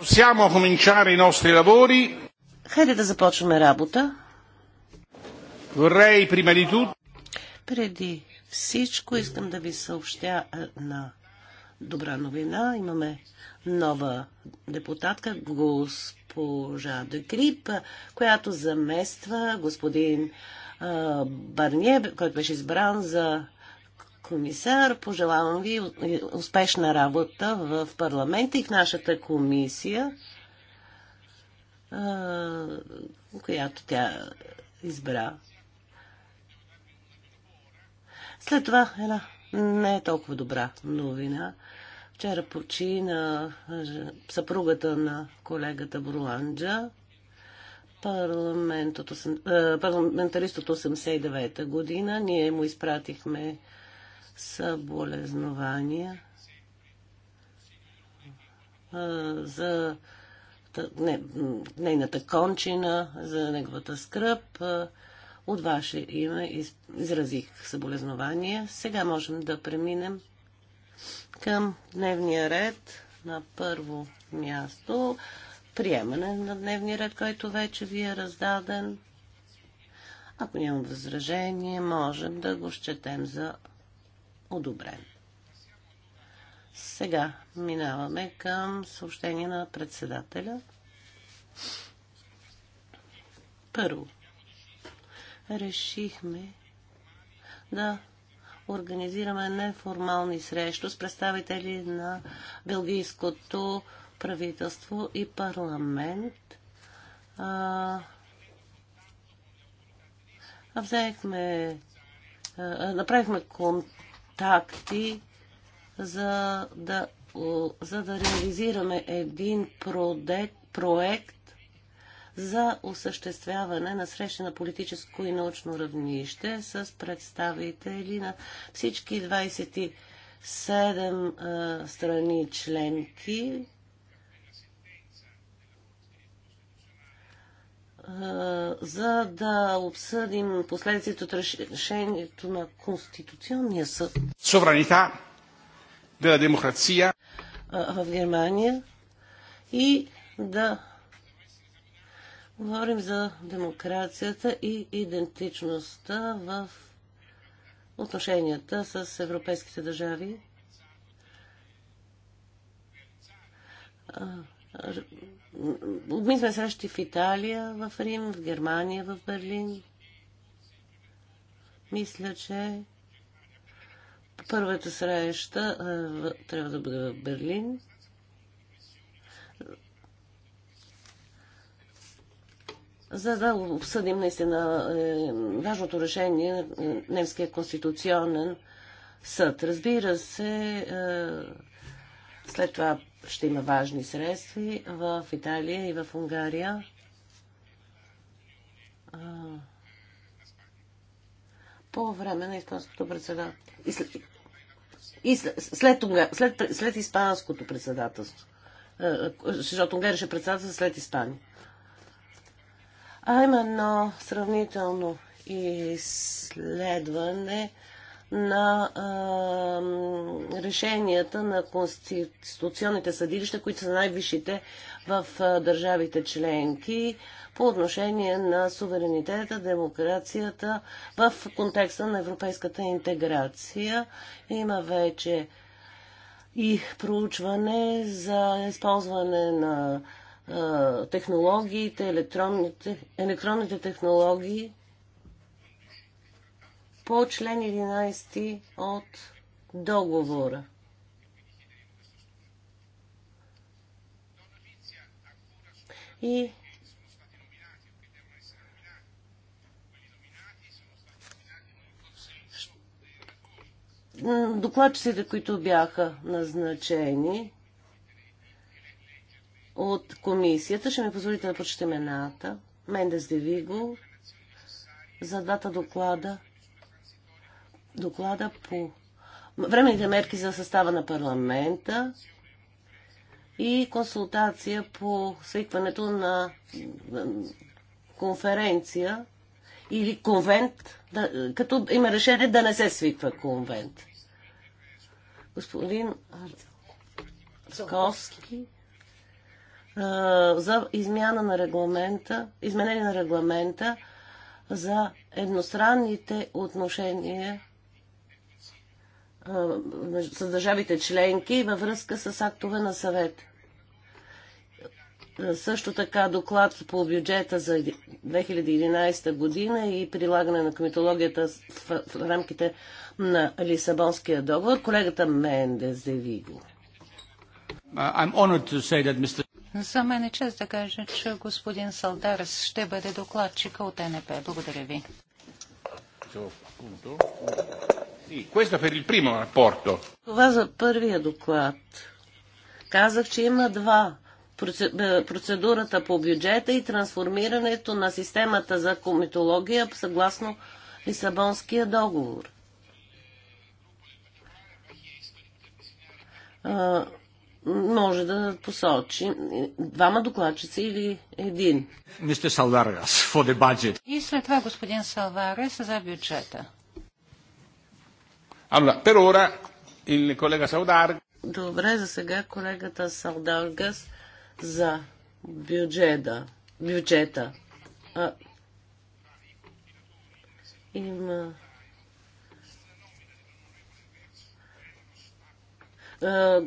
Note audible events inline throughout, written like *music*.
Possiamo cominciare i nostri lavori. Хайде да започваме работа. Vorrei prima di tutto... Преди всичко искам да ви съобщя на добра новина. Имаме нова депутатка, госпожа Декрип, която замества господин Барние, който беше избран за комисар. Пожелавам ви успешна работа в парламента и в нашата комисия, която тя избра. След това една не е толкова добра новина. Вчера почина съпругата на колегата Бруланджа, Парламентарист от 89-та година. Ние му изпратихме съболезнования за не, нейната кончина, за неговата скръп. От ваше име изразих съболезнования. Сега можем да преминем към дневния ред на първо място. Приемане на дневния ред, който вече ви е раздаден. Ако няма възражение, можем да го счетем за одобрен. Сега минаваме към съобщение на председателя. Първо, решихме да организираме неформални срещи с представители на Белгийското правителство и парламент. А, взехме, а, направихме контакт контакти, за да, за да реализираме един продект, проект за осъществяване на срещи на политическо и научно равнище с представители на всички 27 страни членки за да обсъдим последиците от решението на Конституционния съд. Суверенита, на демокрация в Германия и да говорим за демокрацията и идентичността в отношенията с европейските държави Обмисме срещи в Италия, в Рим, в Германия, в Берлин. Мисля, че първата среща е, трябва да бъде в Берлин. За да обсъдим наистина е, важното решение на е, Немския конституционен съд. Разбира се, е, след това ще има важни средства в Италия и в Унгария. По време на Испанското председателство. И, след, след, след, след, Испанското председателство. Защото Унгария ще председателства след Испания. А именно сравнително изследване на а, решенията на конституционните съдилища, които са най-висшите в а, държавите членки по отношение на суверенитета, демокрацията в контекста на европейската интеграция. Има вече и проучване за използване на а, технологиите, електронните, електронните технологии по член 11 от договора. И докладчиците, които бяха назначени от комисията, ще ми позволите да прочетем имената. Мендес Девиго за двата доклада доклада по временните мерки за състава на парламента и консултация по свикването на конференция или конвент, да, като има решение да не се свиква конвент. Господин Арцковски за измяна на регламента, изменение на регламента за едностранните отношения с държавите членки във връзка с актове на съвет. Също така доклад по бюджета за 2011 година и прилагане на комитологията в, рамките на Лисабонския договор. Колегата Мендес де Виго. Uh, за мен е чест да кажа, че господин Салдарс ще бъде докладчика от НП. Благодаря ви. Questo per il primo rapporto. Това за първия доклад. Казах, че има два. Процедурата по бюджета и трансформирането на системата за комитология съгласно Лисабонския договор. А, може да посочи двама докладчици или един. Мистер Салварес, И след това господин Салварес за бюджета. Allora, per ora il collega Saudar. Добре, за сега колегата Саударгас за бюджета. бюджета. А, има а,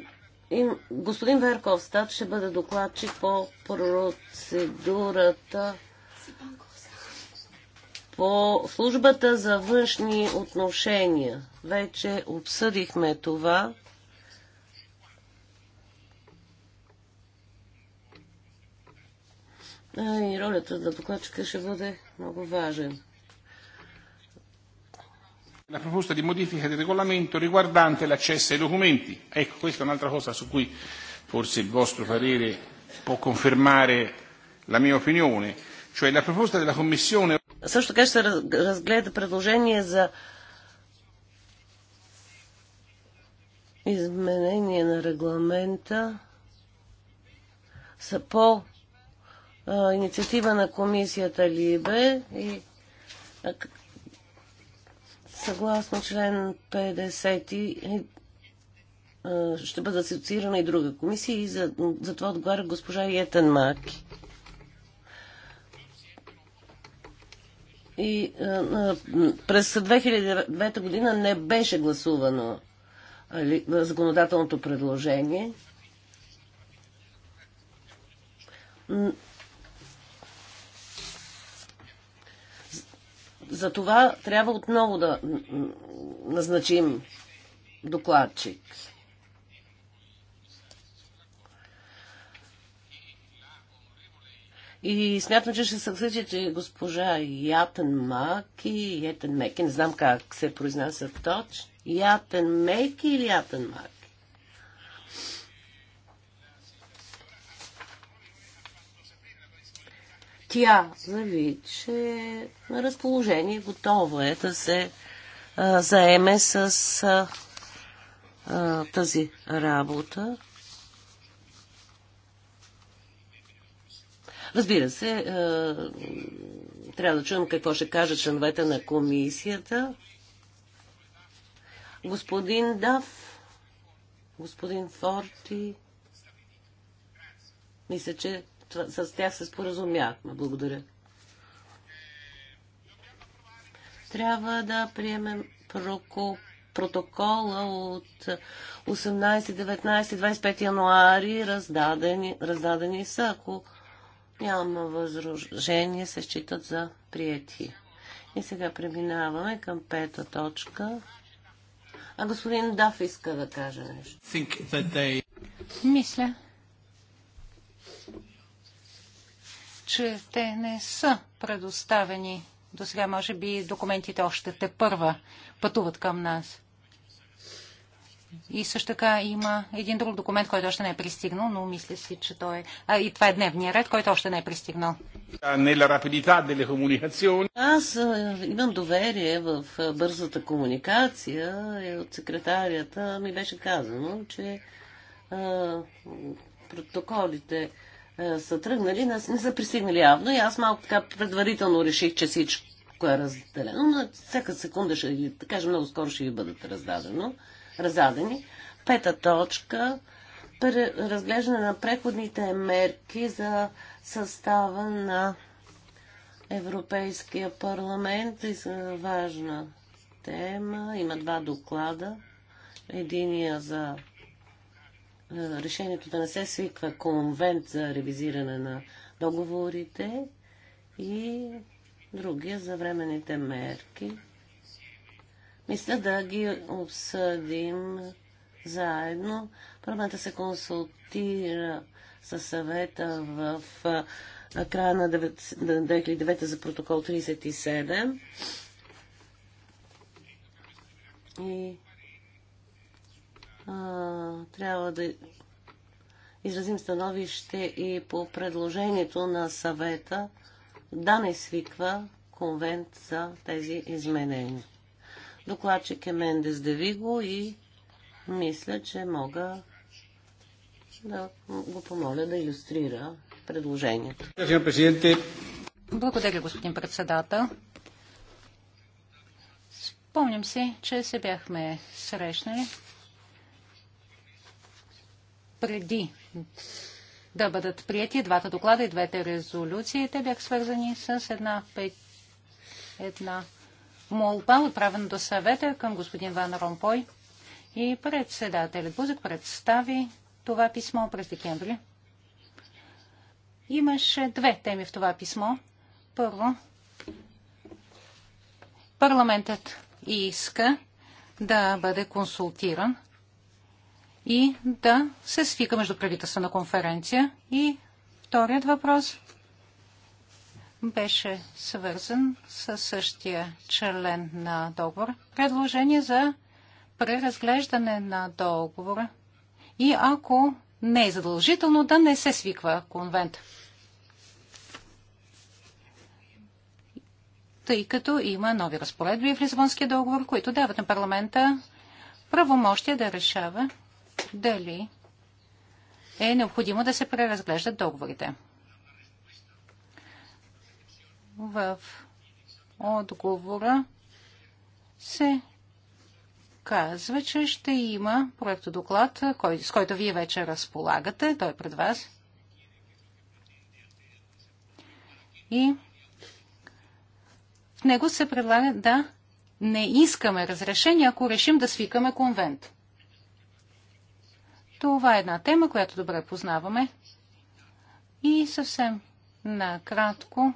им, господин Верков, стат ще бъде докладчик по процедурата по службата за външни отношения вече обсъдихме това. И ролята на докладчика ще бъде много важен. La proposta di modifica del regolamento riguardante l'accesso ai documenti. Ecco, questa è un'altra cosa su cui forse il vostro parere può confermare la mia opinione, cioè la proposta della Commissione също така ще се разгледа предложение за изменение на регламента са по а, инициатива на комисията Либе и а, съгласно член 50 и, а, ще бъде асоциирана и друга комисия и за, за това отговаря госпожа Йетен Маки. И през 2009 година не беше гласувано законодателното предложение. За това трябва отново да назначим докладчик. И смятам, че ще съгласите, че госпожа Ятен маки, Ятен Меки, не знам как се произнася точно, Ятен Меки или Ятен маки. Тя заяви, че на разположение готова е да се а, заеме с а, тази работа. Разбира се, е, трябва да чуем какво ще кажат членовете на комисията. Господин Дав, господин Форти, мисля, че това, с тях се споразумяхме. Благодаря. Трябва да приемем протокола от 18, 19, 25 януари. Раздадени, раздадени са. Ако няма възражение, се считат за приети. И сега преминаваме към пета точка. А господин Даф иска да каже нещо. They... Мисля, че те не са предоставени. До сега, може би, документите още те първа пътуват към нас. И също така има един друг документ, който още не е пристигнал, но мисля си, че той е... А, и това е дневния ред, който още не е пристигнал. Аз имам доверие в бързата комуникация и е, от секретарията ми беше казано, че а, протоколите а, са тръгнали, не са пристигнали явно и аз малко така предварително реших, че всичко е разделено, но всяка секунда ще ги, да кажа, много скоро ще ви бъдат раздадено раздадени. Пета точка разглеждане на преходните мерки за състава на Европейския парламент и са важна тема. Има два доклада. Единия за е, решението да не се свиква конвент за ревизиране на договорите и другия за временните мерки. Мисля да ги обсъдим заедно. Парламента се консултира със съвета в края на 2009 за протокол 37. И а, трябва да изразим становище и по предложението на съвета да не свиква конвент за тези изменения. Докладчик е Мендес Девиго и мисля, че мога да го помоля да иллюстрира предложението. Благодаря, господин председател. Спомням си, че се бяхме срещнали преди да бъдат прияти двата доклада и двете резолюции. Те бяха свързани с една, пет... една молба, отправена до съвета към господин Ван Ромпой и председателят Бузък представи това писмо през декември. Имаше две теми в това писмо. Първо, парламентът иска да бъде консултиран и да се свика между правителствена конференция. И вторият въпрос беше свързан със същия член на договор. Предложение за преразглеждане на договора и ако не е задължително да не се свиква конвент. Тъй като има нови разпоредби в Лизбонския договор, които дават на парламента правомощия да решава дали е необходимо да се преразглеждат договорите в отговора се казва, че ще има проектодоклад, с който вие вече разполагате. Той е пред вас. И в него се предлага да не искаме разрешение, ако решим да свикаме конвент. Това е една тема, която добре познаваме. И съвсем накратко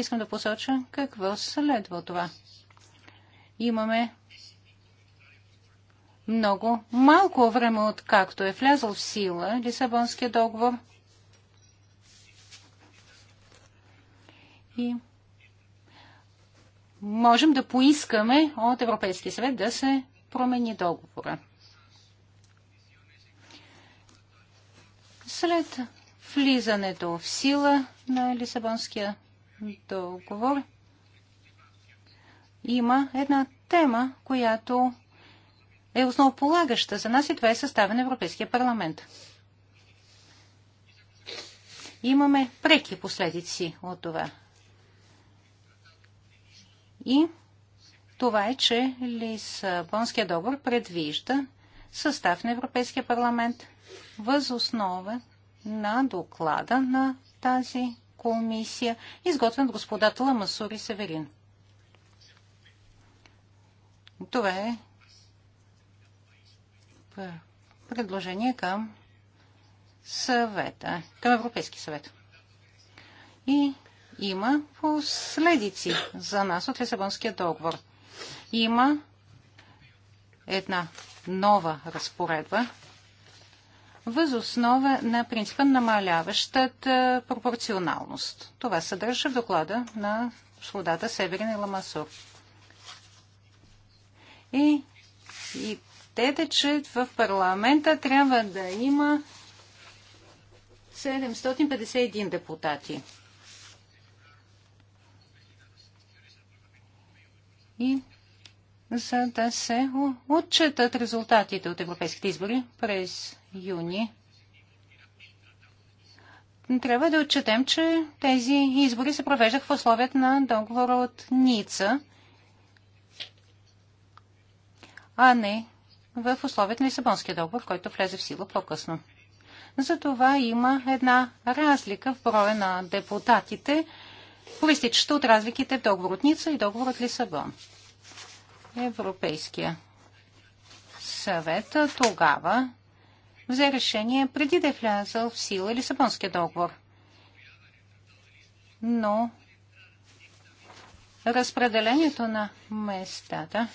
искам да посоча какво следва това. Имаме много малко време от както е влязъл в сила Лисабонския договор. И можем да поискаме от Европейския съвет да се промени договора. След влизането в сила на Лисабонския договор има една тема, която е основополагаща за нас и това е състава на Европейския парламент. Имаме преки последици от това. И това е, че Лисабонския договор предвижда състав на Европейския парламент въз основа на доклада на тази комисия, изготвен от господата Ламасур и Северин. Това е предложение към съвета, към Европейски съвет. И има последици за нас от Лисабонския договор. Има една нова разпоредба, въз основа на принципа намаляващата е, пропорционалност. Това съдържа в доклада на свободата Северен и Ламасур. И, и те, че в парламента трябва да има 751 депутати. И за да се отчетат резултатите от европейските избори през юни, трябва да отчетем, че тези избори се провеждах в условията на договора от Ница, а не в условията на Лисабонския договор, който влезе в сила по-късно. Затова има една разлика в броя на депутатите, проистичаща от разликите в договор от Ница и договор от Лисабон. Европейския съвет тогава взе решение преди да е влязал в сила Лисабонския договор. Но разпределението на местата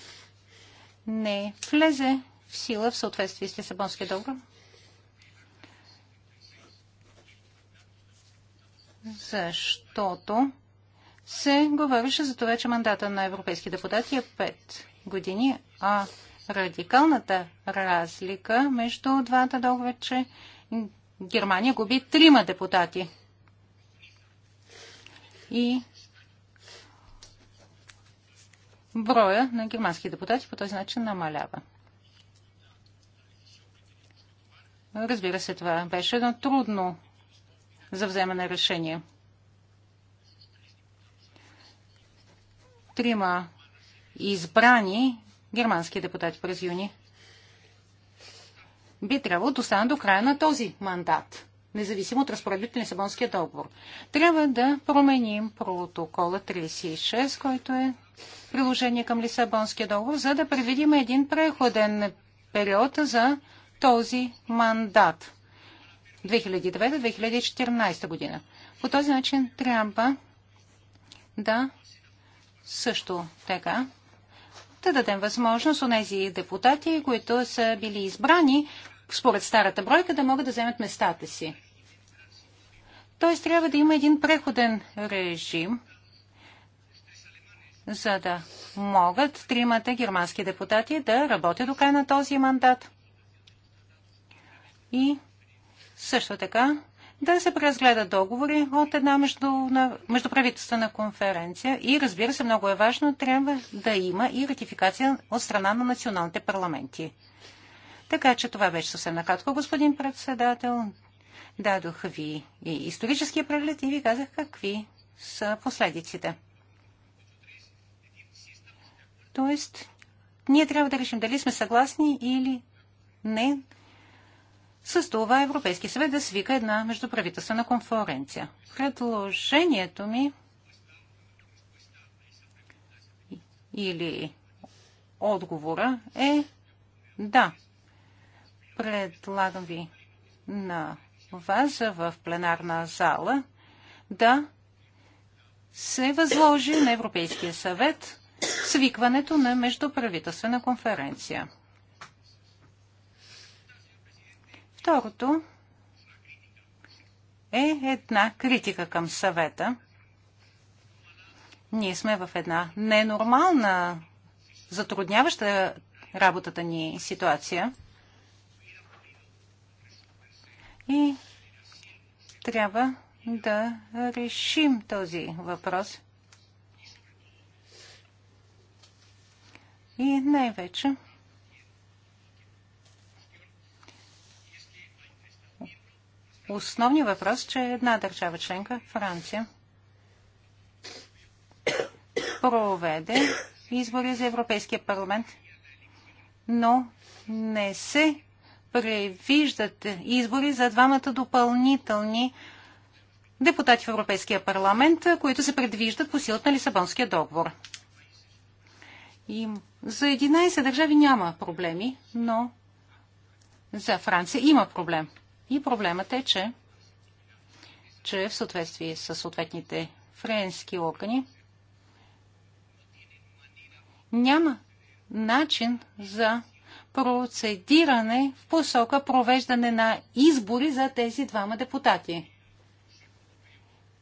не влезе в сила в съответствие с Лисабонския договор. Защото се говореше за това, че мандата на европейски депутати е 5 години, а радикалната разлика между двата договора, че Германия губи трима депутати. И броя на германски депутати по този начин намалява. Разбира се, това беше едно трудно за вземане решение. Трима избрани германски депутати през юни. Би трябвало да стане до края на този мандат, независимо от разпоредбите на Лисабонския договор. Трябва да променим протокола 36, който е приложение към Лисабонския договор, за да предвидим един преходен период за този мандат. 2009-2014 година. По този начин трябва да също така да дадем възможност у нези депутати, които са били избрани според старата бройка, да могат да вземат местата си. Т.е. трябва да има един преходен режим, за да могат тримата германски депутати да работят до края на този мандат. И също така да се преразгледат договори от една между, междуправителствена конференция и разбира се, много е важно, трябва да има и ратификация от страна на националните парламенти. Така че това беше съвсем накратко, господин председател. Дадох ви и историческия преглед и ви казах какви са последиците. Тоест, ние трябва да решим дали сме съгласни или не с това Европейски съвет да свика една междуправителствена конференция. Предложението ми или отговора е да. Предлагам ви на вас в пленарна зала да се възложи на Европейския съвет свикването на междуправителствена конференция. Второто е една критика към съвета. Ние сме в една ненормална, затрудняваща работата ни ситуация. И трябва да решим този въпрос. И най-вече основния въпрос, че една държава членка, Франция, проведе избори за Европейския парламент, но не се превиждат избори за двамата допълнителни депутати в Европейския парламент, които се предвиждат по силата на Лисабонския договор. И за 11 държави няма проблеми, но за Франция има проблем. И проблемът е, че, че в съответствие с съответните френски органи няма начин за процедиране в посока провеждане на избори за тези двама депутати.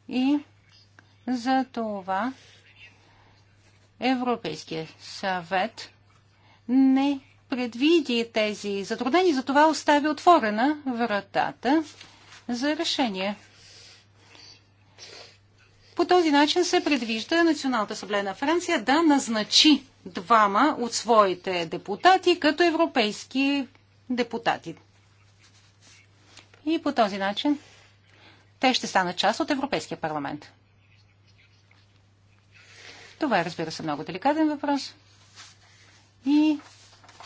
И за това Европейския съвет не предвиди тези затруднения, затова остави отворена вратата за решение. По този начин се предвижда Националната асамблея на Франция да назначи двама от своите депутати като европейски депутати. И по този начин те ще станат част от Европейския парламент. Това е, разбира се, много деликатен въпрос. И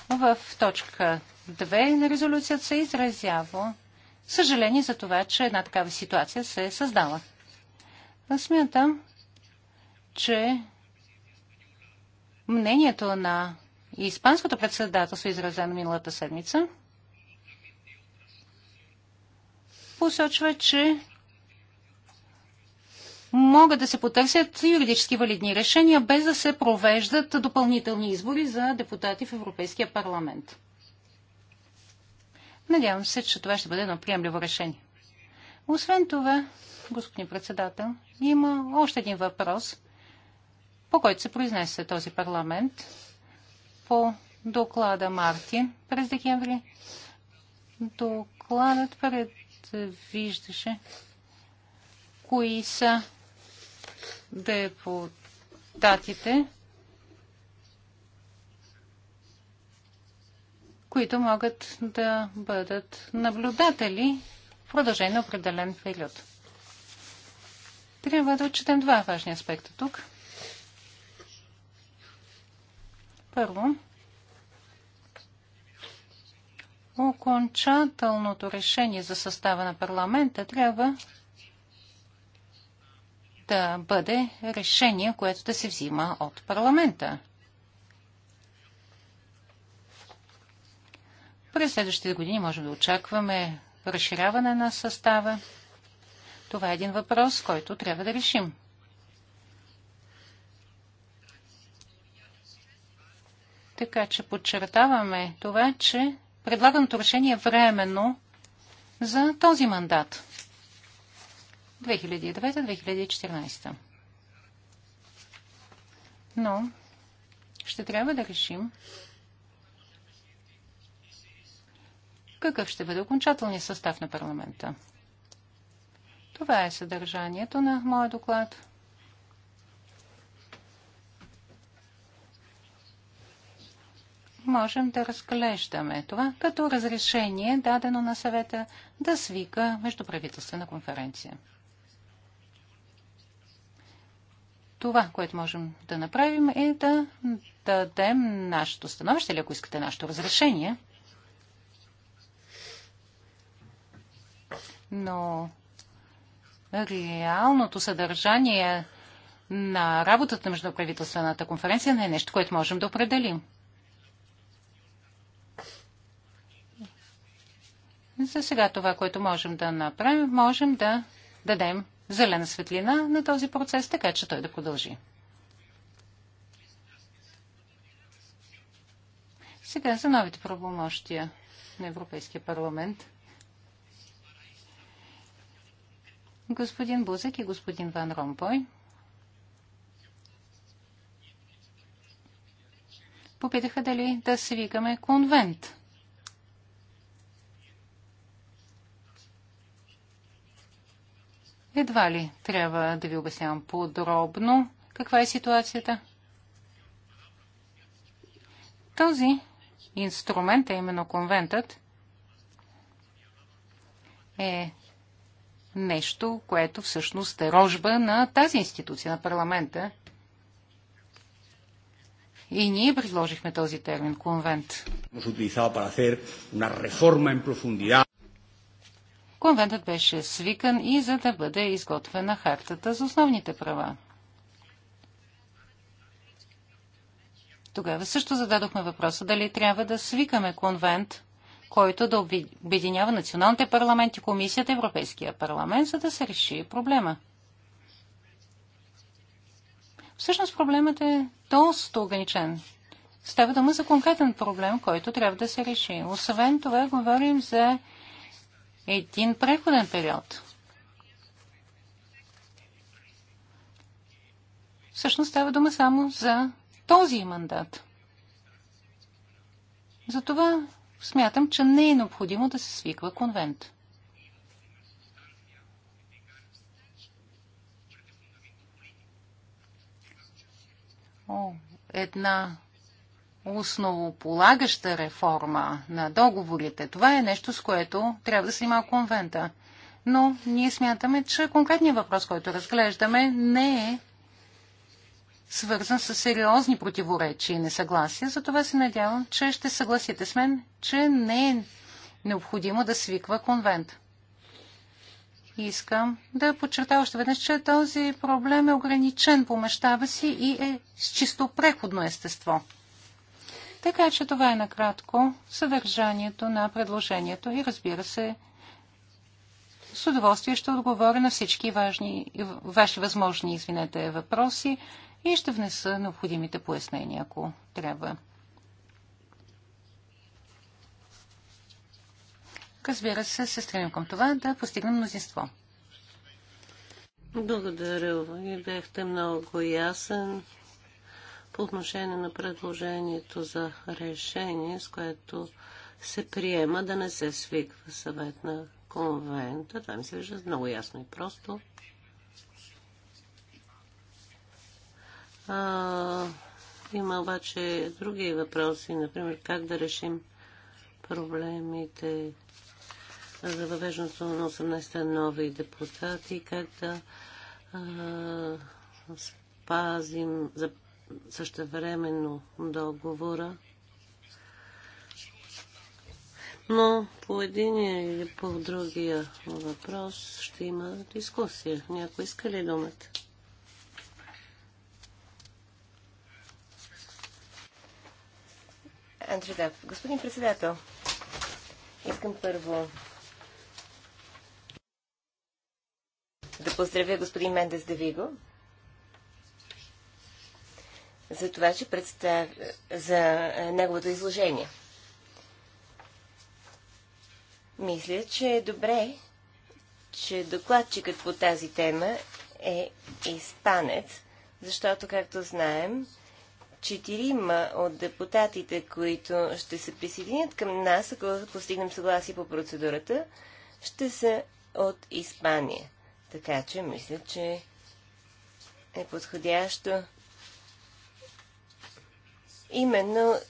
в точка 2 на резолюцията се изразява съжаление за това, че една такава ситуация се е създала. Смятам, че мнението на Испанското председателство, изразено миналата седмица, посочва, че могат да се потърсят юридически валидни решения, без да се провеждат допълнителни избори за депутати в Европейския парламент. Надявам се, че това ще бъде едно приемливо решение. Освен това, господин председател, има още един въпрос, по който се произнесе този парламент по доклада Марти през декември. Докладът предвиждаше кои са депутатите, които могат да бъдат наблюдатели в продължение на определен период. Трябва да отчетем два важни аспекта тук. Първо, окончателното решение за състава на парламента трябва да бъде решение, което да се взима от парламента. През следващите години можем да очакваме разширяване на състава. Това е един въпрос, който трябва да решим. Така че подчертаваме това, че предлаганото решение е временно за този мандат. 2009-2014. Но ще трябва да решим какъв ще бъде окончателният състав на парламента. Това е съдържанието на моя доклад. Можем да разглеждаме това като разрешение, дадено на съвета да свика междуправителствена конференция. това, което можем да направим е да дадем нашето становище или ако искате нашето разрешение. Но реалното съдържание на работата на Междуправителствената конференция не е нещо, което можем да определим. За сега това, което можем да направим, можем да дадем зелена светлина на този процес, така че той да продължи. Сега за новите правомощия на Европейския парламент. Господин Бузек и господин Ван Ромпой попитаха дали да свикаме конвент Едва ли трябва да ви обяснявам подробно каква е ситуацията. Този инструмент, а именно конвентът, е нещо, което всъщност е рожба на тази институция, на парламента. И ние предложихме този термин конвент. Конвентът беше свикан и за да бъде изготвена хартата за основните права. Тогава също зададохме въпроса дали трябва да свикаме конвент, който да обединява националните парламенти, комисията, Европейския парламент, за да се реши проблема. Всъщност проблемът е доста ограничен. Става дума за конкретен проблем, който трябва да се реши. Освен това, говорим за един преходен период. Всъщност става дума само за този мандат. Затова смятам, че не е необходимо да се свиква конвент. О, една основополагаща реформа на договорите. Това е нещо, с което трябва да се има конвента. Но ние смятаме, че конкретният въпрос, който разглеждаме, не е свързан с сериозни противоречия и несъгласия. Затова се надявам, че ще съгласите с мен, че не е необходимо да свиква конвент. Искам да подчертая още веднъж, че този проблем е ограничен по мащаба си и е с чисто преходно естество. Така че това е накратко съдържанието на предложението и разбира се, с удоволствие ще отговоря на всички важни, ваши възможни извинете, въпроси и ще внеса необходимите пояснения, ако трябва. Разбира се, се стремим към това да постигнем мнозинство. Благодаря ви. Бяхте много ясен по отношение на предложението за решение, с което се приема да не се свиква съвет на конвента. Това ми се вижда много ясно и просто. А, има обаче други въпроси, например как да решим проблемите за въвеждането на 18 нови депутати, как да а, спазим, за същевременно договора. Но по единия или по другия въпрос ще има дискусия. Някой иска ли думата? Андрюдав, господин председател, искам първо да поздравя господин Мендес Давиго за това, че представ... за е, неговото изложение. Мисля, че е добре, че докладчикът по тази тема е испанец, защото, както знаем, четирима от депутатите, които ще се присъединят към нас, ако постигнем съгласие по процедурата, ще са от Испания. Така че мисля, че е подходящо именно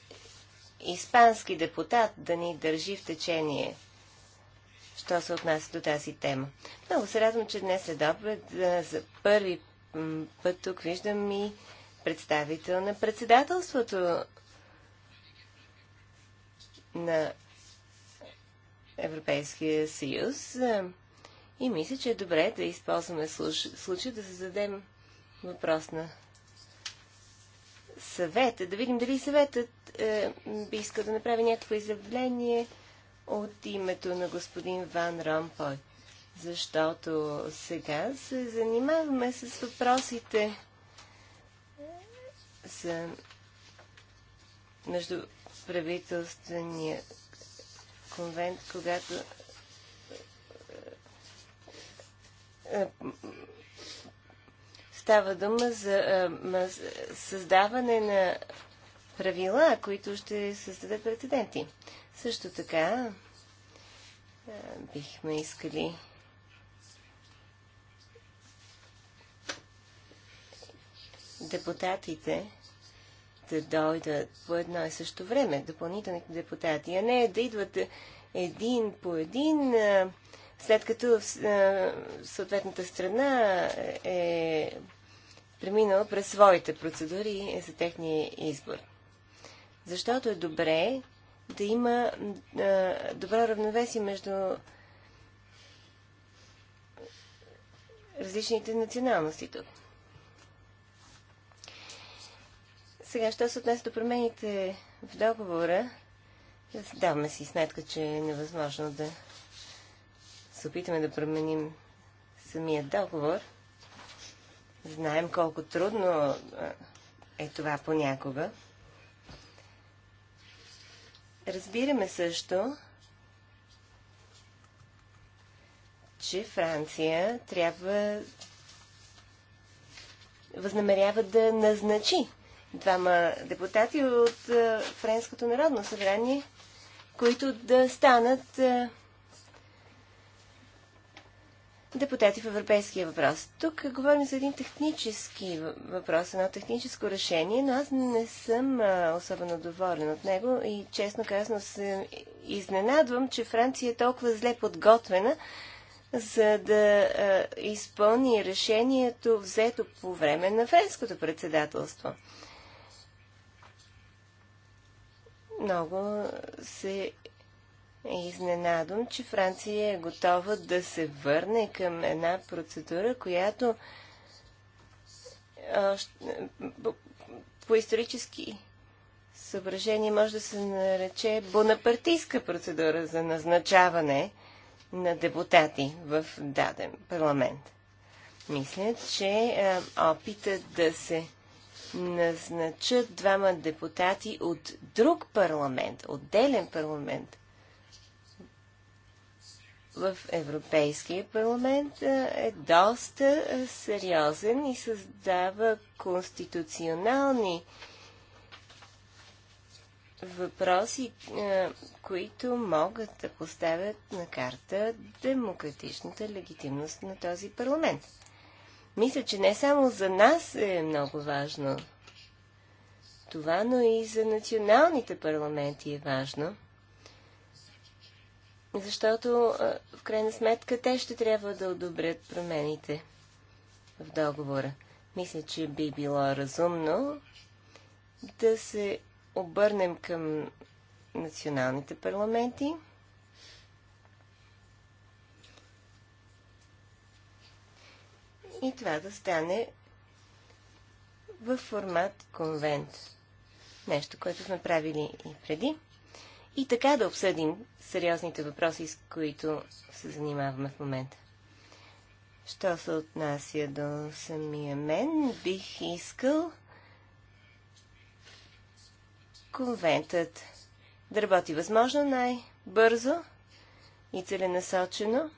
испански депутат да ни държи в течение, що се отнася до тази тема. Много се радвам, че днес е обед за първи път тук виждам и представител на председателството на Европейския съюз. И мисля, че е добре да използваме случая да зададем въпрос на съвета. Да видим дали съветът е, би искал да направи някакво изявление от името на господин Ван Ромпой. Защото сега се занимаваме с въпросите за между правителствения конвент, когато е, е, Става дума за създаване на правила, които ще създадат прецеденти. Също така бихме искали депутатите да дойдат по едно и също време, допълнителните депутати, а не да идват един по един, след като съответната страна е преминал през своите процедури е за техния избор. Защото е добре да има добро равновесие между различните националности тук. Сега, що се отнесе до промените в договора, даваме си сметка, че е невъзможно да се опитаме да променим самия договор – Знаем колко трудно е това понякога. Разбираме също, че Франция трябва възнамерява да назначи двама депутати от Френското народно събрание, които да станат депутати в Европейския въпрос. Тук говорим за един технически въпрос, едно техническо решение, но аз не съм а, особено доволен от него и честно казано се изненадвам, че Франция е толкова зле подготвена, за да а, изпълни решението взето по време на френското председателство. Много се изненадан, че Франция е готова да се върне към една процедура, която по исторически съображения може да се нарече бонапартийска процедура за назначаване на депутати в даден парламент. Мисля, че опита да се назначат двама депутати от друг парламент, отделен парламент – в Европейския парламент е доста сериозен и създава конституционални въпроси, които могат да поставят на карта демократичната легитимност на този парламент. Мисля, че не само за нас е много важно това, но и за националните парламенти е важно – защото в крайна сметка те ще трябва да одобрят промените в договора. Мисля, че би било разумно да се обърнем към националните парламенти. И това да стане в формат конвент. Нещо, което сме правили и преди и така да обсъдим сериозните въпроси, с които се занимаваме в момента. Що се отнася до самия мен, бих искал конвентът да работи възможно най-бързо и целенасочено.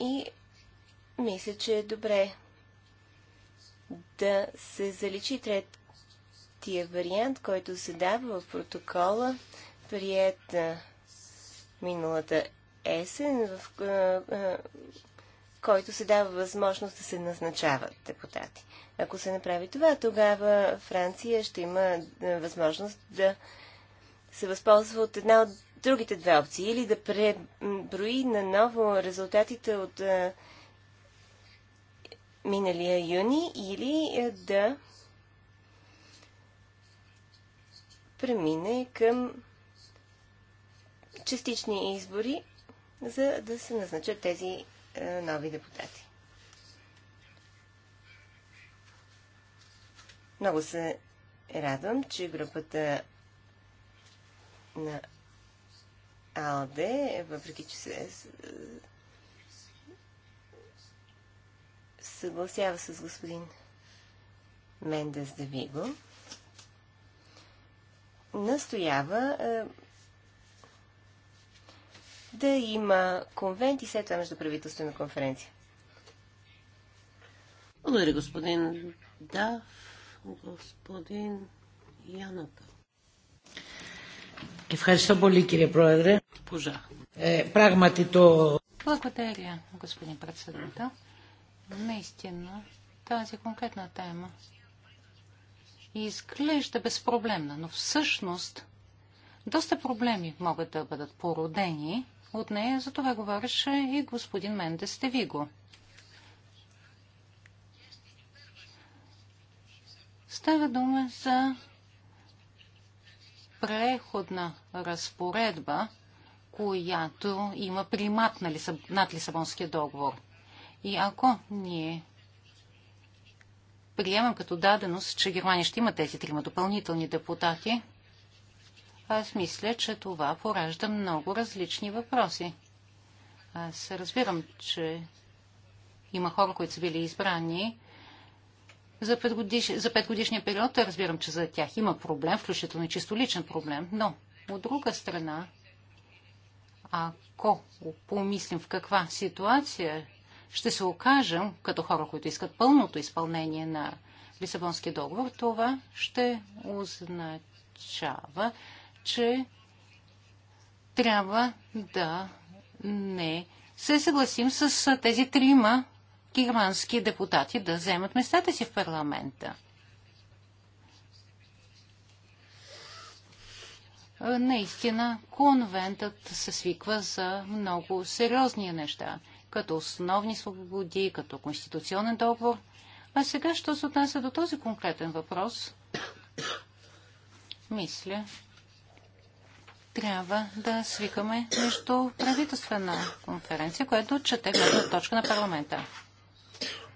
И мисля, че е добре да се заличи третия вариант, който се дава в протокола, прият миналата есен, в който се дава възможност да се назначават депутати. Ако се направи това, тогава Франция ще има възможност да се възползва от една от другите две опции или да преброи наново резултатите от а, миналия юни или е, да премине към частични избори, за да се назначат тези е, нови депутати. Много се радвам, че групата на АЛДЕ, въпреки че се е, съгласява с господин Мендес Давиго, настоява е, да има конвент и след това междуправителствена конференция. Благодаря, господин Да, господин Яната. Ευχαριστώ πολύ, κύριε Πρόεδρε. Πουζά. Ε, πράγματι το... Благодаря, господин председател наистина тази конкретна тема изглежда безпроблемна, но всъщност доста проблеми могат да бъдат породени от нея, за това говореше и господин Мендес Тевиго. Става дума за преходна разпоредба, която има примат над Лисабонския договор – и ако ние приемам като даденост, че Германия ще има тези трима допълнителни депутати, аз мисля, че това поражда много различни въпроси. Аз разбирам, че има хора, които са били избрани за, петгодиш... за петгодишния период. Разбирам, че за тях има проблем, включително и чисто личен проблем. Но, от друга страна, ако помислим в каква ситуация ще се окажем като хора, които искат пълното изпълнение на Лисабонския договор, това ще означава, че трябва да не се съгласим с тези трима германски депутати да вземат местата си в парламента. Наистина, конвентът се свиква за много сериозни неща – като основни свободи, като конституционен договор. А сега, що се отнася до този конкретен въпрос, *coughs* мисля, трябва да свикаме между правителствена конференция, която чете гледна точка на парламента.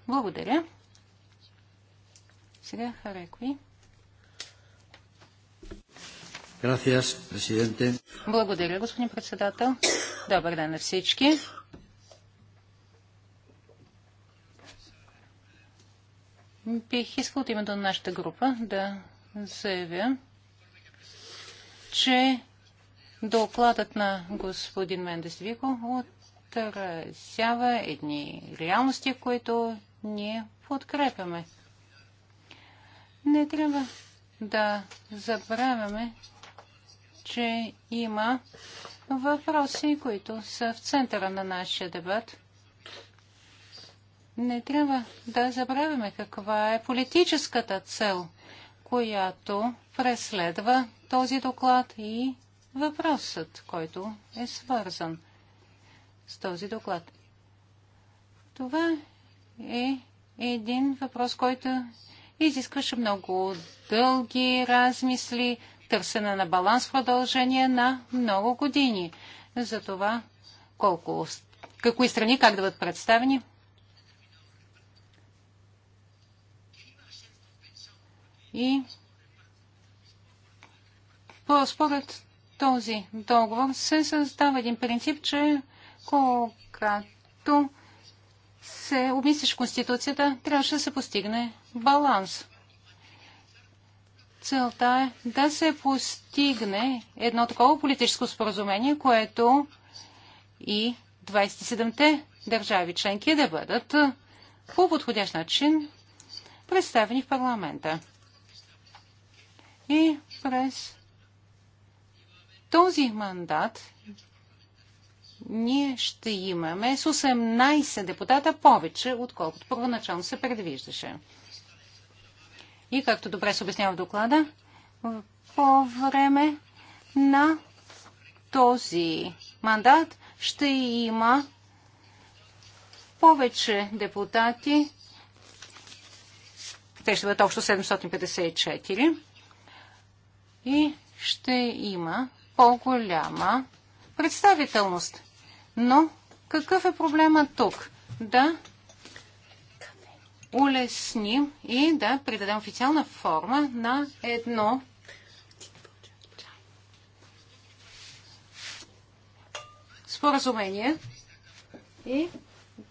Благодаря. Сега Харекви. Благодаря, господин председател. Добър ден на всички. Бих искал от името на нашата група да заявя, че докладът на господин Мендес Вико отразява едни реалности, които ние подкрепяме. Не трябва да забравяме, че има въпроси, които са в центъра на нашия дебат – не трябва да забравяме каква е политическата цел, която преследва този доклад и въпросът, който е свързан с този доклад. Това е един въпрос, който изискваше много дълги размисли, търсене на баланс в продължение на много години. За това колко, какви страни как да бъдат представени. И според този договор се създава един принцип, че когато се обмислиш Конституцията, трябваше да се постигне баланс. Целта е да се постигне едно такова политическо споразумение, което и 27-те държави членки да бъдат по подходящ начин представени в парламента. И през този мандат ние ще имаме с 18 депутата повече, отколкото първоначално се предвиждаше. И както добре се обяснява в доклада, по време на този мандат ще има повече депутати. Те ще бъдат общо 754 и ще има по-голяма представителност. Но какъв е проблема тук? Да улесним и да придадем официална форма на едно споразумение и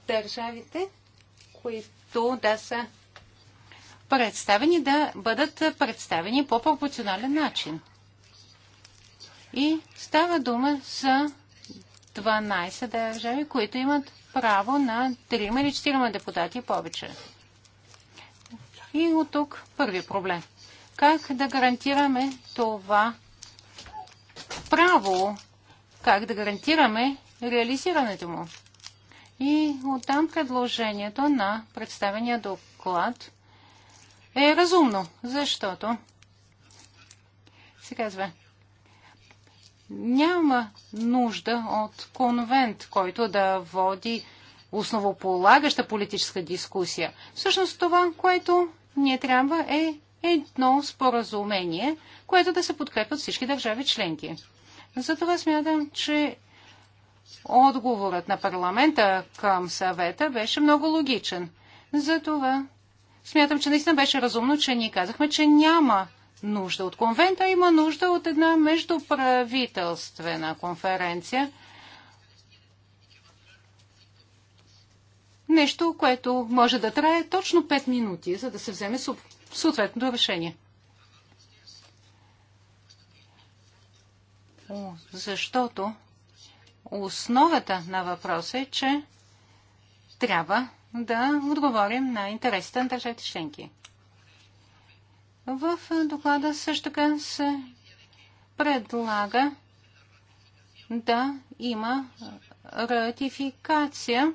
държавите, които да са представени, да бъдат представени по пропорционален начин. И става дума за 12 държави, които имат право на 3 или 4 депутати повече. И от тук първи проблем. Как да гарантираме това право? Как да гарантираме реализирането му? И оттам предложението на представения доклад е разумно, защото се казва няма нужда от конвент, който да води основополагаща политическа дискусия. Всъщност това, което ние трябва е едно споразумение, което да се подкрепят всички държави членки. Затова смятам, че отговорът на парламента към съвета беше много логичен. Затова смятам, че наистина беше разумно, че ние казахме, че няма нужда от конвента, има нужда от една междуправителствена конференция. Нещо, което може да трае точно 5 минути, за да се вземе съответното решение. Защото основата на въпроса е, че трябва да отговорим на интересите на държавите членки. В доклада също така се предлага да има ратификация.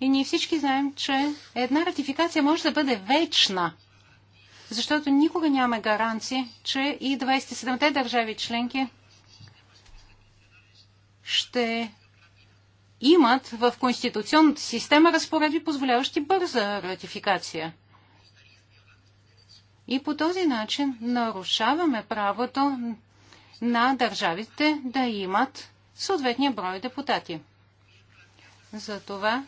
И ние всички знаем, че една ратификация може да бъде вечна, защото никога няма гаранции, че и 27-те държави членки ще имат в конституционната система разпоредби, позволяващи бърза ратификация. И по този начин нарушаваме правото на държавите да имат съответния брой депутати. Затова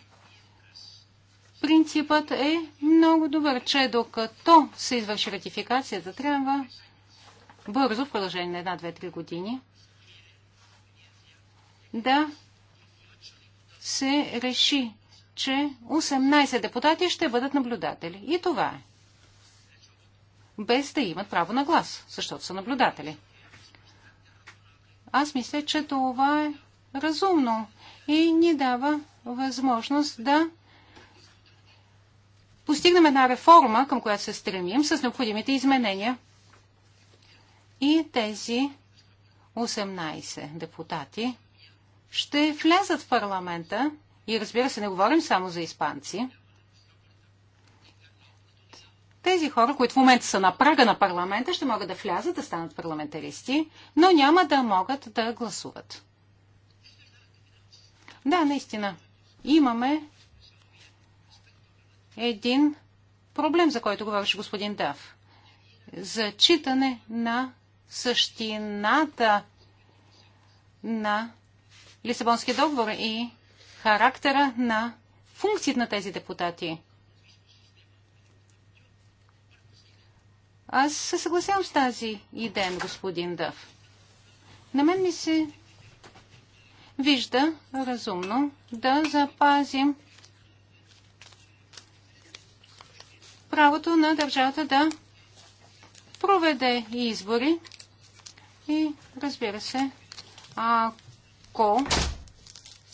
принципът е много добър, че докато се извърши ратификацията, трябва бързо, в продължение на една, две, три години, да се реши, че 18 депутати ще бъдат наблюдатели. И това е. Без да имат право на глас, защото са наблюдатели. Аз мисля, че това е разумно и ни дава възможност да постигнем една реформа, към която се стремим, с необходимите изменения. И тези 18 депутати ще влязат в парламента. И разбира се, не говорим само за испанци. Тези хора, които в момента са на прага на парламента, ще могат да влязат, да станат парламентаристи, но няма да могат да гласуват. Да, наистина. Имаме един проблем, за който говореше господин Дав. Зачитане на същината на Лисабонския договор и характера на функциите на тези депутати. Аз се съгласявам с тази идея, господин Дъв. На мен ми се вижда разумно да запазим правото на държавата да проведе избори и разбира се, ако ако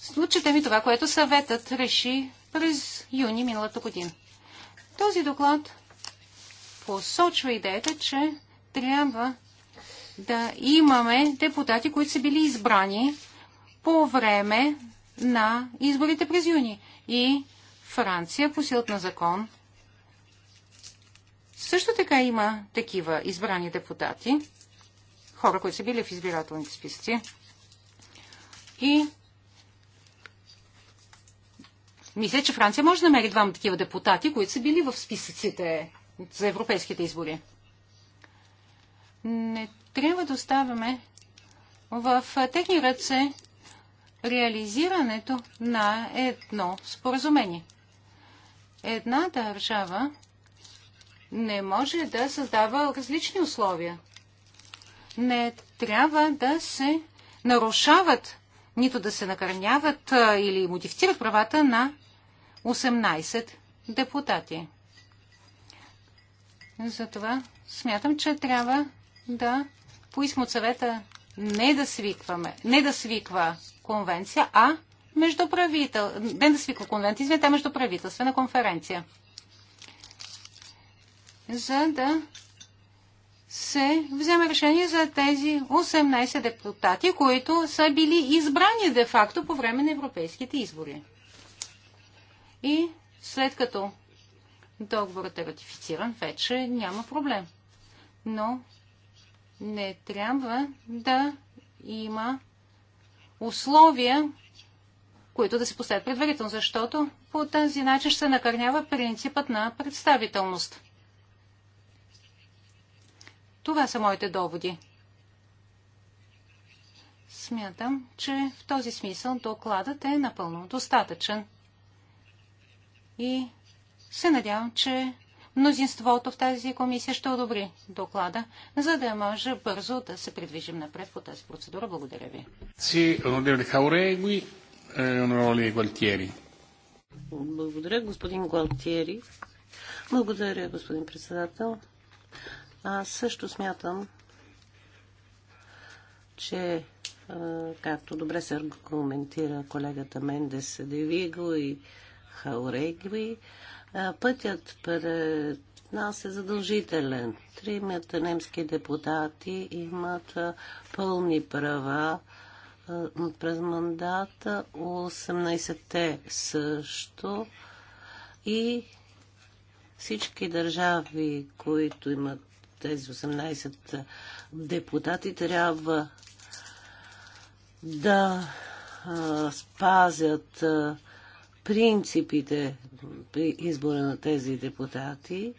случите ми това, което съветът реши през юни миналата година. Този доклад посочва идеята, че трябва да имаме депутати, които са били избрани по време на изборите през юни. И Франция по силата на закон също така има такива избрани депутати, хора, които са били в избирателните списъци. И мисля, че Франция може да намери двама такива депутати, които са били в списъците за европейските избори. Не трябва да оставяме в техни ръце реализирането на едно споразумение. Една държава не може да създава различни условия. Не трябва да се нарушават нито да се накърняват или модифицират правата на 18 депутати. Затова смятам, че трябва да поискам от съвета не да свикваме, не да свиква конвенция, а междуправител, не да свиква конвенция, извинете, междуправителствена конференция. За да се вземе решение за тези 18 депутати, които са били избрани де-факто по време на европейските избори. И след като договорът е ратифициран, вече няма проблем. Но не трябва да има условия, които да се поставят предварително, защото по този начин ще накърнява принципът на представителност. Това са моите доводи. Смятам, че в този смисъл докладът е напълно достатъчен. И се надявам, че мнозинството в тази комисия ще одобри доклада, за да може бързо да се придвижим напред по тази процедура. Благодаря ви. Е, Благодаря, господин Гуалтиери. Благодаря, господин председател. Аз също смятам, че е, както добре се аргументира колегата Мендес Девиго и Хаурегви, е, пътят пред нас е задължителен. Тримата немски депутати имат е, пълни права през мандата, 18-те също и всички държави, които имат тези 18 депутати трябва да а, спазят а, принципите при избора на тези депутати.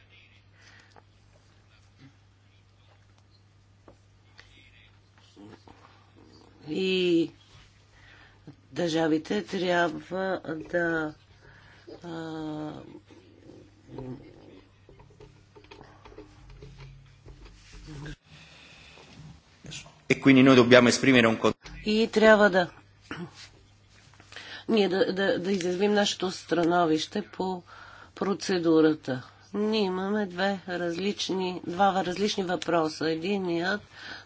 И държавите трябва да а, e quindi noi dobbiamo esprimere un И трябва да ние да, да, да изязвим нашето становище по процедурата. Ние имаме две различни, два различни въпроса. Единият,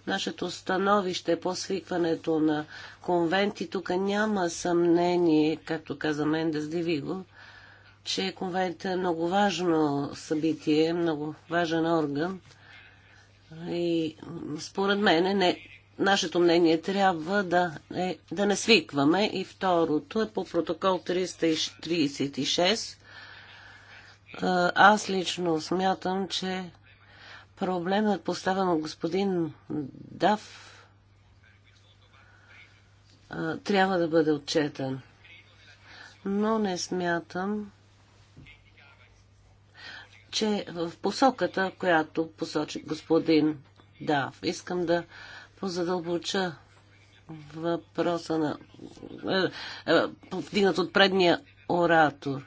нашето становище по свикването на конвенти, тук няма съмнение, както каза Мендес Дивиго, че конвент е много важно събитие, много важен орган. И според мен е не нашето мнение трябва да, е, да не свикваме. И второто е по протокол 336. Аз лично смятам, че проблемът е поставен от господин Дав трябва да бъде отчетен. Но не смятам, че в посоката, която посочи господин Дав, искам да позадълбоча въпроса на е, е, повдигнат от предния оратор.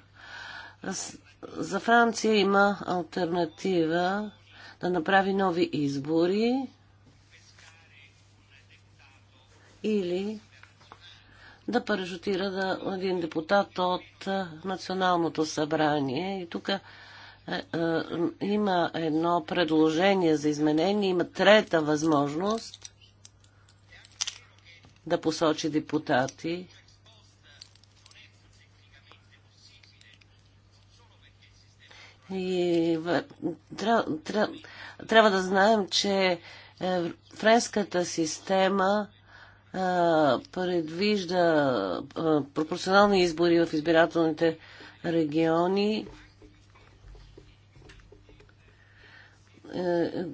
За Франция има альтернатива да направи нови избори или да парашутира да, един депутат от е, Националното събрание. И тук е, е, има едно предложение за изменение, има трета възможност да посочи депутати, И трябва да знаем, че е, френската система е, предвижда е, пропорционални избори в избирателните региони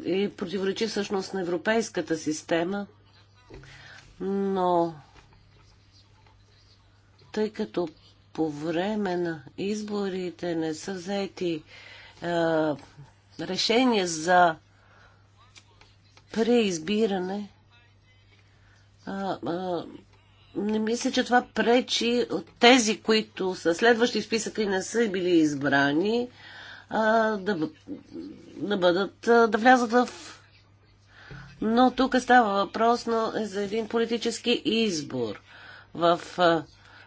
и противоречи всъщност на европейската система но тъй като по време на изборите не са взети е, решения за преизбиране, не мисля, че това пречи от тези, които са следващи в списъка и не са били избрани, да, да бъдат, да влязат в но тук става въпрос е за един политически избор в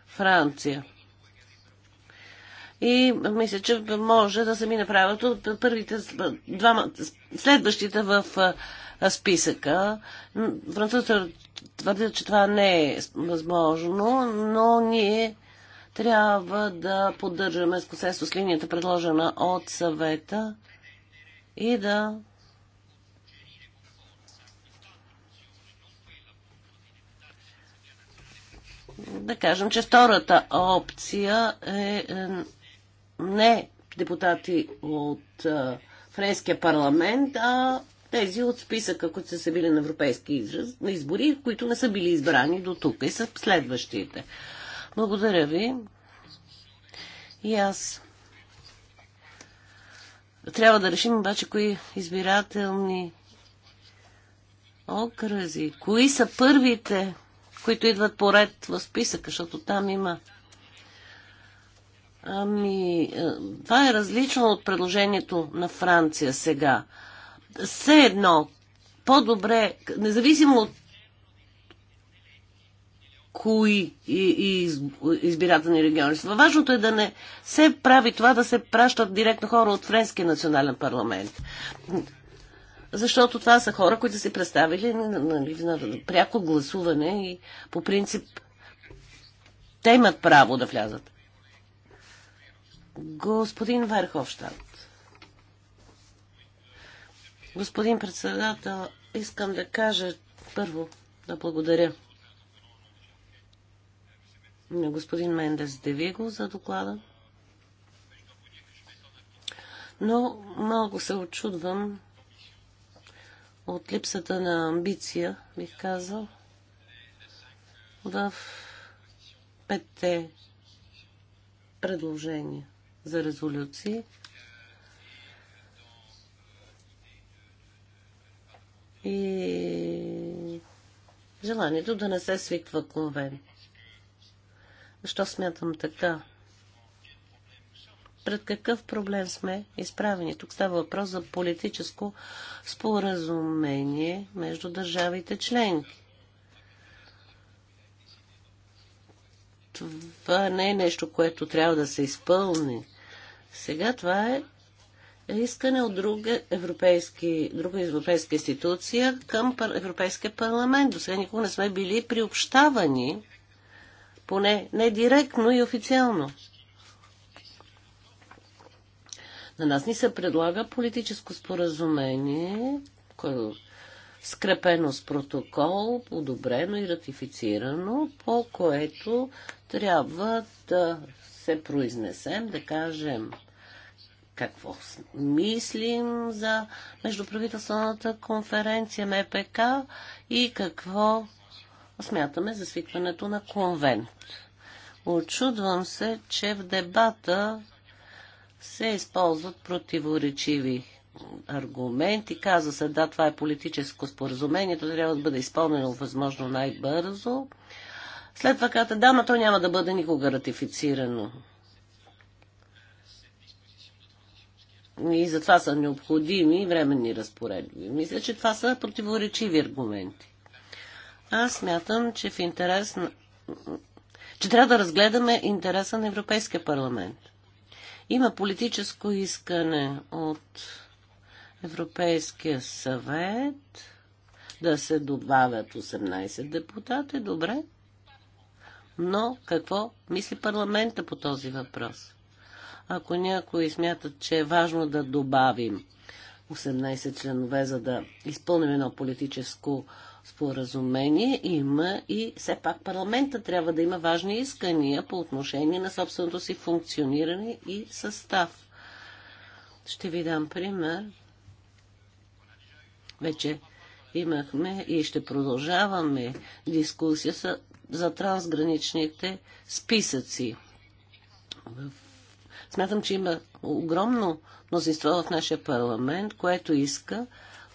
Франция. И мисля, че може да се ми направят от първите двама, следващите в списъка. Французите твърдят, че това не е възможно, но ние трябва да поддържаме с консенсус линията, предложена от съвета и да да кажем, че втората опция е, е не депутати от е, френския парламент, а тези от списъка, които са били на европейски израз, на избори, които не са били избрани до тук и са следващите. Благодаря ви. И аз. Трябва да решим обаче кои избирателни окръзи, кои са първите които идват поред в списъка, защото там има. Ами, е, това е различно от предложението на Франция сега. Все едно, по-добре, независимо от кои избирателни региони са. Важното е да не се прави това да се пращат директно хора от Френския национален парламент защото това са хора, които си представили нали, на, на пряко гласуване и по принцип те имат право да влязат. Господин Верховщад. Господин председател, искам да кажа първо да благодаря на господин Мендес Девиго за доклада. Но малко се очудвам, от липсата на амбиция, бих казал, в петте предложения за резолюции. И желанието да не се свиква конвент. Защо смятам така? пред какъв проблем сме изправени. Тук става въпрос за политическо споразумение между държавите членки. Това не е нещо, което трябва да се изпълни. Сега това е искане от друга, европейски, друга европейска институция към Европейския парламент. До сега никога не сме били приобщавани, поне не директно и официално. На нас ни се предлага политическо споразумение, което е скрепено с протокол, одобрено и ратифицирано, по което трябва да се произнесем, да кажем какво мислим за междуправителствената конференция МПК и какво смятаме за свикването на конвент. Очудвам се, че в дебата се използват противоречиви аргументи. Казва се, да, това е политическо споразумение, то трябва да бъде изпълнено възможно най-бързо. След това каза, да, но то няма да бъде никога ратифицирано. И затова са необходими временни разпоредби. Мисля, че това са противоречиви аргументи. Аз смятам, че в интерес на... че трябва да разгледаме интереса на Европейския парламент – има политическо искане от Европейския съвет да се добавят 18 депутати. Добре. Но какво мисли парламента по този въпрос? Ако някои смятат, че е важно да добавим 18 членове, за да изпълним едно политическо споразумение. Има и все пак парламента трябва да има важни искания по отношение на собственото си функциониране и състав. Ще ви дам пример. Вече имахме и ще продължаваме дискусия за трансграничните списъци в Смятам, че има огромно мнозинство в нашия парламент, което иска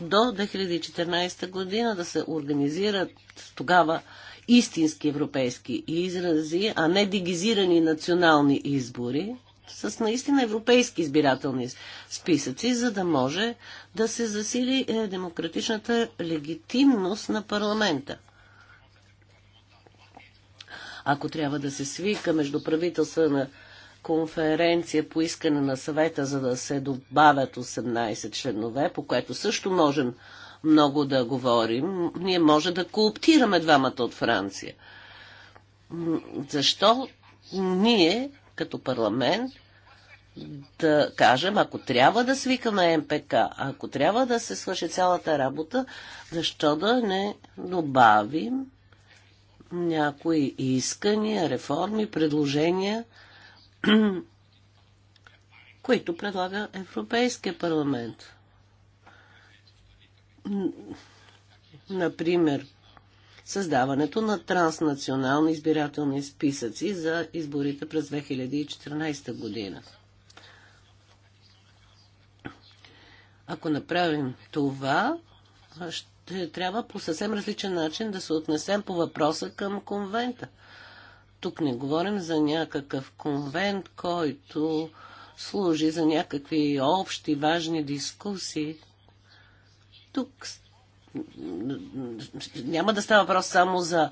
до 2014 година да се организират тогава истински европейски изрази, а не дигизирани национални избори с наистина европейски избирателни списъци, за да може да се засили е, демократичната легитимност на парламента. Ако трябва да се свика между правителствена конференция по искане на съвета, за да се добавят 18 членове, по което също можем много да говорим. Ние може да кооптираме двамата от Франция. Защо ние, като парламент, да кажем, ако трябва да свикаме МПК, ако трябва да се свърши цялата работа, защо да не добавим някои искания, реформи, предложения, *coughs* които предлага Европейския парламент. Например, създаването на транснационални избирателни списъци за изборите през 2014 година. Ако направим това, ще трябва по съвсем различен начин да се отнесем по въпроса към конвента – тук не говорим за някакъв конвент, който служи за някакви общи важни дискусии. Тук няма да става въпрос само за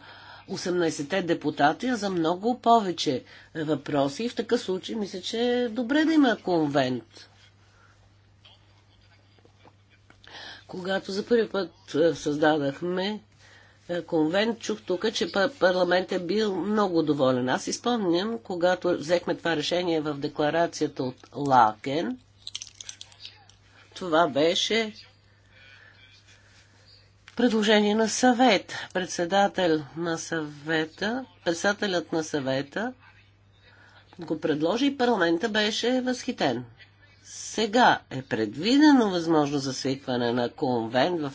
18-те депутати, а за много повече въпроси. И в такъв случай мисля, че е добре да има конвент. Когато за първи път е, създадахме конвент, чух тук, че парламент е бил много доволен. Аз изпомням, когато взехме това решение в декларацията от Лакен, това беше предложение на съвет. Председател на съвета, председателят на съвета го предложи и парламента беше възхитен сега е предвидено възможно за свикване на конвент, в,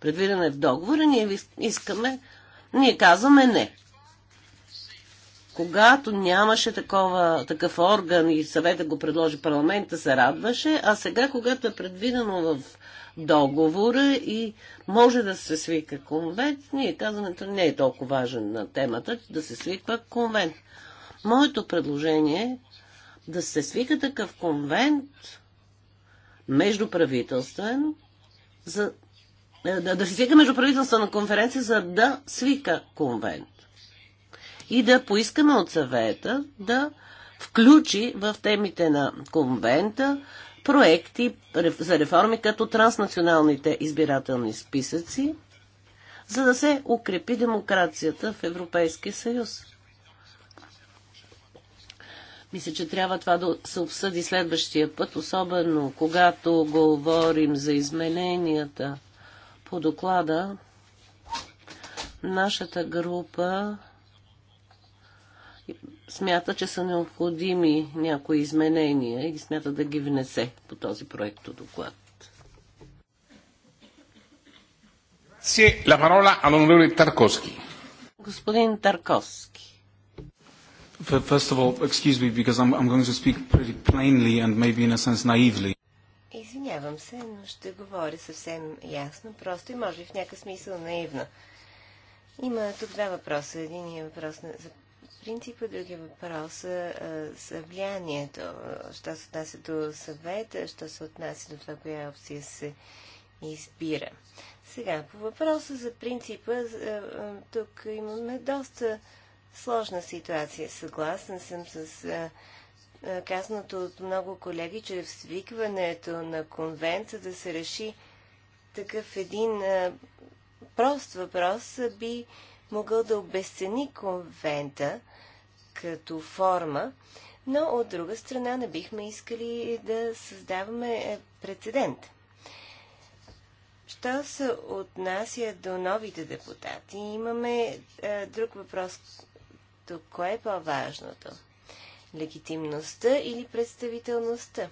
предвидено е в договора, ние искаме, ние казваме не. Когато нямаше такова, такъв орган и съвета го предложи парламента, се радваше, а сега, когато е предвидено в договора и може да се свика конвент, ние казваме, че не е толкова важен на темата, да се свиква конвент. Моето предложение е да се свика такъв конвент междуправителствен, за, е, да, да се свика междуправителствена конференция, за да свика конвент. И да поискаме от съвета да включи в темите на конвента проекти за реформи като транснационалните избирателни списъци, за да се укрепи демокрацията в Европейския съюз. Мисля, че трябва това да се обсъди следващия път, особено когато говорим за измененията по доклада. Нашата група смята, че са необходими някои изменения и смята да ги внесе по този проект доклад. Си, la parola all'onorevole Tarkovsky. Господин Тарковски. First of all, excuse me, because I'm, I'm going to speak pretty plainly and maybe in a sense naively. Извинявам се, но ще говоря съвсем ясно, просто и може би в някакъв смисъл наивно. Има тук два въпроса. Един е въпрос на, за принципа, другия въпрос а, за влиянието. Що се отнася до съвета, що се отнася до това, коя опция се избира. Сега, по въпроса за принципа, а, тук имаме доста сложна ситуация. съгласна съм с а, а, казаното от много колеги, че в свикването на конвенция да се реши такъв един а, прост въпрос би могъл да обесцени конвента като форма, но от друга страна не бихме искали да създаваме е, прецедент. Що се отнася до новите депутати, имаме е, друг въпрос, тук кое е по-важното? Легитимността или представителността?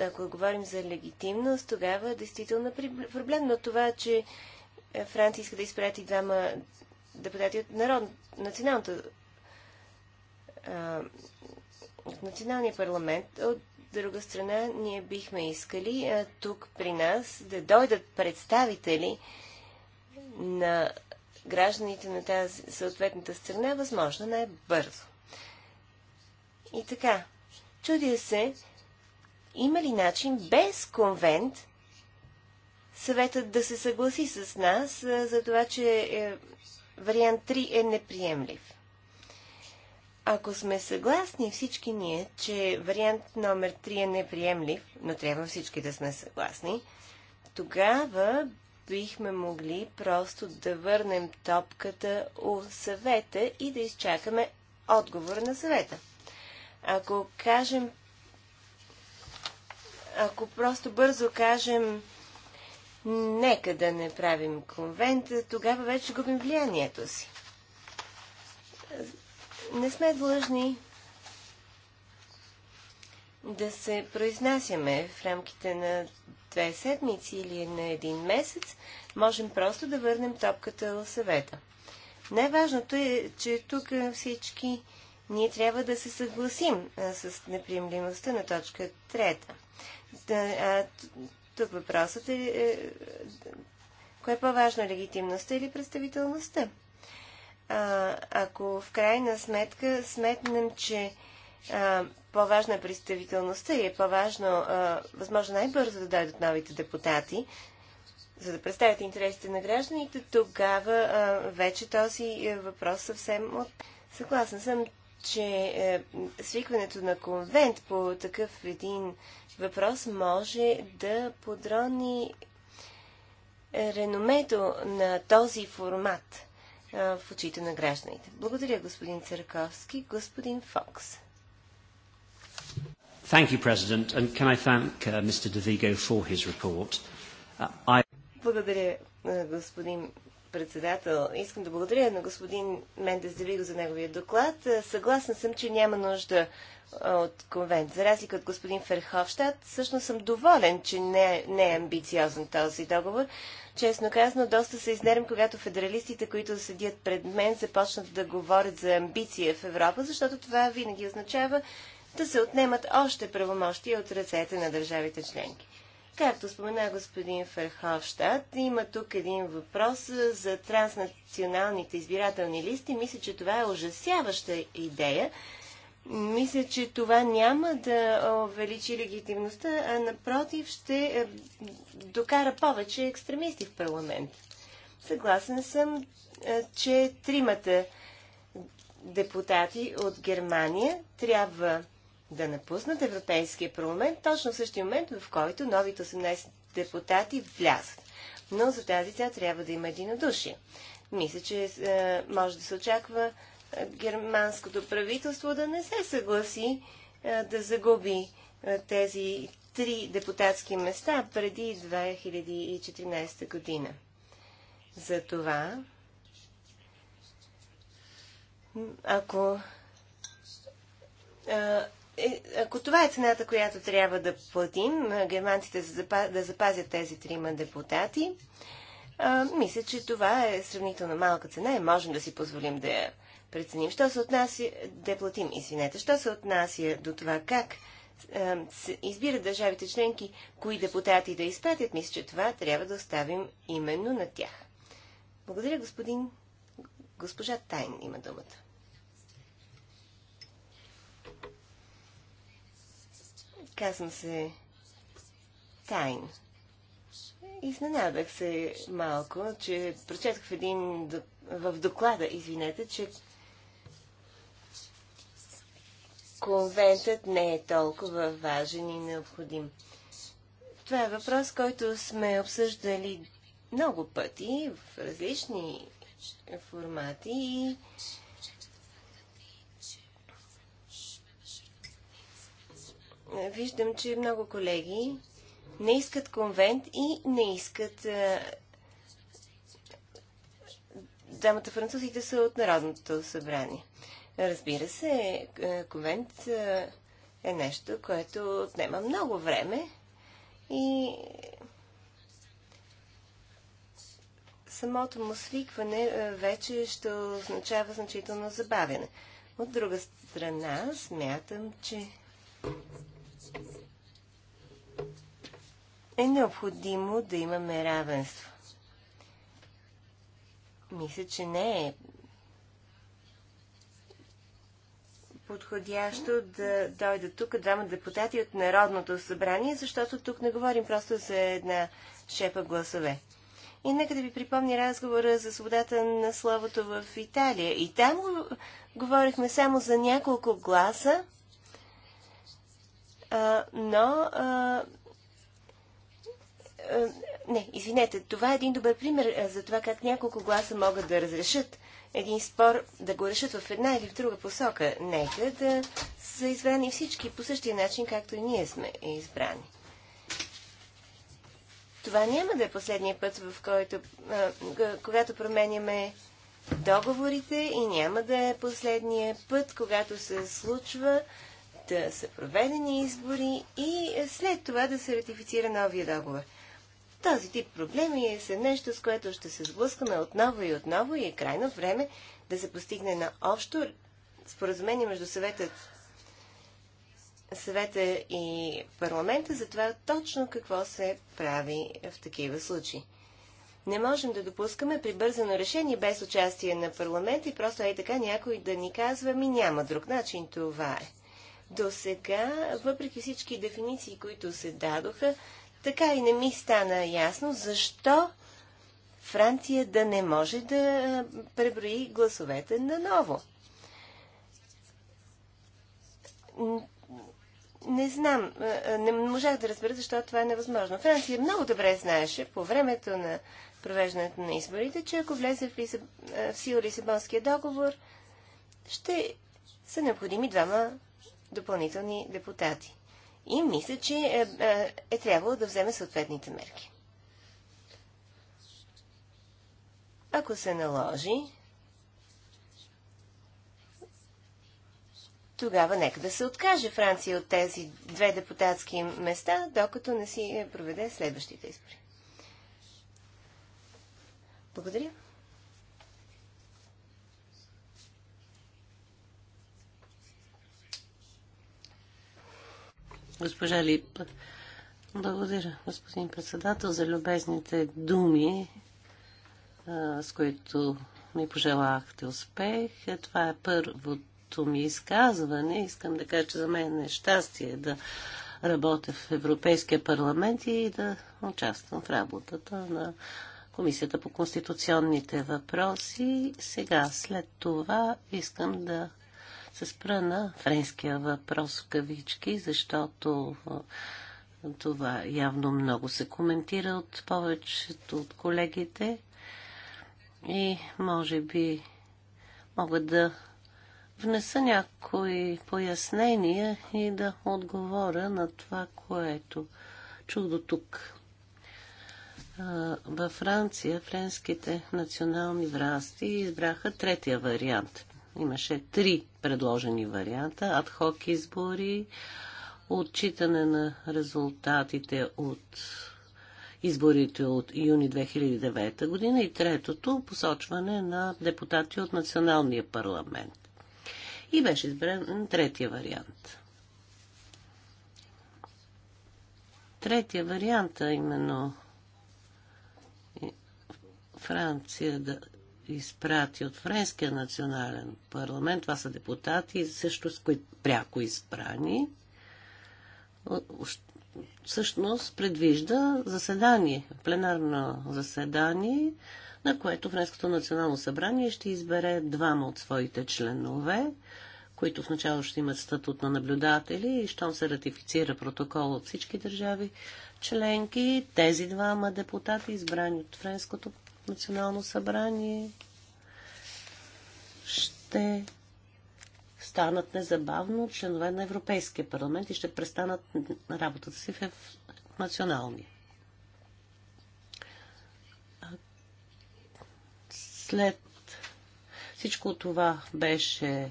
Ако говорим за легитимност, тогава е действително проблем. Но това, че е, Франция иска да изпрати двама депутати от народ, националното, от националния парламент, от друга страна, ние бихме искали тук при нас да дойдат представители на гражданите на тази съответната страна възможно най-бързо. И така, чудя се, има ли начин без конвент съветът да се съгласи с нас за това, че е, вариант 3 е неприемлив? Ако сме съгласни всички ние, че вариант номер 3 е неприемлив, но трябва всички да сме съгласни, тогава бихме могли просто да върнем топката у съвета и да изчакаме отговор на съвета. Ако кажем, ако просто бързо кажем, нека да не правим конвент, тогава вече губим влиянието си. Не сме длъжни да се произнасяме в рамките на две седмици или на един месец, можем просто да върнем топката в съвета. Най-важното е, че тук всички ние трябва да се съгласим с неприемливостта на точка трета. тук въпросът е, е, кое е по-важно, легитимността или представителността? ако в крайна сметка сметнем, че по-важна е представителността и е по-важно, възможно най-бързо да дойдат новите депутати, за да представят интересите на гражданите, тогава а, вече този е, въпрос съвсем от... Съгласна съм, че е, свикването на конвент по такъв един въпрос може да подрони е, реномето на този формат а, в очите на гражданите. Благодаря, господин Църковски. Господин Фокс. Thank you, President, and can I thank uh, Mr. De Vigo for his report. Uh, I... Благодаря, uh, господин председател. Искам да благодаря на господин Мендес Девиго за неговия доклад. Uh, съгласна съм, че няма нужда uh, от конвент. За разлика от господин Ферховщад, всъщност съм доволен, че не, не е амбициозен този договор. Честно казано, доста се изнервям, когато федералистите, които седят пред мен, започнат да говорят за амбиция в Европа, защото това винаги означава, да се отнемат още правомощия от ръцете на държавите членки. Както спомена господин Ферховщад, има тук един въпрос за транснационалните избирателни листи. Мисля, че това е ужасяваща идея. Мисля, че това няма да увеличи легитимността, а напротив ще докара повече екстремисти в парламент. Съгласен съм, че тримата депутати от Германия трябва да напуснат Европейския парламент точно в същия момент, в който новите 18 депутати влязат. Но за тази цяло трябва да има единодушие. Мисля, че е, може да се очаква е, германското правителство да не се съгласи е, да загуби е, тези три депутатски места преди 2014 година. За това, ако е, е, ако това е цената, която трябва да платим, германците да запазят тези трима депутати, а, мисля, че това е сравнително малка цена и можем да си позволим да я преценим. Що се отнася, да платим, извинете, що се отнася до това как а, избират държавите членки, кои депутати да изпратят, мисля, че това трябва да оставим именно на тях. Благодаря, господин. Госпожа Тайн има думата. Казвам се Тайн. Изненадах се малко, че прочетах в един в доклада, извинете, че конвентът не е толкова важен и необходим. Това е въпрос, който сме обсъждали много пъти в различни формати и виждам, че много колеги не искат конвент и не искат е, дамата французите са от Народното събрание. Разбира се, е, конвент е, е нещо, което отнема много време и самото му свикване вече ще означава значително забавяне. От друга страна, смятам, че е необходимо да имаме равенство. Мисля, че не е подходящо да дойдат тук двама депутати от Народното събрание, защото тук не говорим просто за една шепа гласове. И нека да ви припомня разговора за свободата на словото в Италия. И там говорихме само за няколко гласа, но. не, извинете, това е един добър пример за това как няколко гласа могат да разрешат един спор, да го решат в една или в друга посока. Нека да са избрани всички по същия начин, както и ние сме избрани. Това няма да е последния път, в който, когато променяме договорите и няма да е последния път, когато се случва да са проведени избори и след това да се ратифицира новия договор. Този тип проблеми е са нещо, с което ще се сблъскаме отново и отново и е крайно време да се постигне на общо споразумение между съветът, съвета и парламента за това точно какво се прави в такива случаи. Не можем да допускаме прибързано решение без участие на парламент и просто е така някой да ни казва, ми няма друг начин, това е. До сега, въпреки всички дефиниции, които се дадоха, така и не ми стана ясно защо Франция да не може да преброи гласовете наново. Не знам, не можах да разбера защо това е невъзможно. Франция много добре знаеше по времето на провеждането на изборите, че ако влезе в, Лисаб... в сила Лисабонския договор, ще са необходими двама допълнителни депутати. И мисля, че е, е, е трябвало да вземе съответните мерки. Ако се наложи, тогава нека да се откаже Франция от тези две депутатски места, докато не си е, проведе следващите избори. Благодаря. Госпожа Лип, благодаря, господин председател, за любезните думи, с които ми пожелахте успех. Това е първото ми изказване. Искам да кажа, че за мен е щастие да работя в Европейския парламент и да участвам в работата на Комисията по конституционните въпроси. Сега, след това, искам да се спра на френския въпрос в кавички, защото това явно много се коментира от повечето от колегите и може би мога да внеса някои пояснения и да отговоря на това, което чух до тук. Във Франция френските национални власти избраха третия вариант. Имаше три предложени варианта. Адхок избори, отчитане на резултатите от изборите от юни 2009 година и третото посочване на депутати от националния парламент. И беше избран третия вариант. Третия вариант, а именно Франция да изпрати от Френския национален парламент. Това са депутати, също с които пряко избрани. Всъщност предвижда заседание, пленарно заседание, на което Френското национално събрание ще избере двама от своите членове, които в начало ще имат статут на наблюдатели и щом се ратифицира протокол от всички държави членки, тези двама депутати, избрани от Френското национално събрание ще станат незабавно членове на Европейския парламент и ще престанат работата си в националния. След всичко това беше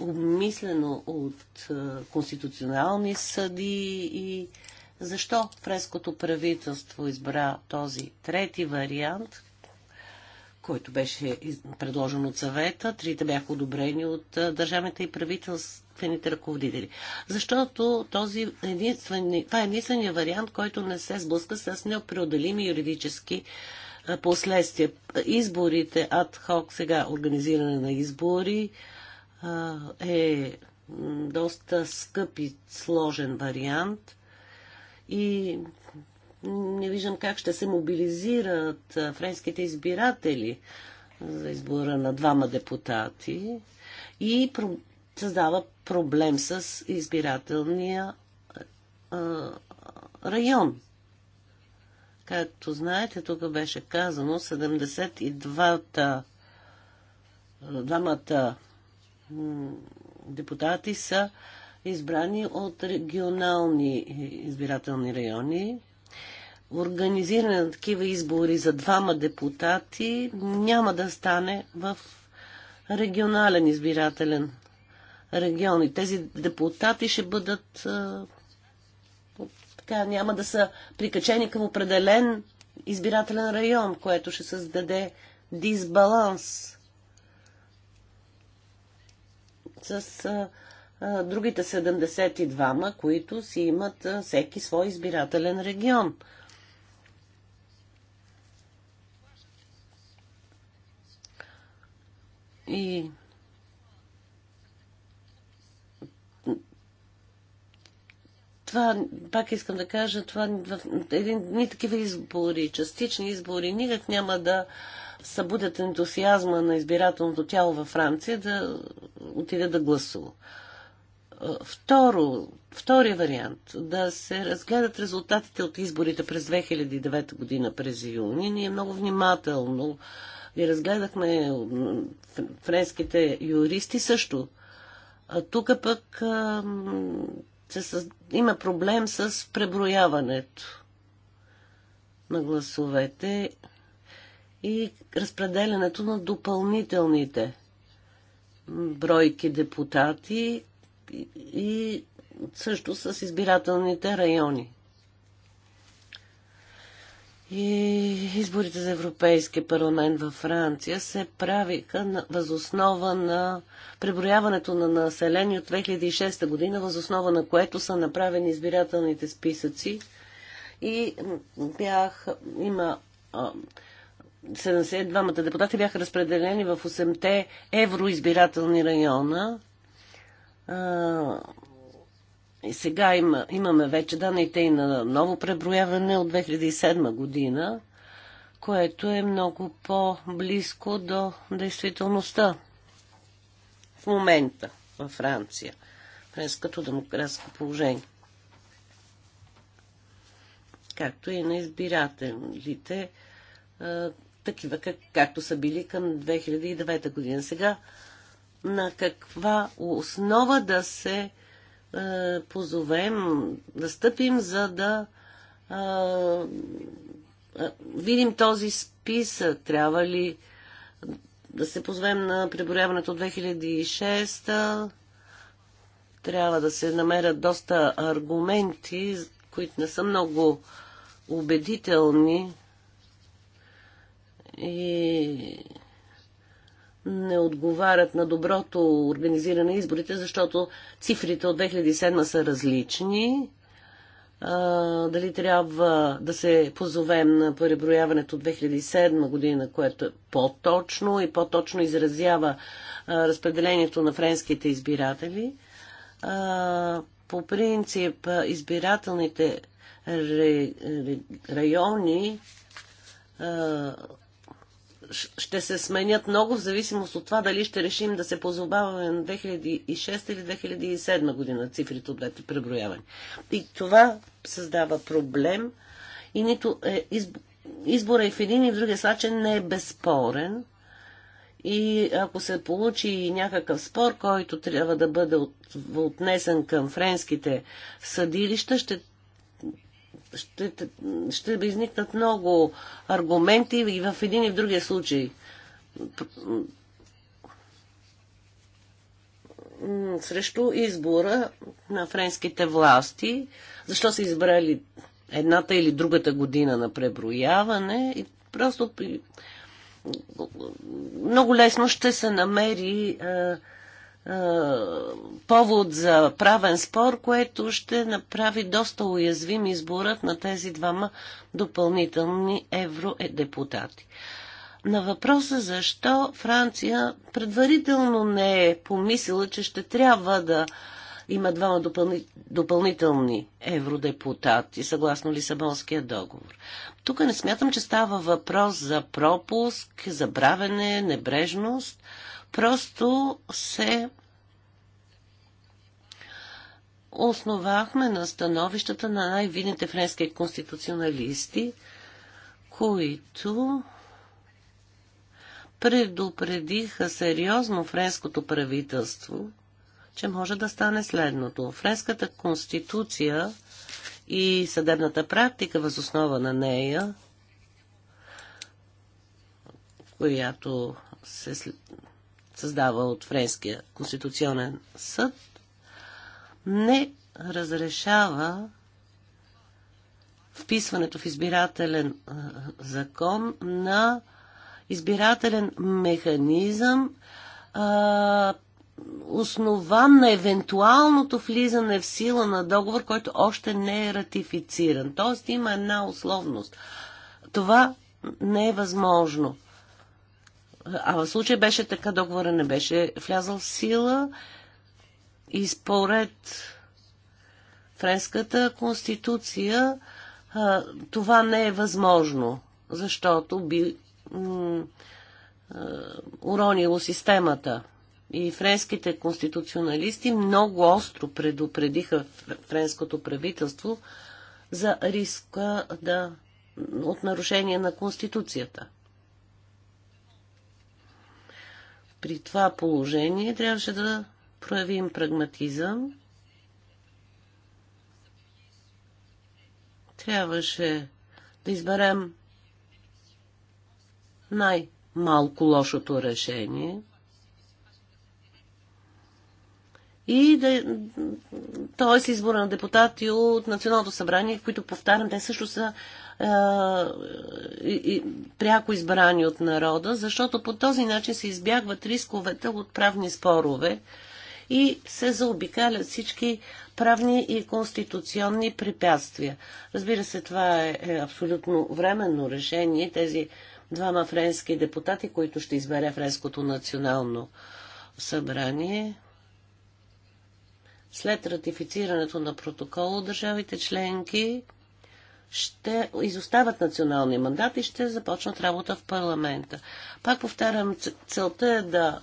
обмислено от конституционални съди и защо френското правителство избра този трети вариант, който беше предложен от съвета, трите бяха одобрени от държавните и правителствените ръководители. Защото този единствен, това е единствения вариант, който не се сблъска с непреодолими юридически последствия. Изборите ад-хок, сега организиране на избори, е доста скъп и сложен вариант – и не виждам как ще се мобилизират френските избиратели за избора на двама депутати и създава проблем с избирателния район. Както знаете, тук беше казано 72-та двамата депутати са избрани от регионални избирателни райони. Организиране на такива избори за двама депутати няма да стане в регионален избирателен регион. И тези депутати ще бъдат така, няма да са прикачени към определен избирателен район, което ще създаде дисбаланс с другите 72-ма, които си имат всеки свой избирателен регион. И това, пак искам да кажа, това в един, ни такива избори, частични избори, никак няма да събудят ентусиазма на избирателното тяло във Франция да отиде да гласува. Второ, втори вариант да се разгледат резултатите от изборите през 2009 година през юни. Ние много внимателно и разгледахме френските юристи също. тук пък се, съз... има проблем с преброяването на гласовете и разпределянето на допълнителните бройки депутати, и също с избирателните райони. И изборите за Европейския парламент във Франция се правиха възоснова на преброяването на население от 2006 година, възоснова на което са направени избирателните списъци и бях, има 72-мата депутати бяха разпределени в 8-те евроизбирателни района, и сега има, имаме вече данните и на ново преброяване от 2007 година, което е много по-близко до действителността в момента във Франция, през като демократско положение. Както и на избирателите, такива как, както са били към 2009 година. Сега на каква основа да се е, позовем, да стъпим, за да е, е, видим този списък. Трябва ли да се позовем на преборяването от 2006 трябва да се намерят доста аргументи, които не са много убедителни и не отговарят на доброто организиране на изборите, защото цифрите от 2007 са различни. А, дали трябва да се позовем на преброяването от 2007 година, което е по-точно и по-точно изразява а, разпределението на френските избиратели. А, по принцип избирателните райони ще се сменят много в зависимост от това дали ще решим да се позобаваме на 2006 или 2007 година цифрите от двете преброяване. И това създава проблем и нито е, избора и в един и в другия начин не е безспорен. И ако се получи някакъв спор, който трябва да бъде от, отнесен към френските съдилища, ще ще, ще изникнат много аргументи и в един и в другия случай. Срещу избора на френските власти, защо са избрали едната или другата година на преброяване и просто много лесно ще се намери е, повод за правен спор, което ще направи доста уязвим изборът на тези двама допълнителни евродепутати. На въпроса защо Франция предварително не е помислила, че ще трябва да има двама допълни... допълнителни евродепутати, съгласно Лисабонския договор. Тук не смятам, че става въпрос за пропуск, забравене, небрежност. Просто се основахме на становищата на най-видните френски конституционалисти, които предупредиха сериозно френското правителство, че може да стане следното. Френската конституция и съдебната практика възоснова на нея, която се създава от Френския конституционен съд, не разрешава вписването в избирателен закон на избирателен механизъм, основан на евентуалното влизане в сила на договор, който още не е ратифициран. Тоест има една условност. Това не е възможно. А в случай беше така, договора не беше влязъл в сила и според френската конституция това не е възможно, защото би уронило системата. И френските конституционалисти много остро предупредиха френското правителство за риска да, от нарушение на Конституцията. При това положение трябваше да проявим прагматизъм. Трябваше да изберем най-малко лошото решение и да, т.е. избора на депутати от Националното събрание, които повтарям, те също са пряко избрани от народа, защото по този начин се избягват рисковете от правни спорове и се заобикалят всички правни и конституционни препятствия. Разбира се, това е, е абсолютно временно решение. Тези двама френски депутати, които ще избере Френското национално събрание, след ратифицирането на протокол от държавите членки, ще изостават националния мандат и ще започнат работа в парламента. Пак повтарям, целта е да,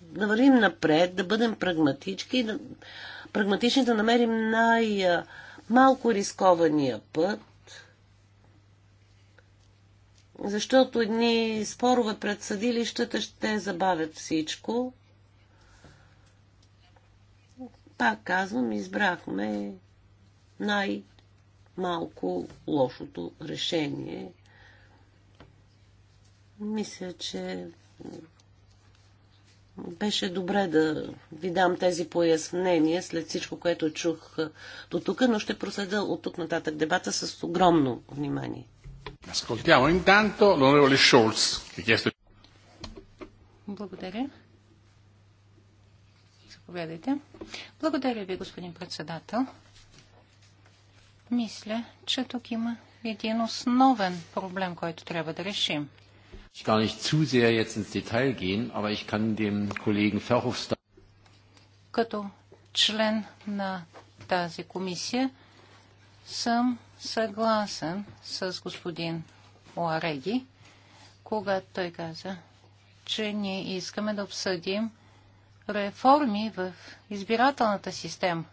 да вървим напред, да бъдем прагматички, да, прагматични да намерим най-малко рискования път, защото едни спорове пред съдилищата ще забавят всичко. Пак казвам, избрахме най- малко лошото решение. Мисля, че беше добре да ви дам тези пояснения след всичко, което чух до тук, но ще проследя от тук нататък дебата с огромно внимание. Ascoltiamo intanto l'onorevole Scholz, che chiesto... Благодаря. Заповядайте. Благодаря ви, господин председател. Мисля, че тук има един основен проблем, който трябва да решим. Като член на тази комисия съм съгласен с господин Оареги, когато той каза, че ние искаме да обсъдим реформи в избирателната система.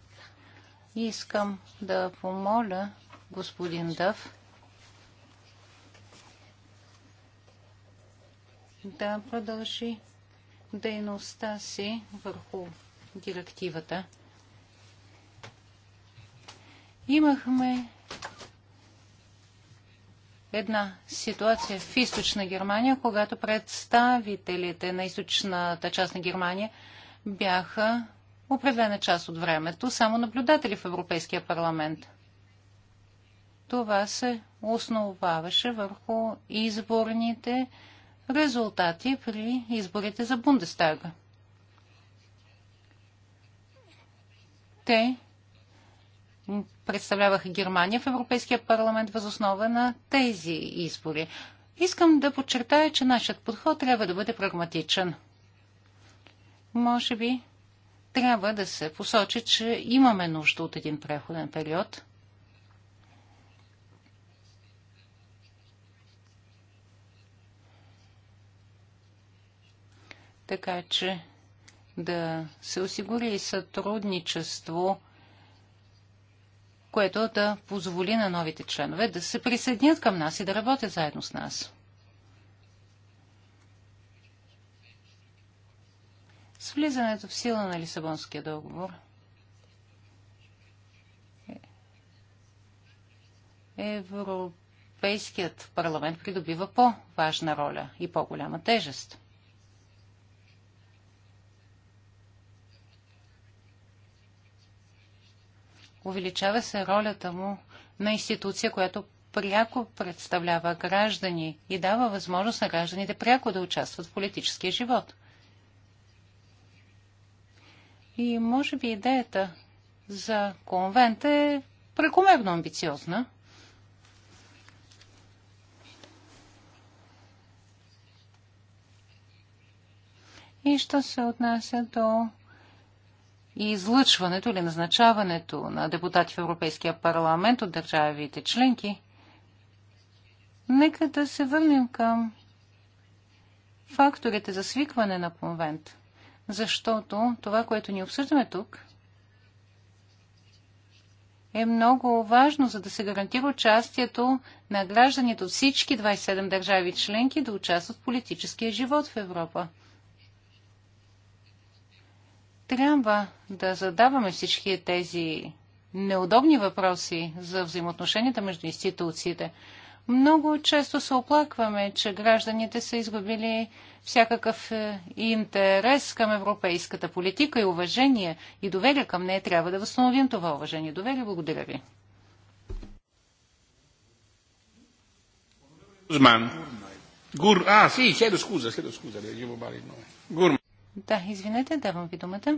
Искам да помоля господин Дъв да продължи дейността си върху директивата. Имахме една ситуация в източна Германия, когато представителите на източната част на Германия бяха определена част от времето само наблюдатели в Европейския парламент. Това се основаваше върху изборните резултати при изборите за Бундестага. Те представляваха Германия в Европейския парламент възоснова на тези избори. Искам да подчертая, че нашият подход трябва да бъде прагматичен. Може би трябва да се посочи, че имаме нужда от един преходен период. Така че да се осигури сътрудничество, което да позволи на новите членове да се присъединят към нас и да работят заедно с нас. влизането в сила на Лисабонския договор е, Европейският парламент придобива по-важна роля и по-голяма тежест. Увеличава се ролята му на институция, която пряко представлява граждани и дава възможност на гражданите пряко да участват в политическия живот. И може би идеята за конвент е прекомерно амбициозна. И що се отнася до излъчването или назначаването на депутати в Европейския парламент от държавите членки, нека да се върнем към факторите за свикване на конвент – защото това, което ни обсъждаме тук, е много важно, за да се гарантира участието на гражданите от всички 27 държави членки да участват в политическия живот в Европа. Трябва да задаваме всички тези неудобни въпроси за взаимоотношенията между институциите. Много често се оплакваме, че гражданите са изгубили всякакъв е, интерес към европейската политика и уважение и доверие към нея. Трябва да възстановим това уважение. Доверие, благодаря ви. Да, извинете, давам ви думата.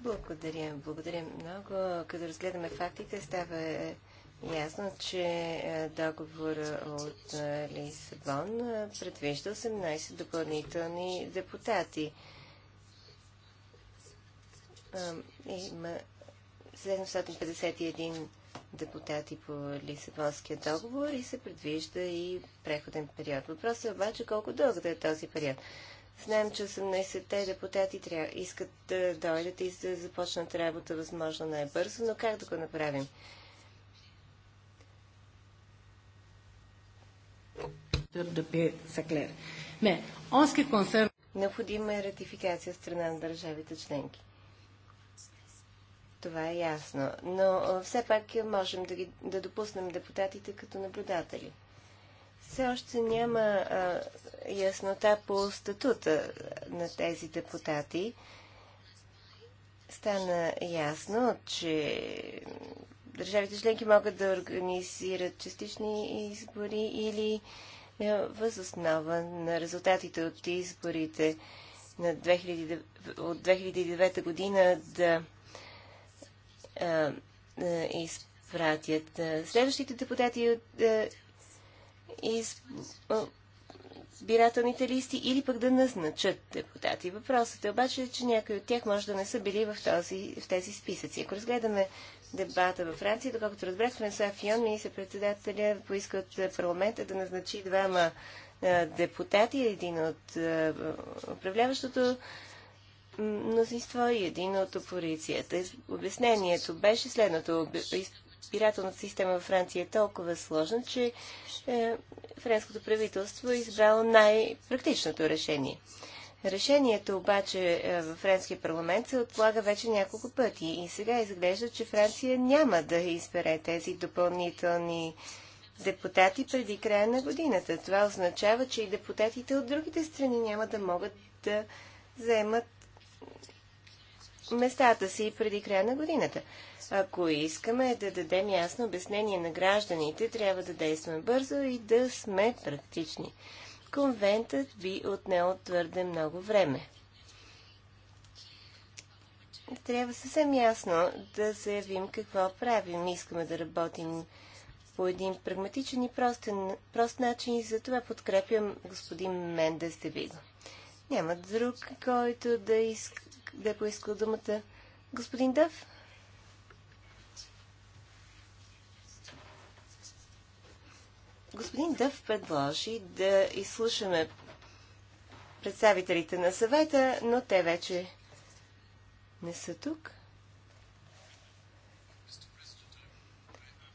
Благодаря, благодаря много. Като разгледаме фактите, става ясно, че е, договор от е, Лисабон е, предвижда 18 допълнителни депутати. Има 751 депутати по Лисабонския договор и се предвижда и преходен период. Въпросът е обаче колко дълъг да е този период. Знаем, че 18-те депутати трябва, искат да дойдат и да започнат работа възможно най-бързо, но как да го направим? Необходима е ратификация страна на държавите членки. Това е ясно. Но все пак е, можем да, ги, да допуснем депутатите като наблюдатели. Все още няма а, яснота по статута на тези депутати. Стана ясно, че държавите членки могат да организират частични избори или възоснова на резултатите от изборите на 2000, от 2009 година да а, да изпратят. Следващите депутати от избирателните листи или пък да назначат депутати. Въпросът е обаче, че някои от тях може да не са били в, този, в тези списъци. Ако разгледаме дебата във Франция, доколкото разбрах, Франсуа Фион, министър-председателя, поиска от парламента да назначи двама депутати, един от управляващото мнозинство и един от опорицията. Обяснението беше следното избирателната система във Франция е толкова сложна, че е, френското правителство е избрало най-практичното решение. Решението обаче е, в във Френския парламент се отлага вече няколко пъти и сега изглежда, че Франция няма да избере тези допълнителни депутати преди края на годината. Това означава, че и депутатите от другите страни няма да могат да заемат местата си преди края на годината. Ако искаме да дадем ясно обяснение на гражданите, трябва да действаме бързо и да сме практични. Конвентът би отнел твърде много време. Трябва съвсем ясно да заявим какво правим. Искаме да работим по един прагматичен и простен, прост начин и за това подкрепям господин Мендес Девиго. Няма друг, който да иска бе поискал думата. Господин Дъв? Господин Дъв предложи да изслушаме представителите на съвета, но те вече не са тук.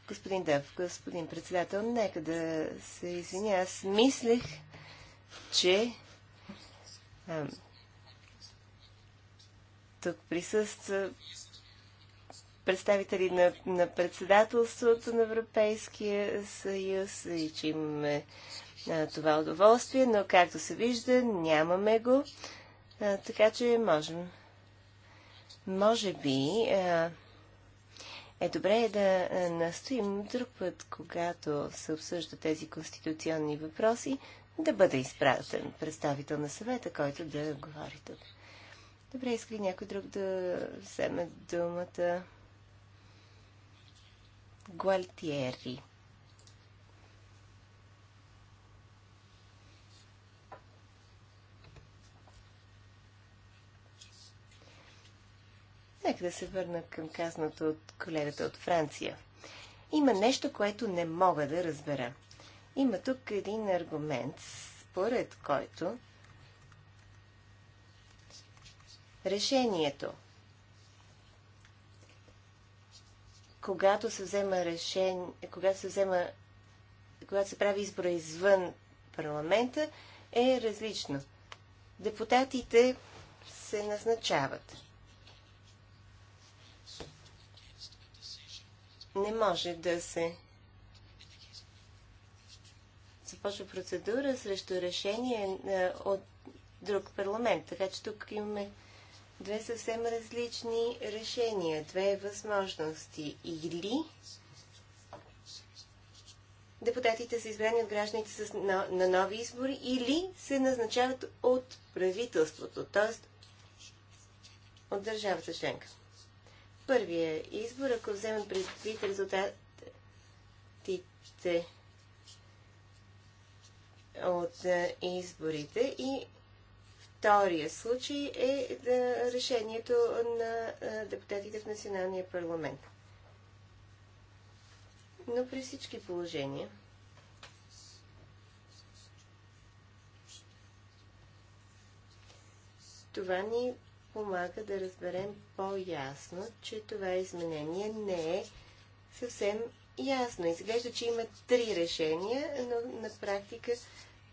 Господин Дъв, господин председател, нека да се извиня. Аз мислех, че тук присъства представители на, на председателството на Европейския съюз и че имаме а, това удоволствие, но както се вижда, нямаме го. А, така че можем. Може би а, е добре да настоим друг път, когато се обсъжда тези конституционни въпроси, да бъде изпратен представител на съвета, който да говори тук. Добре, иска ли някой друг да вземе думата? Гуалтиери. Нека да се върна към казаното от колегата от Франция. Има нещо, което не мога да разбера. Има тук един аргумент, според който решението. Когато се взема решение, когато се взема, когато се прави избора извън парламента, е различно. Депутатите се назначават. Не може да се започва процедура срещу решение е, от друг парламент. Така че тук имаме две съвсем различни решения, две възможности. Или депутатите са избрани от гражданите с, на, на нови избори, или се назначават от правителството, т.е. от държавата членка. Първия е избор, ако вземем предвид резултатите от е, изборите и Втория случай е, е, е решението на е, депутатите в Националния парламент. Но при всички положения това ни помага да разберем по-ясно, че това изменение не е съвсем ясно. Изглежда, че има три решения, но на практика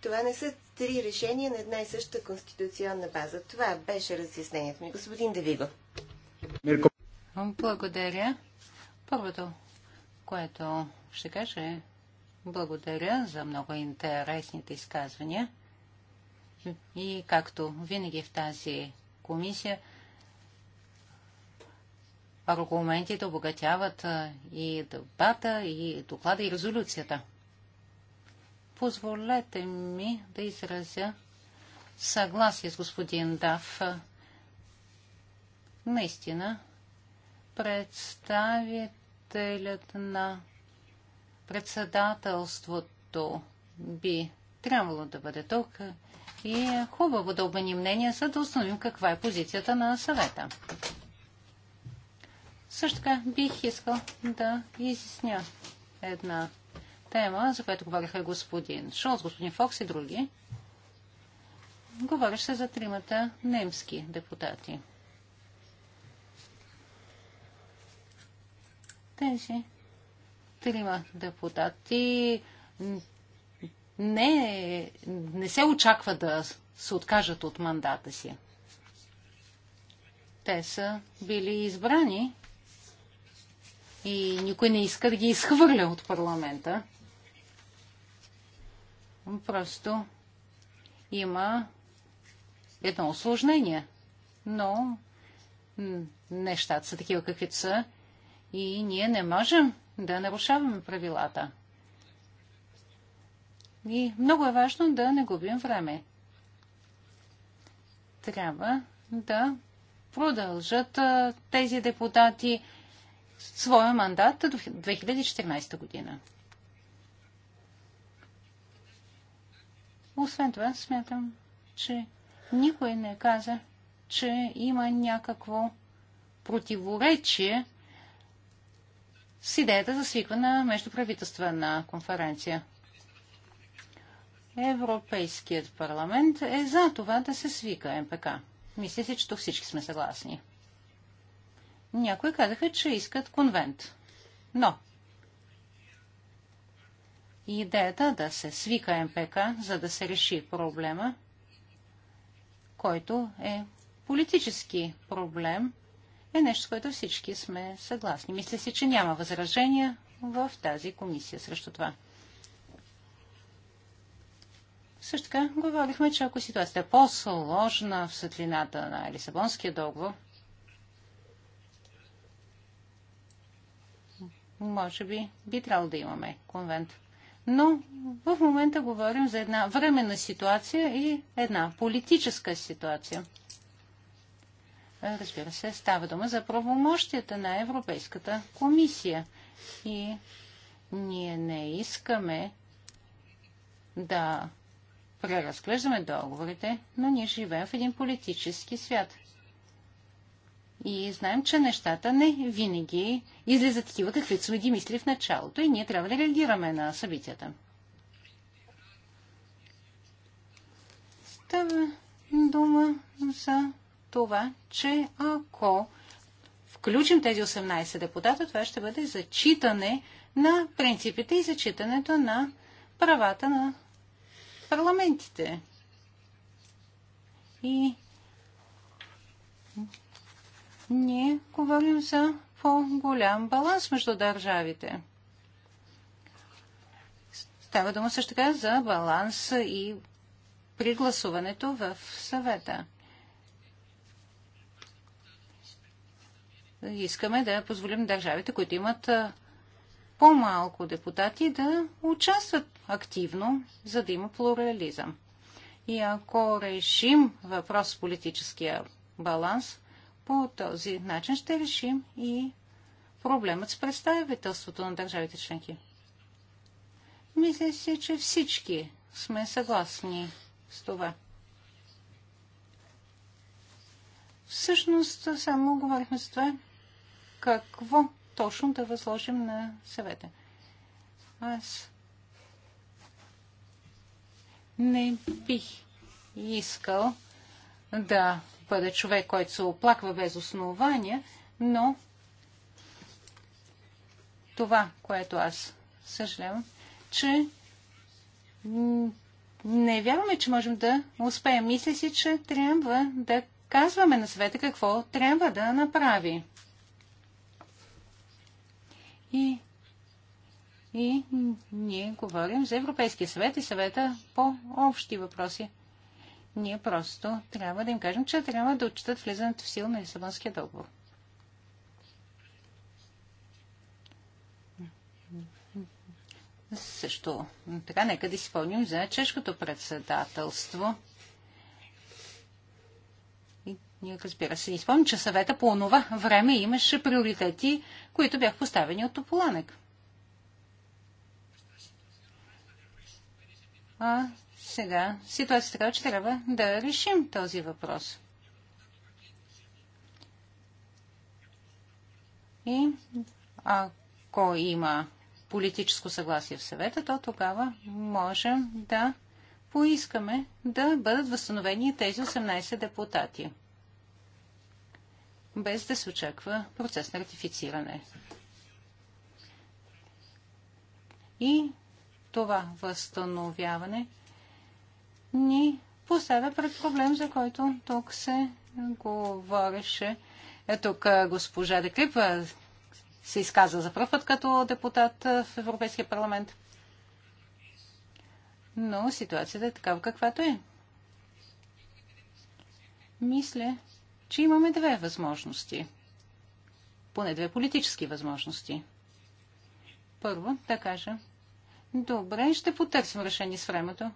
това не са три решения на една и съща конституционна база. Това беше разяснението ми. Господин Девиго. Благодаря. Първото, което ще кажа е благодаря за много интересните изказвания. И както винаги в тази комисия, аргументите обогатяват и дебата, и доклада, и резолюцията позволете ми да изразя съгласие с господин Дав. Наистина, представителят на председателството би трябвало да бъде тук и е хубаво да обменим мнение, за да установим каква е позицията на съвета. Също така бих искал да изясня една тема, за която говориха господин Шолц, господин Фокс и други. Говореше се за тримата немски депутати. Тези трима депутати не, не се очаква да се откажат от мандата си. Те са били избрани и никой не иска да ги изхвърля от парламента. Просто има едно осложнение, но нещата са такива каквито са и ние не можем да нарушаваме правилата. И много е важно да не губим време. Трябва да продължат тези депутати своя мандат до 2014 година. Освен това, смятам, че никой не каза, че има някакво противоречие с идеята за свикване на междуправителствена конференция. Европейският парламент е за това да се свика МПК. Мисля си, че тук всички сме съгласни. Някои казаха, че искат конвент. Но идеята да се свика МПК, за да се реши проблема, който е политически проблем, е нещо, с което всички сме съгласни. Мисля си, че няма възражения в тази комисия срещу това. Също така говорихме, че ако ситуацията е по-сложна в светлината на Лисабонския договор, може би би трябвало да имаме конвент. Но в момента говорим за една временна ситуация и една политическа ситуация. Разбира се, става дума за правомощията на Европейската комисия. И ние не искаме да преразглеждаме договорите, но ние живеем в един политически свят. И знаем, че нещата не винаги излизат такива, каквито сме ги мисли в началото и ние трябва да реагираме на събитията. Става дума за това, че ако включим тези 18 депутата, това ще бъде зачитане на принципите и зачитането на правата на парламентите. И ние говорим за по-голям баланс между държавите. Става дума също така за баланс и при гласуването в съвета. Искаме да позволим държавите, които имат по-малко депутати, да участват активно, за да има плурализъм. И ако решим въпрос с политическия баланс, по този начин ще решим и проблемът с представителството на държавите членки. Мисля си, че всички сме съгласни с това. Всъщност, само говорихме за това, какво точно да възложим на съвета. Аз не бих искал да бъде човек, който се оплаква без основания, но това, което аз съжалявам, че не вярваме, че можем да успеем. Мисля си, че трябва да казваме на света какво трябва да направи. И, и ние говорим за Европейския съвет и съвета по общи въпроси. Ние просто трябва да им кажем, че трябва да отчитат влизането в сила на Лисабонския договор. Също така, нека да изпълним за чешкото председателство. И ние, разбира се, изпълним, че съвета по онова време имаше приоритети, които бях поставени от Тополанек. А сега ситуацията така, че трябва да решим този въпрос. И ако има политическо съгласие в съвета, то тогава можем да поискаме да бъдат възстановени тези 18 депутати, без да се очаква процес на ратифициране. И това възстановяване ни поставя пред проблем, за който тук се говореше. Е, тук госпожа Деклип се изказа за първ път като депутат в Европейския парламент. Но ситуацията е такава каквато е. Мисля, че имаме две възможности. Поне две политически възможности. Първо, да кажа, добре, ще потърсим решение с времето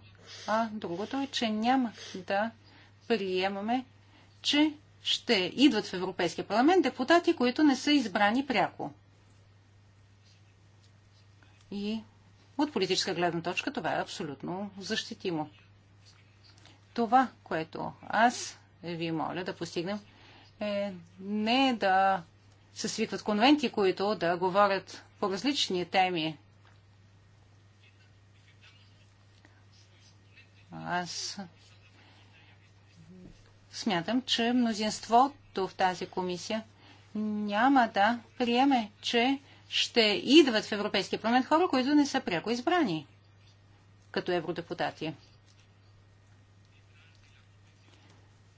а другото е, че няма да приемаме, че ще идват в Европейския парламент депутати, които не са избрани пряко. И от политическа гледна точка това е абсолютно защитимо. Това, което аз ви моля да постигнем, е не да се свикват конвенти, които да говорят по различни теми Аз смятам, че мнозинството в тази комисия няма да приеме, че ще идват в Европейския парламент хора, които не са пряко избрани като евродепутати.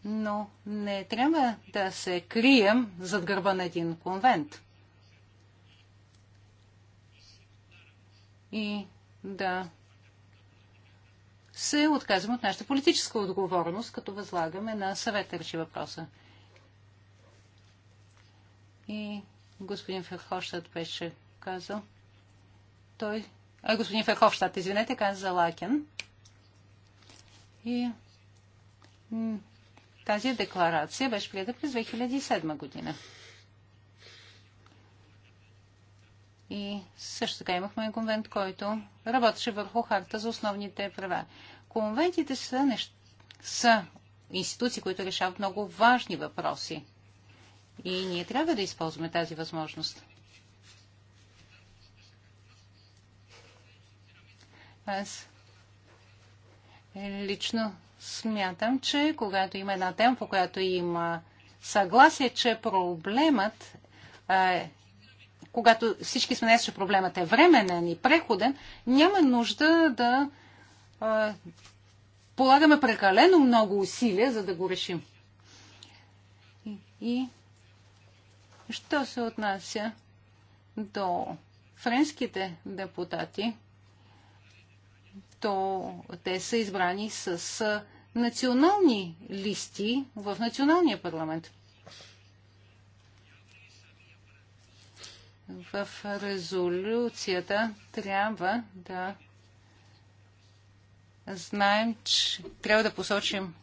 Но не трябва да се крием зад гърба на един конвент. И да се отказваме от нашата политическа отговорност, като възлагаме на съвета реши въпроса. И господин Ферховщат беше казал. Той. А, господин Ферхоштад, извинете, каза Лакен. И тази декларация беше прията през 2007 година. И също така имахме конвент, който работеше върху харта за основните права. Конвентите са, нещ... са институции, които решават много важни въпроси. И ние трябва да използваме тази възможност. Аз лично смятам, че когато има една тема, по която има съгласие, че проблемът е когато всички сме наясно, че проблемът е временен и преходен, няма нужда да а, полагаме прекалено много усилия, за да го решим. И, и що се отнася до френските депутати, то те са избрани с национални листи в националния парламент. в резолюцията трябва да знаем, че трябва да посочим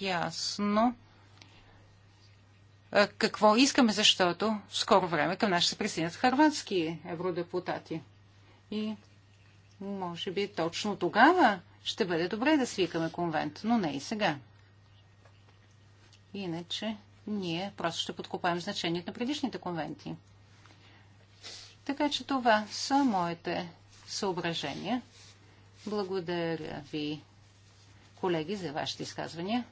ясно какво искаме, защото в скоро време към нас се присъединят харватски евродепутати. И може би точно тогава ще бъде добре да свикаме конвент, но не и сега. Иначе ние просто ще подкопаем значението на предишните конвенти. Така че това са моите съображения. Благодаря ви, колеги, за вашите изказвания.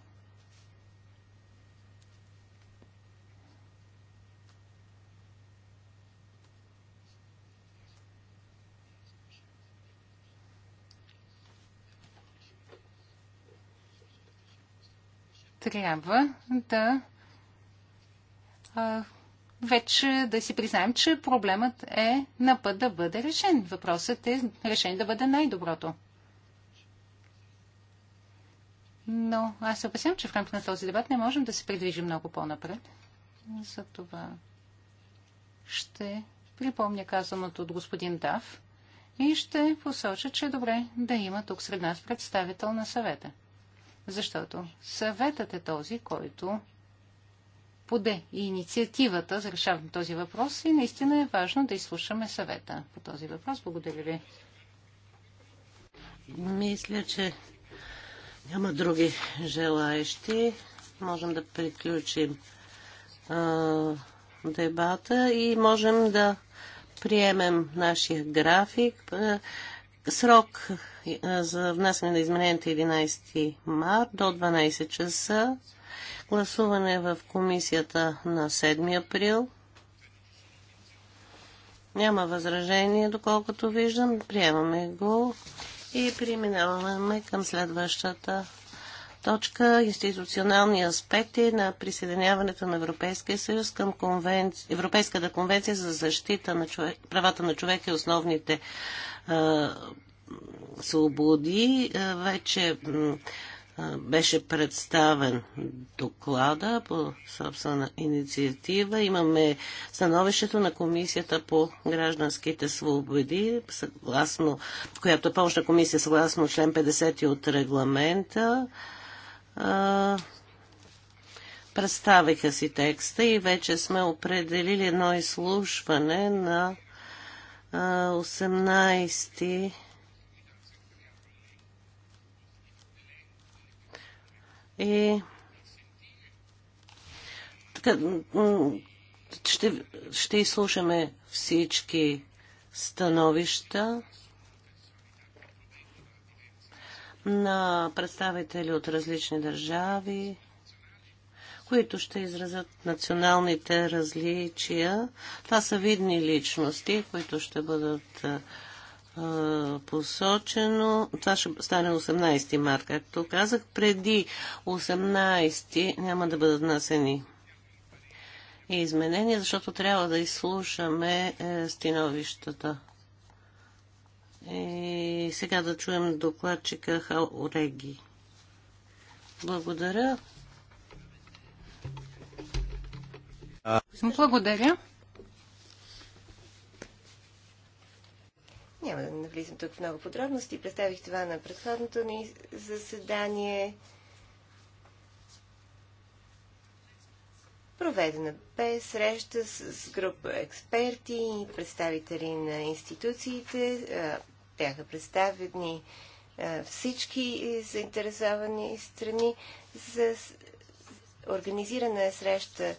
трябва да а, вече да си признаем, че проблемът е на път да бъде решен. Въпросът е решен да бъде най-доброто. Но аз се опасявам, че в рамките на този дебат не можем да се придвижим много по-напред. Затова ще припомня казаното от господин Дав и ще посоча, че е добре да има тук сред нас представител на съвета. Защото съветът е този, който поде инициативата за решаване на този въпрос и наистина е важно да изслушаме съвета по този въпрос. Благодаря ви. Мисля, че няма други желаещи. Можем да приключим а, дебата и можем да приемем нашия график. Срок за внасяне на измененията 11 е март до 12 часа. Гласуване в комисията на 7 април. Няма възражение, доколкото виждам. Приемаме го и преминаваме към следващата точка институционални аспекти на присъединяването на Европейския съюз към конвенци... Европейската конвенция за защита на човек... правата на човека и основните а... свободи. А... вече беше представен доклада по собствена инициатива. Имаме становището на Комисията по гражданските свободи, съгласно, която е помощна комисия съгласно член 50 от регламента. Представиха си текста и вече сме определили едно изслушване на 18 е така, ще, ще изслушаме всички становища на представители от различни държави, които ще изразят националните различия. Това са видни личности, които ще бъдат посочено. Това ще стане 18 марта. Както казах, преди 18 няма да бъдат насени изменения, защото трябва да изслушаме е, становищата. И сега да чуем докладчика Хаореги. Благодаря. Благодаря. Няма да навлизам тук в много подробности. Представих това на предходното ни заседание. Проведена бе среща с група експерти и представители на институциите. Бяха представени всички заинтересовани страни. За организирана е среща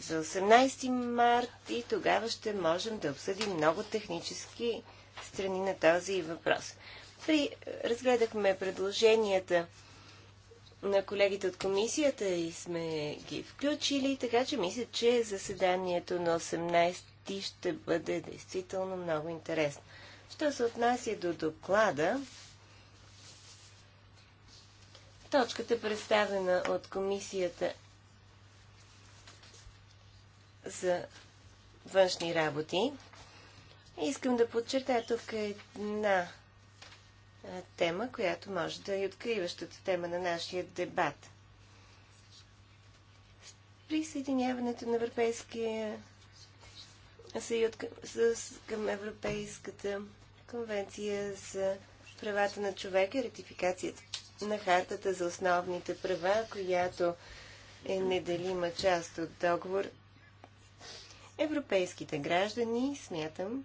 за 18 март и тогава ще можем да обсъдим много технически страни на този въпрос. При, разгледахме предложенията на колегите от комисията и сме ги включили, така че мисля, че заседанието на 18 ти ще бъде действително много интересно. Що се отнася до доклада, точката представена от комисията за външни работи Искам да подчертая тук една тема, която може да е откриващата тема на нашия дебат. Присъединяването на Европейския съюз към Европейската конвенция за правата на човека, ратификацията на хартата за основните права, която е неделима част от договор. Европейските граждани, смятам,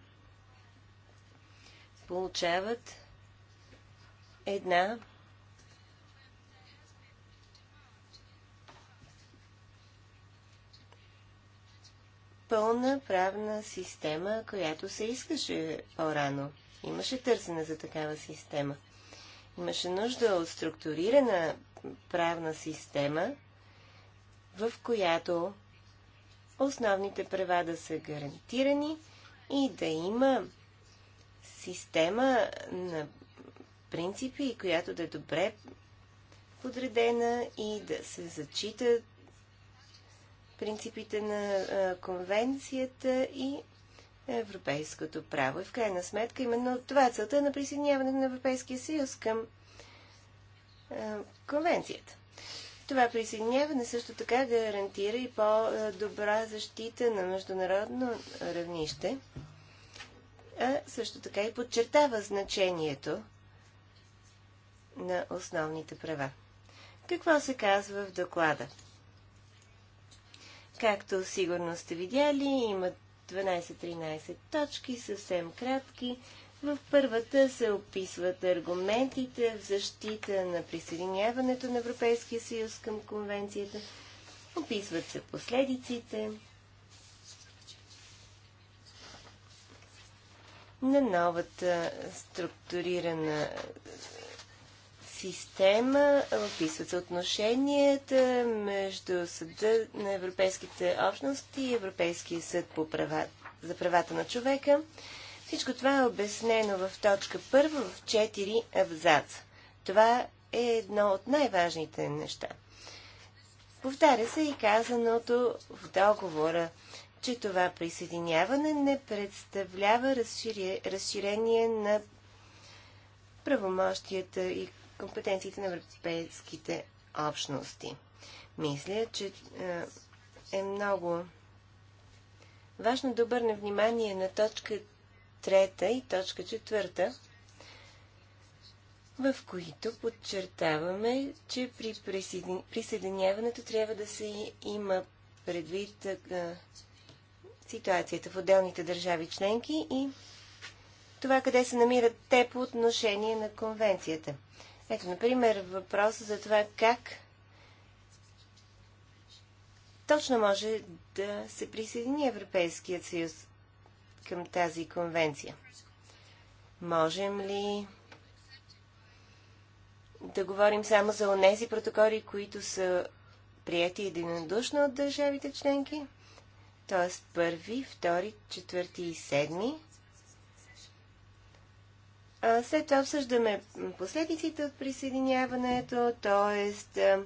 получават една пълна правна система, която се искаше по-рано. Имаше търсене за такава система. Имаше нужда от структурирана правна система, в която основните права да са гарантирани и да има система на принципи, която да е добре подредена и да се зачитат принципите на конвенцията и европейското право. И в крайна сметка именно това е целта на присъединяването на Европейския съюз към конвенцията. Това присъединяване също така гарантира и по-добра защита на международно равнище – а също така и подчертава значението на основните права. Какво се казва в доклада? Както сигурно сте видяли, има 12-13 точки, съвсем кратки. В първата се описват аргументите в защита на присъединяването на Европейския съюз към конвенцията. Описват се последиците, на новата структурирана система, описват се отношенията между Съда на Европейските общности и Европейския съд по права, за правата на човека. Всичко това е обяснено в точка първа в 4 абзаца. Това е едно от най-важните неща. Повтаря се и казаното в договора – че това присъединяване не представлява разширение на правомощията и компетенциите на европейските общности. Мисля, че е, е много важно да обърнем внимание на точка трета и точка четвърта, в които подчертаваме, че при присъединяването трябва да се има предвид е, ситуацията в отделните държави членки и това къде се намират те по отношение на конвенцията. Ето, например, въпрос за това как точно може да се присъедини Европейският съюз към тази конвенция. Можем ли да говорим само за онези протоколи, които са прияти единодушно от държавите членки? т.е. първи, втори, четвърти и седми. след това обсъждаме последиците от присъединяването, т.е.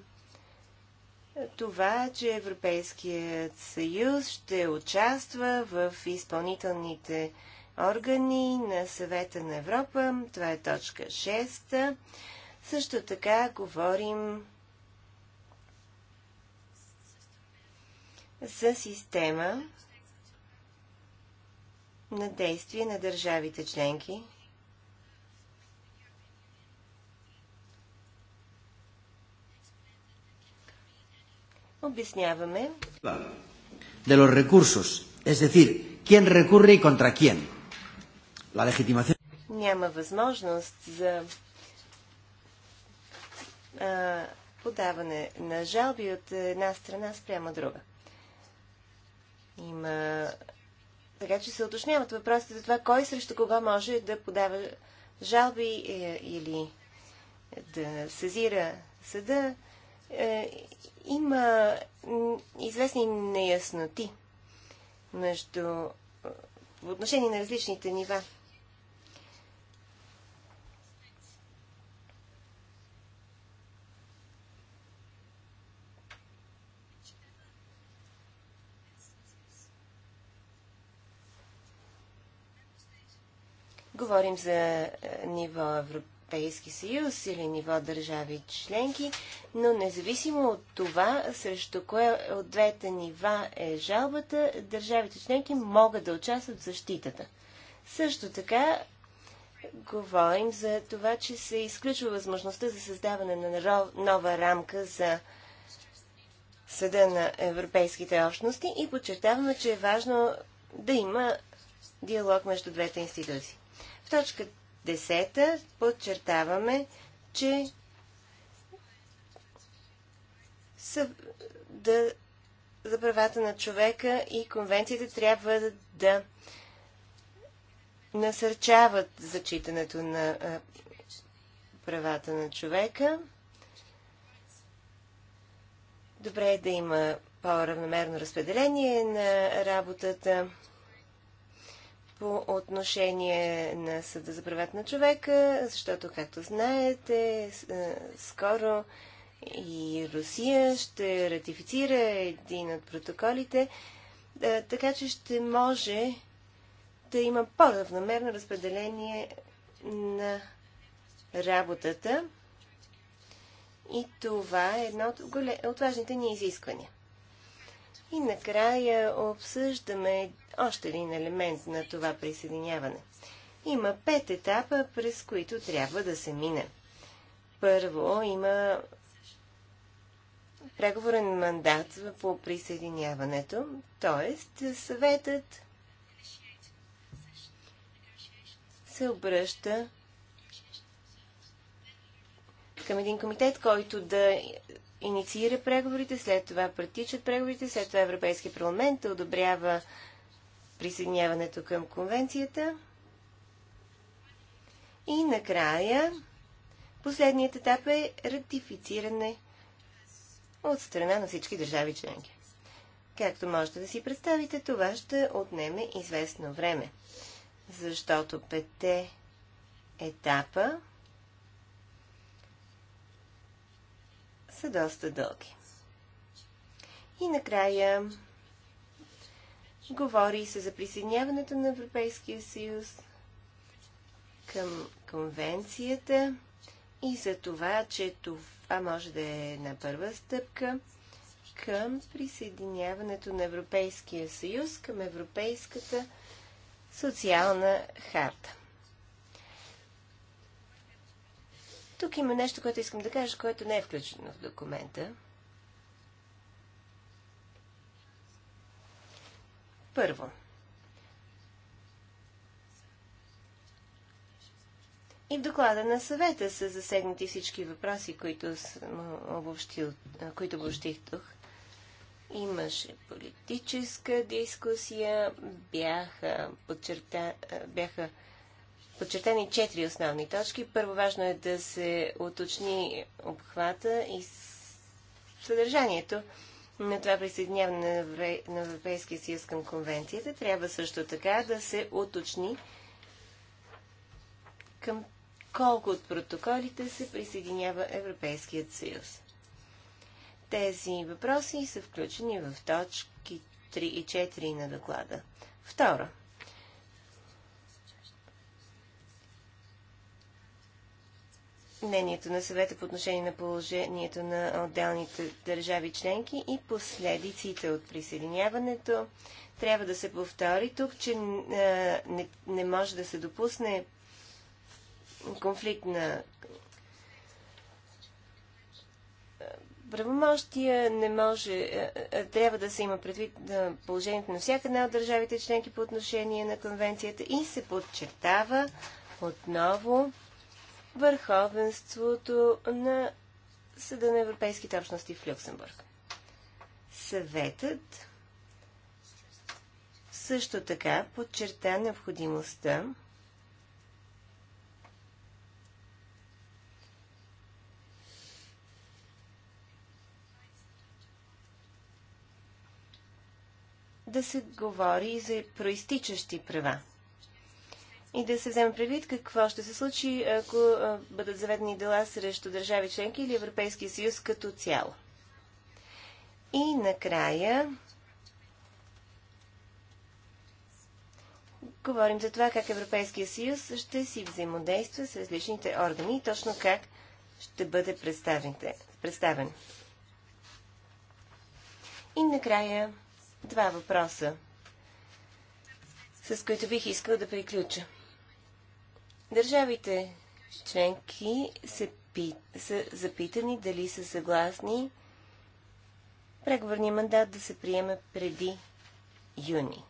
това, че Европейският съюз ще участва в изпълнителните органи на съвета на Европа. Това е точка 6. Също така говорим за система на действие на държавите членки Обясняваме. De los recursos, es decir, quién recurre y contra quién. La legitimación. Няма възможност за а, подаване на жалби от една страна спрямо друга. Има... Така че се уточняват въпросите за това кой срещу кого може да подава жалби е, или да сезира съда. Е, има известни неясноти между е, в отношение на различните нива говорим за е, ниво Европейски съюз или ниво държави членки, но независимо от това, срещу кое от двете нива е жалбата, държавите членки могат да участват в защитата. Също така, говорим за това, че се изключва възможността за създаване на нова рамка за Съда на европейските общности и подчертаваме, че е важно да има диалог между двете институции. В точка 10 подчертаваме, че са да... за правата на човека и конвенциите трябва да, да насърчават зачитането на а, правата на човека. Добре е да има по-равномерно разпределение на работата по отношение на Съда за правата на човека, защото, както знаете, е, скоро и Русия ще ратифицира един от протоколите, е, така че ще може да има по-равномерно разпределение на работата. И това е едно от, голем... от важните ни изисквания. И накрая обсъждаме още един елемент на това присъединяване. Има пет етапа, през които трябва да се мине. Първо има преговорен мандат по присъединяването, т.е. съветът се обръща към един комитет, който да инициира преговорите, след това протичат преговорите, след това Европейския парламент одобрява присъединяването към конвенцията. И накрая последният етап е ратифициране от страна на всички държави членки. Както можете да си представите, това ще отнеме известно време, защото пете етапа са доста дълги. И накрая говори се за присъединяването на Европейския съюз към конвенцията и за това, че това може да е на първа стъпка към присъединяването на Европейския съюз към Европейската социална харта. Тук има нещо, което искам да кажа, което не е включено в документа. Първо. И в доклада на съвета са засегнати всички въпроси, които, съм обобщил, които обобщих тук. Имаше политическа дискусия, бяха, подчерта, бяха подчертани четири основни точки. Първо важно е да се уточни обхвата и съдържанието на това присъединяване на Европейския съюз към конвенцията. Трябва също така да се уточни към колко от протоколите се присъединява Европейският съюз. Тези въпроси са включени в точки 3 и 4 на доклада. Второ, мнението на съвета по отношение на положението на отделните държави членки и последиците от присъединяването. Трябва да се повтори тук, че е, не, не може да се допусне конфликт на е, правомощия не може, е, трябва да се има предвид на положението на всяка една от държавите членки по отношение на конвенцията и се подчертава отново върховенството на Съда на Европейските общности в Люксембург. Съветът също така подчерта необходимостта да се говори и за проистичащи права и да се вземе предвид какво ще се случи, ако бъдат заведени дела срещу държави членки или Европейския съюз като цяло. И накрая говорим за това как Европейския съюз ще си взаимодейства с различните органи и точно как ще бъде представен. И накрая два въпроса, с които бих искал да приключа. Държавите членки се пи... са запитани дали са съгласни преговорния мандат да се приеме преди юни.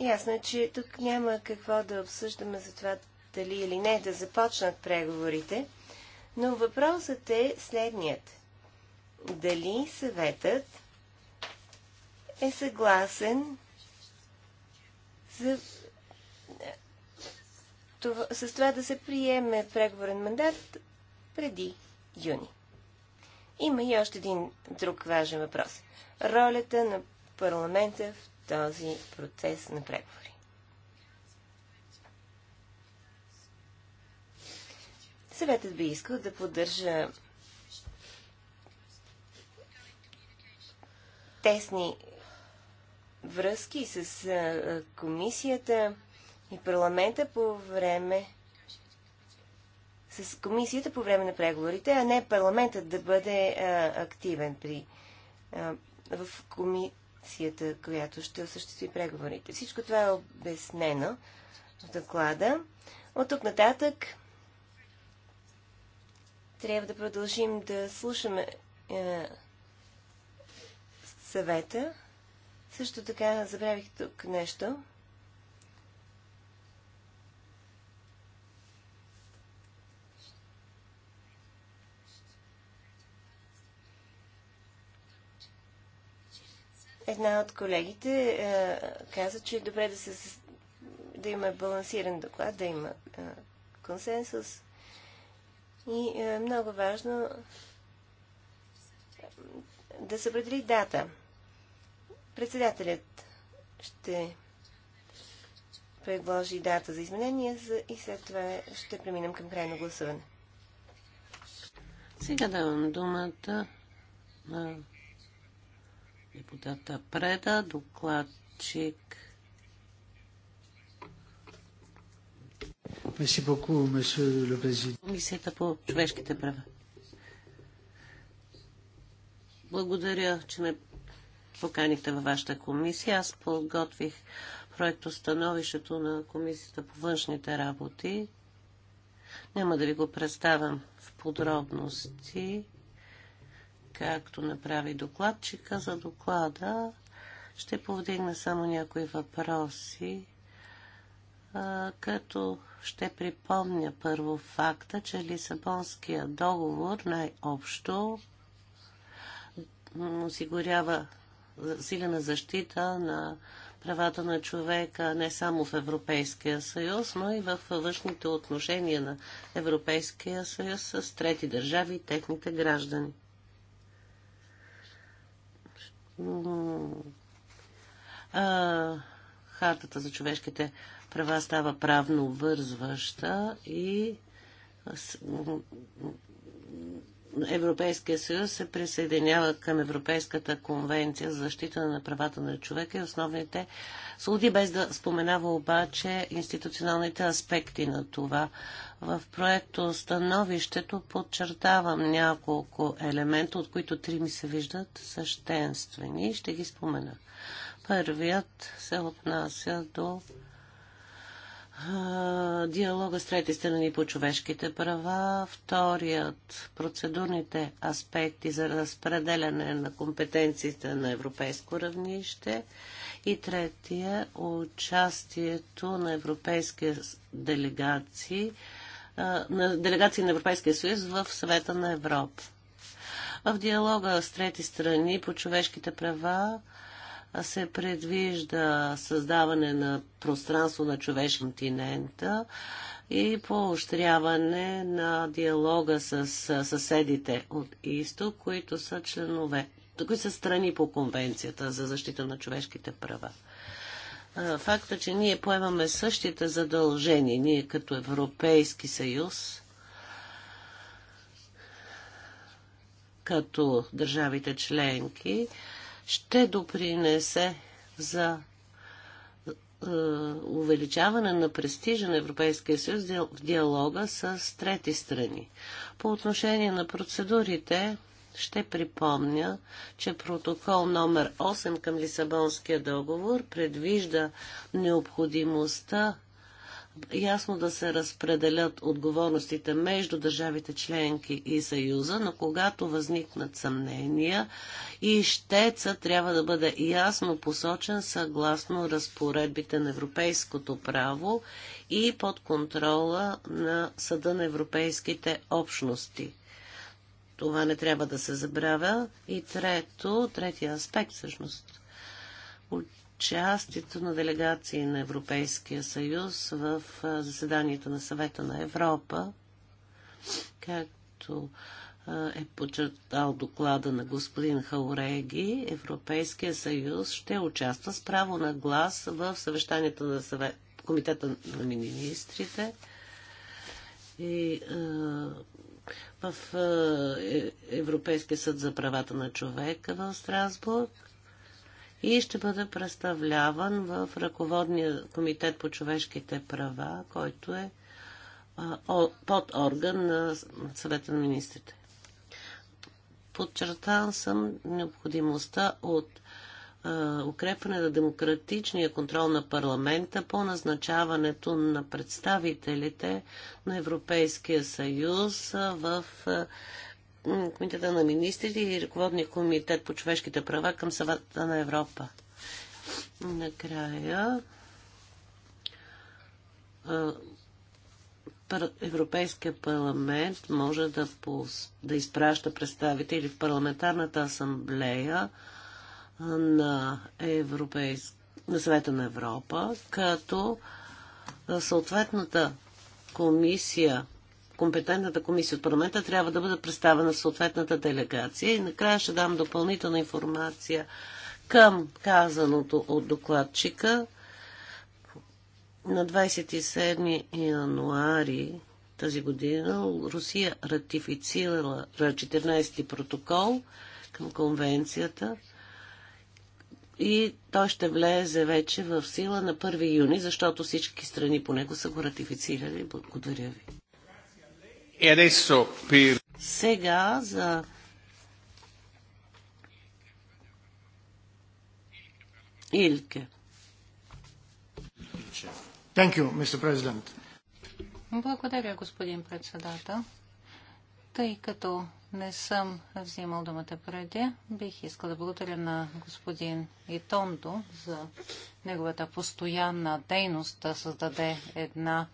Ясно е, че тук няма какво да обсъждаме за това дали или не да започнат преговорите, но въпросът е следният. Дали съветът е съгласен за това, с това да се приеме преговорен мандат преди юни. Има и още един друг важен въпрос. Ролята на парламента в този процес на преговори. Съветът би искал да поддържа тесни връзки с комисията и парламента по време с комисията по време на преговорите, а не парламентът да бъде а, активен при, а, в комисията, която ще осъществи преговорите. Всичко това е обяснено в доклада. От тук нататък трябва да продължим да слушаме а, е, съвета. Също така забравих тук нещо. Една от колегите е, каза, че е добре да, се, да има балансиран доклад, да има е, консенсус. И е много важно да се определи дата Председателят ще предложи дата за изменение и след това ще преминем към крайно гласуване. Сега давам думата на депутата Преда, докладчик. Комисията по човешките права. Благодаря, че ме поканихте във вашата комисия. Аз подготвих становището на комисията по външните работи. Няма да ви го представям в подробности, както направи докладчика за доклада. Ще повдигна само някои въпроси, като ще припомня първо факта, че Лисабонския договор най-общо осигурява засилена защита на правата на човека не само в Европейския съюз, но и в външните отношения на Европейския съюз с трети държави и техните граждани. Хартата за човешките права става правно вързваща и Европейския съюз се присъединява към Европейската конвенция за защита на правата на човека и основните слуди, без да споменава обаче институционалните аспекти на това. В проекто становището подчертавам няколко елемента, от които три ми се виждат съществени. Ще ги спомена. Първият се отнася до диалога с трети страни по човешките права, вторият процедурните аспекти за разпределяне на компетенциите на европейско равнище и третия участието на европейски делегации на делегации на Европейския съюз в съвета на Европа. В диалога с трети страни по човешките права се предвижда създаване на пространство на човешки континента и поощряване на диалога с съседите от изток, които са членове, които са страни по Конвенцията за защита на човешките права. Факта, че ние поемаме същите задължения, ние като Европейски съюз, като държавите членки, ще допринесе за е, увеличаване на престижа на Европейския съюз в диалога с трети страни. По отношение на процедурите, ще припомня, че протокол номер 8 към Лисабонския договор предвижда необходимостта ясно да се разпределят отговорностите между държавите членки и Съюза, но когато възникнат съмнения, и щеца трябва да бъде ясно посочен съгласно разпоредбите на европейското право и под контрола на Съда на европейските общности. Това не трябва да се забравя. И трето, третия аспект всъщност участието на делегации на Европейския съюз в заседанието на съвета на Европа, както е подчертал доклада на господин Хауреги, Европейския съюз ще участва с право на глас в съвещанието на съвет, комитета на министрите и е, в е, Европейския съд за правата на човека в Страсбург и ще бъде представляван в ръководния комитет по човешките права, който е под орган на съвета на министрите. Подчертан съм необходимостта от укрепване на демократичния контрол на парламента по назначаването на представителите на Европейския съюз в Комитета на министрите и ръководния комитет по човешките права към съвета на Европа. Накрая Европейския парламент може да, да изпраща представители в парламентарната асамблея на, Европейс... на съвета на Европа, като съответната комисия компетентната комисия от парламента трябва да бъде представена в съответната делегация. И накрая ще дам допълнителна информация към казаното от докладчика. На 27 януари тази година Русия ратифицирала 14-ти протокол към конвенцията и той ще влезе вече в сила на 1 юни, защото всички страни по него са го ратифицирали. Благодаря ви. E Сега за Илке. Thank you, Mr. President. Благодаря, господин председател. Тъй като не съм взимал думата преди, бих искал да благодаря на господин Итондо за неговата постоянна дейност да създаде една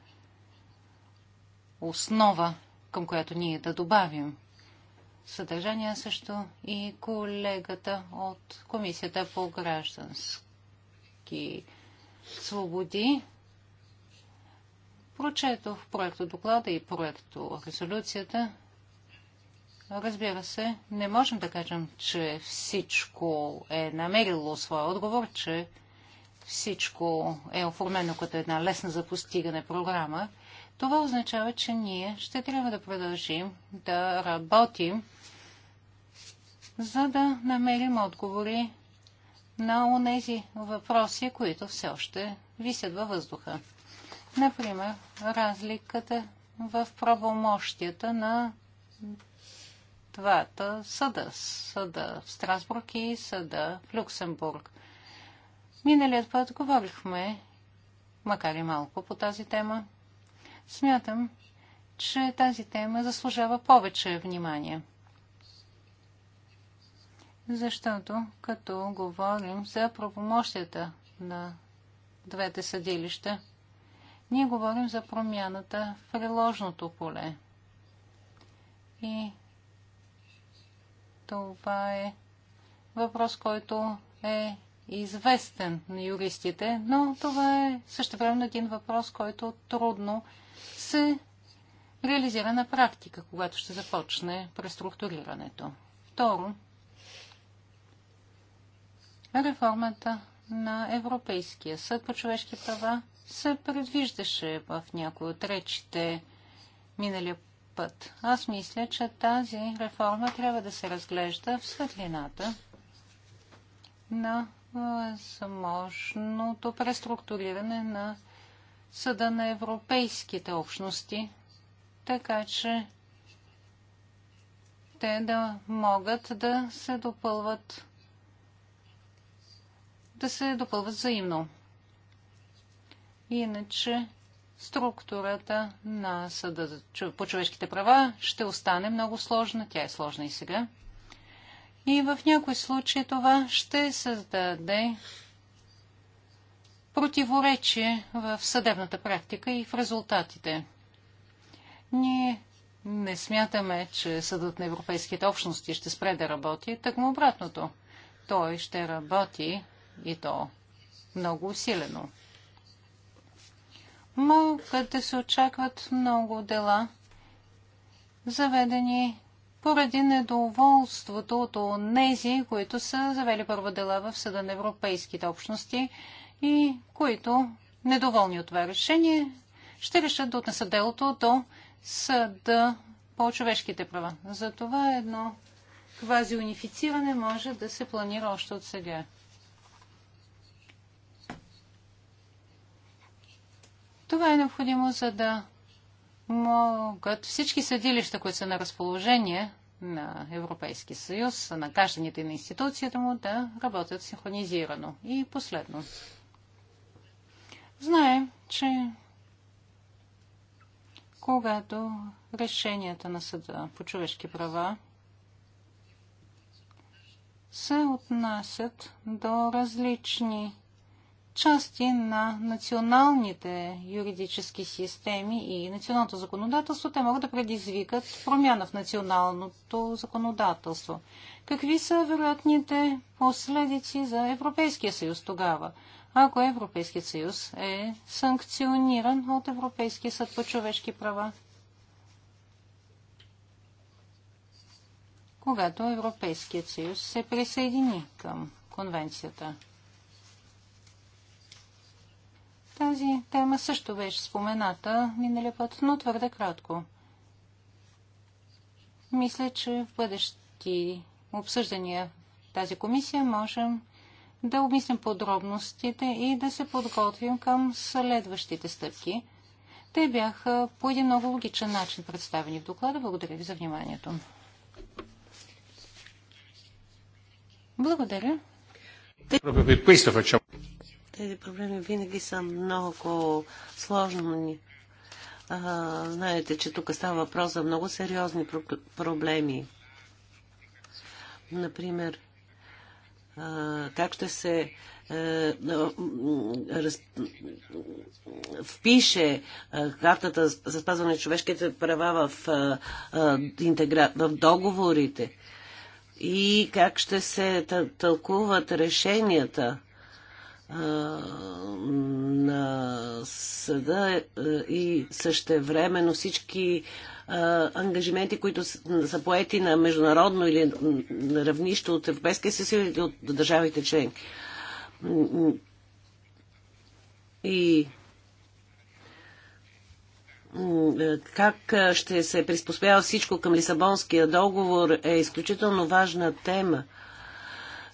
основа към която ние да добавим съдържание, също и колегата от Комисията по граждански свободи. Прочетох проекто доклада и проекто резолюцията. Разбира се, не можем да кажем, че всичко е намерило своя отговор, че всичко е оформено като една лесна за постигане програма. Това означава, че ние ще трябва да продължим да работим, за да намерим отговори на онези въпроси, които все още висят във въздуха. Например, разликата в правомощията на двата съда. Съда в Страсбург и съда в Люксембург. Миналият път говорихме, макар и малко по тази тема. Смятам, че тази тема заслужава повече внимание. Защото като говорим за правомощията на двете съдилища, ние говорим за промяната в приложното поле. И това е въпрос, който е известен на юристите, но това е също един въпрос, който е трудно се реализира на практика, когато ще започне преструктурирането. Второ, реформата на Европейския съд по човешки права се предвиждаше в някои от речите миналия път. Аз мисля, че тази реформа трябва да се разглежда в светлината на възможното преструктуриране на съда на европейските общности, така че те да могат да се допълват да се допълват взаимно. Иначе структурата на съда по човешките права ще остане много сложна. Тя е сложна и сега. И в някои случаи това ще създаде противоречие в съдебната практика и в резултатите. Ние не смятаме, че съдът на европейските общности ще спре да работи, так му обратното. Той ще работи и то много усилено. Могат да се очакват много дела, заведени поради недоволството от онези, които са завели първо дела в съда на европейските общности, и които, недоволни от това решение, ще решат да отнесат делото до съда по човешките права. За това едно квази унифициране може да се планира още от сега. Това е необходимо, за да могат всички съдилища, които са на разположение на Европейски съюз, на гражданите и на институцията му да работят синхронизирано. И последно. Знаем, че когато решенията на съда по човешки права се отнасят до различни части на националните юридически системи и националното законодателство, те могат да предизвикат промяна в националното законодателство. Какви са вероятните последици за Европейския съюз тогава? ако Европейският съюз е санкциониран от Европейския съд по човешки права. когато Европейският съюз се присъедини към конвенцията. Тази тема също беше спомената миналия път, но твърде кратко. Мисля, че в бъдещи обсъждания тази комисия можем да обмислим подробностите и да се подготвим към следващите стъпки. Те бяха по един много логичен начин представени в доклада. Благодаря ви за вниманието. Благодаря. Тези проблеми винаги са много сложни. А, знаете, че тук става въпрос за много сериозни проблеми. Например, как ще се впише картата за спазване на човешките права в, в договорите и как ще се тълкуват решенията на съда е, и същевременно всички ангажименти, които са поети на международно или на равнище от Европейския съюз или от държавите членки. И как ще се приспособява всичко към Лисабонския договор е изключително важна тема.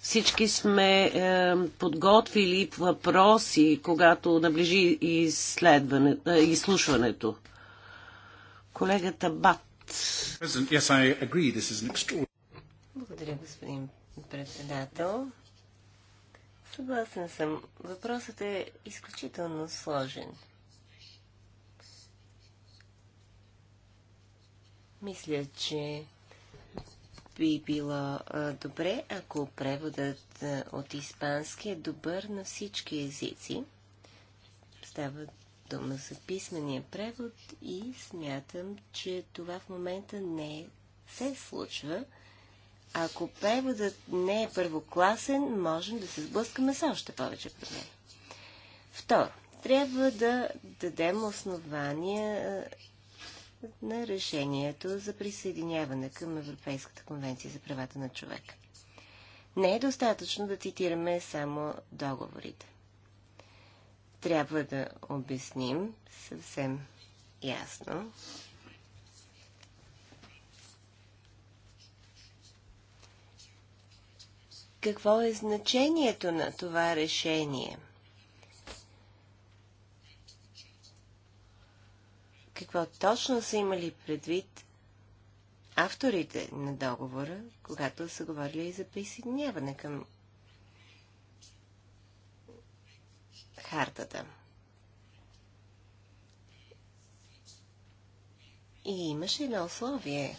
Всички сме е, подготвили въпроси, когато наближи изследване, е, изслушването. Колегата Бат. Благодаря, господин председател. Съгласен съм. Въпросът е изключително сложен. Мисля, че би било добре, ако преводът от испански е добър на всички езици. Става дума за писмения превод и смятам, че това в момента не се случва. Ако преводът не е първокласен, можем да се сблъскаме с още повече проблеми. Второ, трябва да дадем основания на решението за присъединяване към Европейската конвенция за правата на човека. Не е достатъчно да цитираме само договорите. Трябва да обясним съвсем ясно, какво е значението на това решение – какво точно са имали предвид авторите на договора, когато са говорили и за присъединяване към хартата. И имаше едно условие,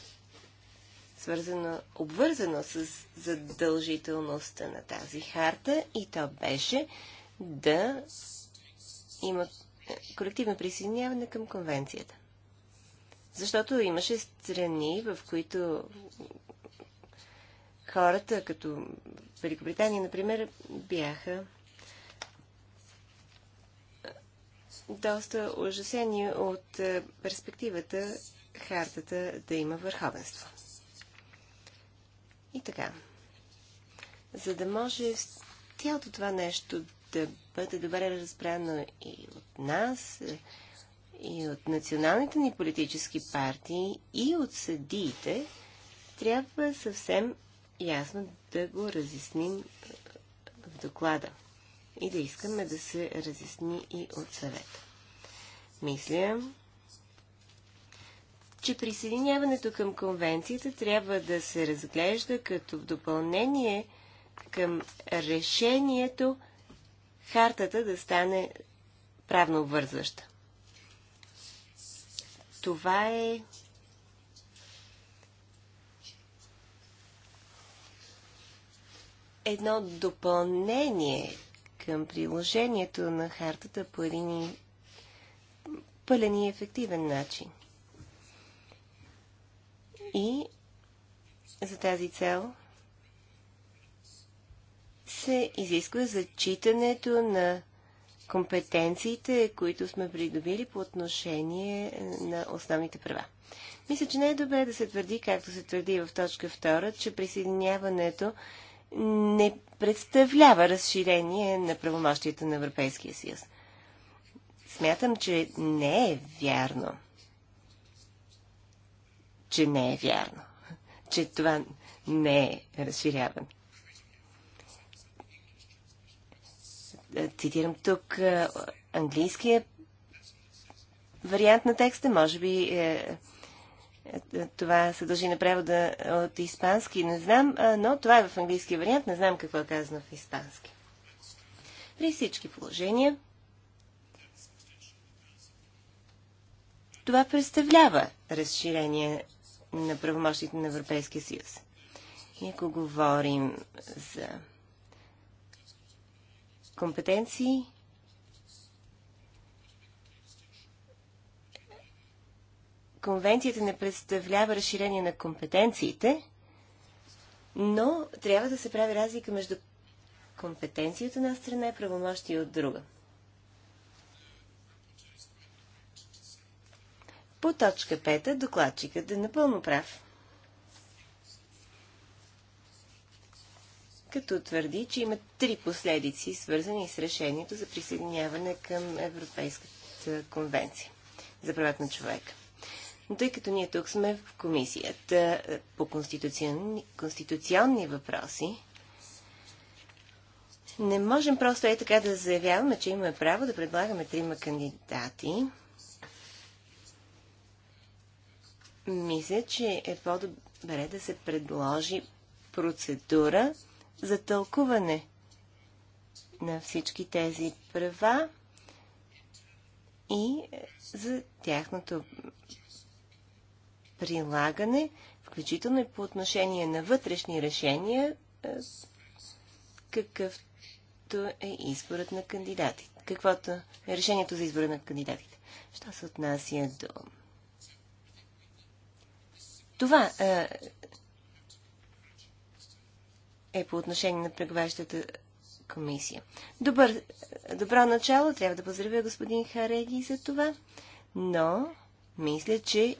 свързано, обвързано с задължителността на тази харта, и то беше да имат колективно присъединяване към конвенцията. Защото имаше страни, в които хората, като Великобритания, например, бяха доста ужасени от е, перспективата хартата да има върховенство. И така. За да може цялото това нещо да което е добре разбрано и от нас, и от националните ни политически партии, и от съдиите, трябва съвсем ясно да го разясним в доклада и да искаме да се разясни и от съвета. Мисля, че присъединяването към конвенцията трябва да се разглежда като в допълнение към решението хартата да стане правно обвързваща. Това е едно допълнение към приложението на хартата по един пълен и ефективен начин. И за тази цел се изисква зачитането на компетенциите, които сме придобили по отношение е, на основните права. Мисля, че не е добре да се твърди, както се твърди в точка 2, че присъединяването не представлява разширение на правомощията на Европейския съюз. Смятам, че не е вярно. Че не е вярно. *laughs* Че това не е разширяване. Е, цитирам тук е, английския вариант на текста. Може би е, това се дължи на превода от испански, не знам, но това е в английския вариант, не знам какво е казано в испански. При всички положения това представлява разширение на правомощите на Европейския съюз. И ако говорим за компетенции. Конвенцията не представлява разширение на компетенциите, но трябва да се прави разлика между компетенции от една страна и правомощия от друга. По точка 5 докладчикът е напълно прав. като твърди, че има три последици, свързани с решението за присъединяване към Европейската конвенция за правата на човека. Но тъй като ние тук сме в комисията е, по конституционни, конституционни въпроси, не можем просто е така да заявяваме, че имаме право да предлагаме трима кандидати. Мисля, че е по-добре да се предложи процедура, за тълкуване на всички тези права и за тяхното прилагане, включително и по отношение на вътрешни решения, е, какъвто е изборът на кандидатите. Каквото е решението за избора на кандидатите. Що се отнася до... Това е, е по отношение на преговарящата комисия. Добър, добро начало, трябва да поздравя господин Хареги за това, но мисля, че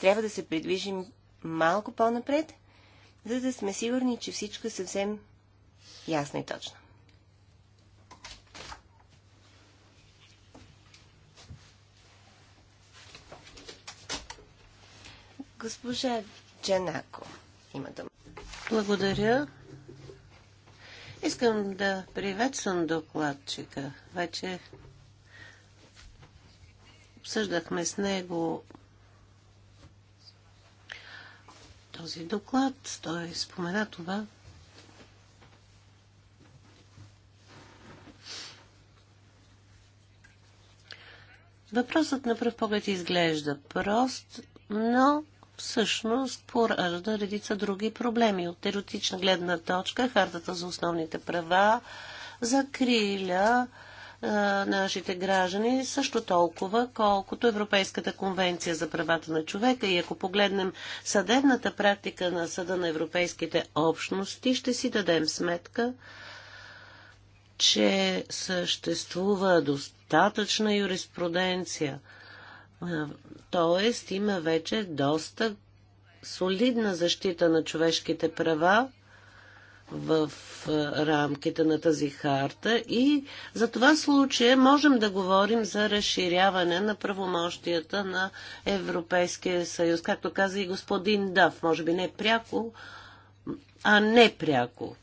трябва да се придвижим малко по-напред, за да сме сигурни, че всичко е съвсем ясно и точно. Госпожа Джанако има Благодаря. Искам да приветствам докладчика. Вече обсъждахме с него този доклад. Той спомена това. Въпросът на пръв поглед изглежда прост, но всъщност поражда редица други проблеми. От еротична гледна точка, хартата за основните права закриля е, нашите граждани също толкова, колкото Европейската конвенция за правата на човека. И ако погледнем съдебната практика на Съда на Европейските общности, ще си дадем сметка, че съществува достатъчна юриспруденция – Тоест има вече доста солидна защита на човешките права в рамките на тази харта и за това случая можем да говорим за разширяване на правомощията на Европейския съюз. Както каза и господин Дав, може би не пряко, а не пряко.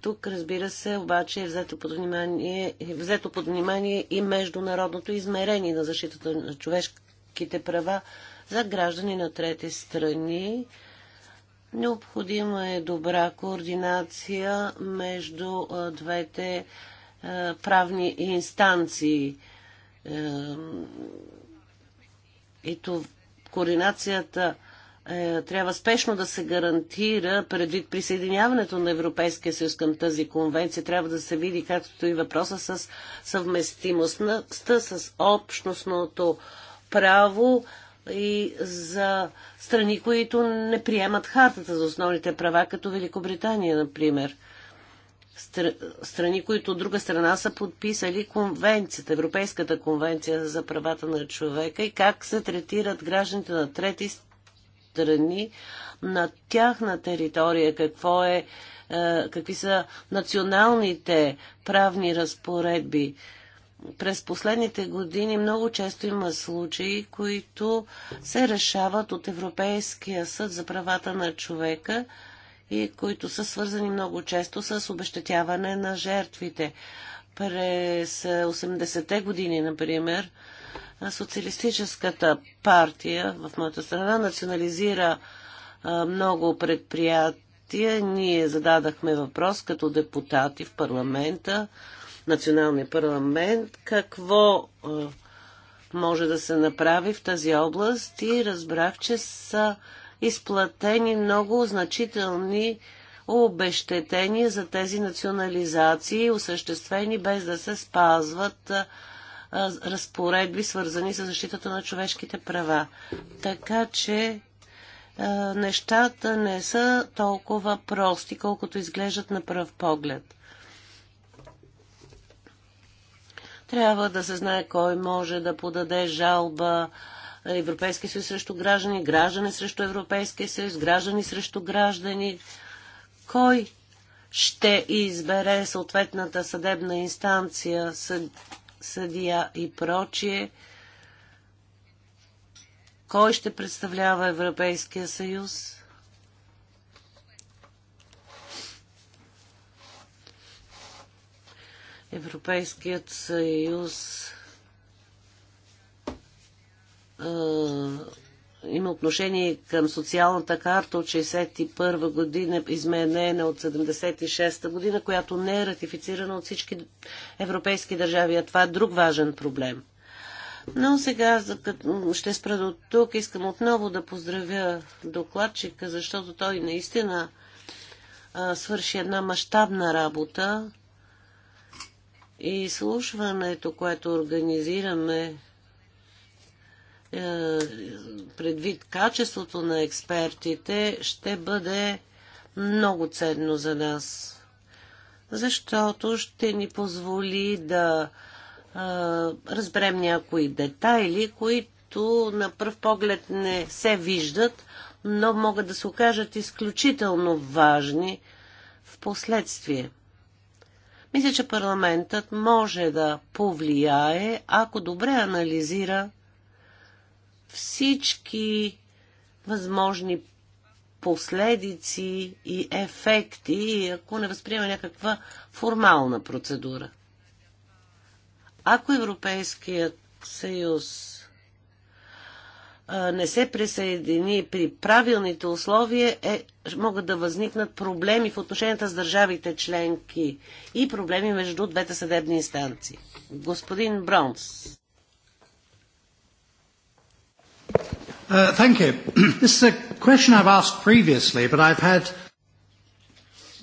Тук, разбира се, обаче е взето под внимание, е взето под внимание и международното измерение на защитата на човешките права за граждани на трети страни. Необходима е добра координация между двете правни инстанции. И то координацията е, трябва спешно да се гарантира предвид присъединяването на Европейския съюз към тази конвенция. Трябва да се види както и въпроса с съвместимостта с общностното право и за страни, които не приемат хартата за основните права, като Великобритания, например. Страни, които от друга страна са подписали конвенцията, Европейската конвенция за правата на човека и как се третират гражданите на трети страни страни на тяхна територия, какво е, е, какви са националните правни разпоредби. През последните години много често има случаи, които се решават от Европейския съд за правата на човека и които са свързани много често с обещетяване на жертвите. През 80-те е, години, например, Социалистическата партия в моята страна национализира много предприятия. Ние зададахме въпрос като депутати в парламента, националния парламент, какво може да се направи в тази област и разбрах, че са изплатени много значителни обещетения за тези национализации, осъществени без да се спазват разпоредби, свързани с защитата на човешките права. Така че нещата не са толкова прости, колкото изглеждат на пръв поглед. Трябва да се знае кой може да подаде жалба Европейския съюз срещу граждани, граждани срещу Европейския съюз, граждани срещу граждани. Кой ще избере съответната съдебна инстанция, съдия и прочие. Кой ще представлява Европейския съюз? Европейският съюз има отношение към социалната карта от 61 година, изменена от 76 година, която не е ратифицирана от всички европейски държави, а това е друг важен проблем. Но сега ще спра до тук. Искам отново да поздравя докладчика, защото той наистина свърши една мащабна работа. И слушването, което организираме е, предвид качеството на експертите, ще бъде много ценно за нас. Защото ще ни позволи да е, разберем някои детайли, които на пръв поглед не се виждат, но могат да се окажат изключително важни в последствие. Мисля, че парламентът може да повлияе, ако добре анализира всички възможни последици и ефекти, ако не възприема някаква формална процедура. Ако Европейският съюз не се присъедини при правилните условия, е, могат да възникнат проблеми в отношенията с държавите членки и проблеми между двете съдебни инстанции. Господин Бронс. Uh, thank you. *clears throat* This is a question I've asked previously, but I've had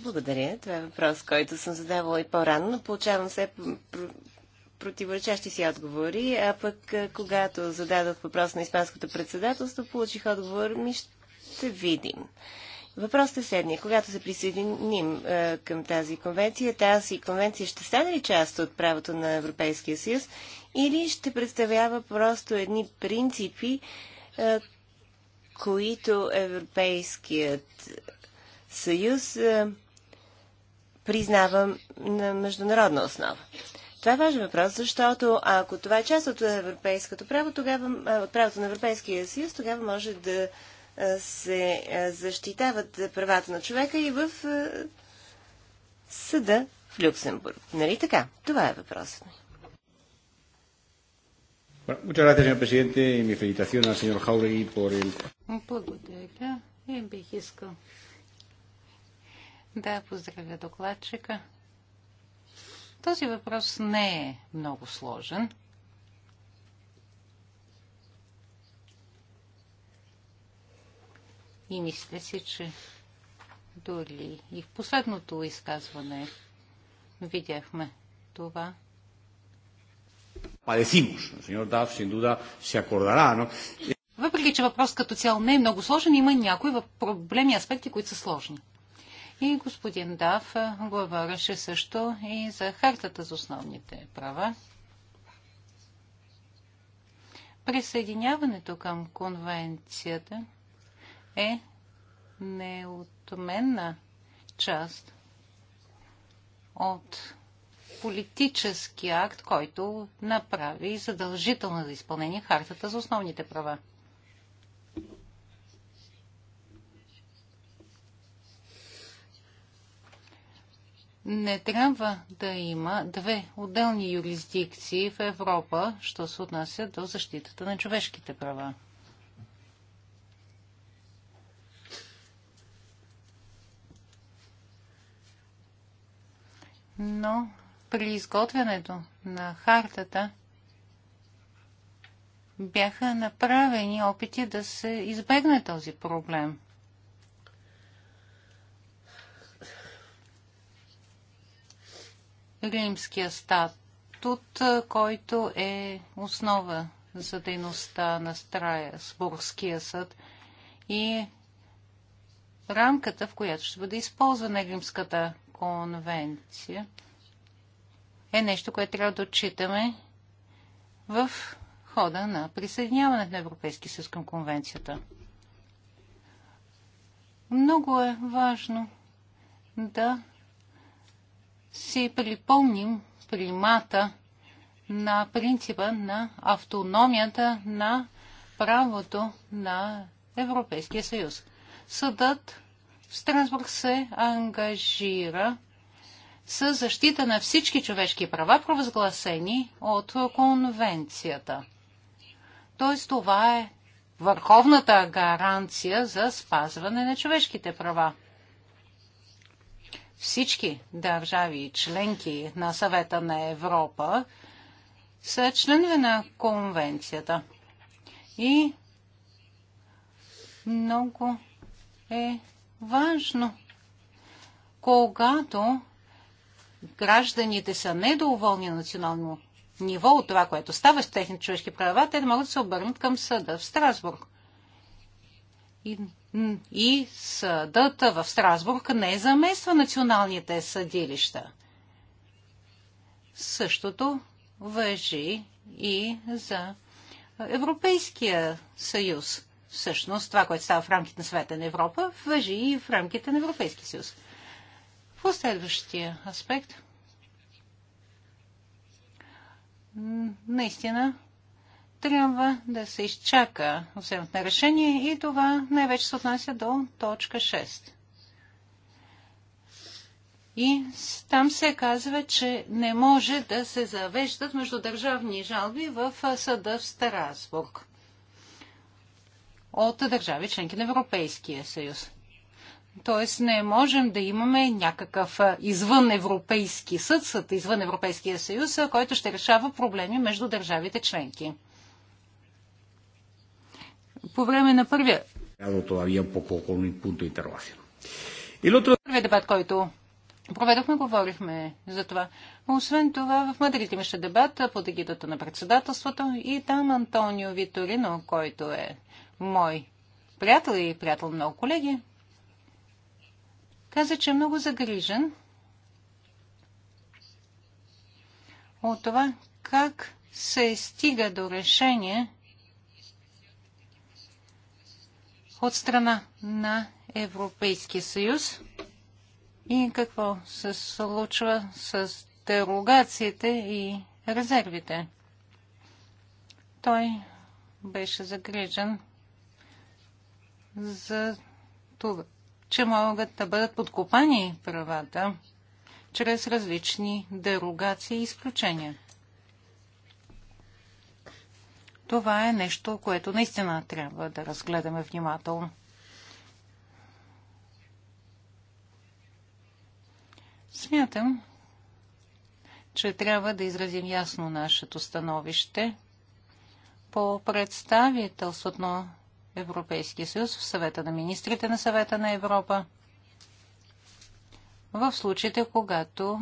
благодаря. Това е въпрос, който съм задавала и по-рано, но получавам все противоречащи си отговори. А пък, когато зададох въпрос на Испанското председателство, получих отговор, ми ще видим. Въпросът е следния. Когато се присъединим е, към тази конвенция, тази конвенция ще стане ли част от правото на Европейския съюз или ще представлява просто едни принципи, е, които Европейският съюз е, признава на международна основа. Това е важен въпрос, защото ако това е част от европейското право, тогава, е, от правото на Европейския съюз, тогава може да се защитават правата на човека и в съда в Люксембург. Нали така? Това е въпросът ми. Благодаря и бих искал да поздравя докладчика. Този въпрос не е много сложен. И мисля си, че дори и в последното изказване видяхме това. Падесимos. Сеньор Дав, sin duda, се acordará, ¿no? Въпреки, че въпрос като цяло не е много сложен, има някои проблеми аспекти, които са сложни. И господин Дав говореше също и за хартата за основните права. Присъединяването към конвенцията е неотменна част от политически акт, който направи задължително за изпълнение хартата за основните права. не трябва да има две отделни юрисдикции в Европа, що се отнася до защитата на човешките права. Но при изготвянето на хартата бяха направени опити да се избегне този проблем. Римския статут, който е основа за дейността на Страя Сборския съд и рамката, в която ще бъде използвана Римската конвенция – е нещо, което трябва да отчитаме в хода на присъединяването на Европейски съюз към конвенцията. Много е важно да си припомним примата на принципа на автономията на правото на Европейския съюз. Съдът в Страсбург се ангажира с защита на всички човешки права, провъзгласени от конвенцията. Т.е. това е върховната гаранция за спазване на човешките права. Всички държави и членки на съвета на Европа са членове на конвенцията. И много е важно, когато гражданите са недоволни на национално ниво от това, което става с техните човешки права, те могат да се обърнат към съда в Страсбург. И, и съдът в Страсбург не замества националните съдилища. Същото въжи и за Европейския съюз. Всъщност, това, което става в рамките на света на Европа, въжи и в рамките на Европейския съюз. Последващия е аспект. Наистина, трябва да се изчака вземат на решение и това най-вече се отнася до точка 6. И там се казва, че не може да се завеждат междудържавни жалби в съда в Старасбург от държави членки на Европейския съюз. Тоест не можем да имаме някакъв извън европейски съд, съд извън Европейския съюз, който ще решава проблеми между държавите членки. По време на първия... Първия дебат, който проведохме, говорихме за това. Освен това, в Мадрид имаше дебат под егидата на председателството и там Антонио Виторино, който е мой приятел и приятел на много колеги, каза, че е много загрижен от това как се стига до решение от страна на Европейския съюз и какво се случва с дерогациите и резервите. Той беше загрижен за това, че могат да бъдат подкопани правата чрез различни дерогации и изключения. Това е нещо, което наистина трябва да разгледаме внимателно. Смятам, че трябва да изразим ясно нашето становище по представителството Европейския съюз, в съвета на министрите на съвета на Европа, в случаите, когато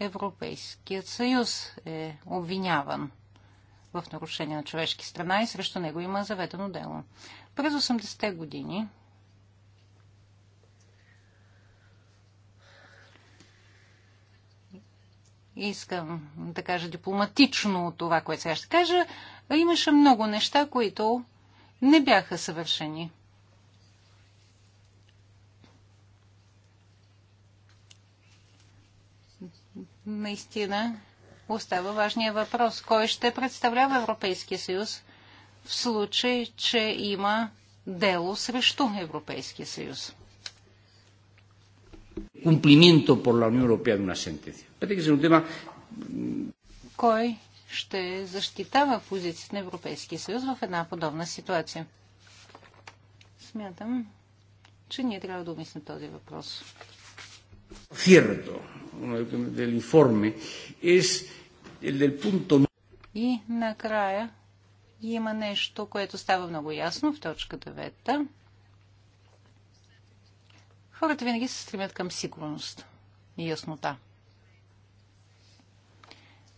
Европейският съюз е обвиняван в нарушение на човешки страна и срещу него има заведено дело. През 80-те години искам да кажа дипломатично това, което сега ще кажа, имаше много неща, които не бяха съвършени. Наистина остава важния въпрос. Кой ще представлява Европейския съюз в случай, че има дело срещу Европейския съюз? Cumplimiento по la Unión Europea de una sentencia. Parece que es mm, Кой ще защитава позицията на Европейския съюз в една подобна ситуация? Смятам, че ние трябва да обмислим този въпрос. Е и накрая има нещо, което става много ясно в точка 9. Хората винаги се стремят към сигурност и яснота.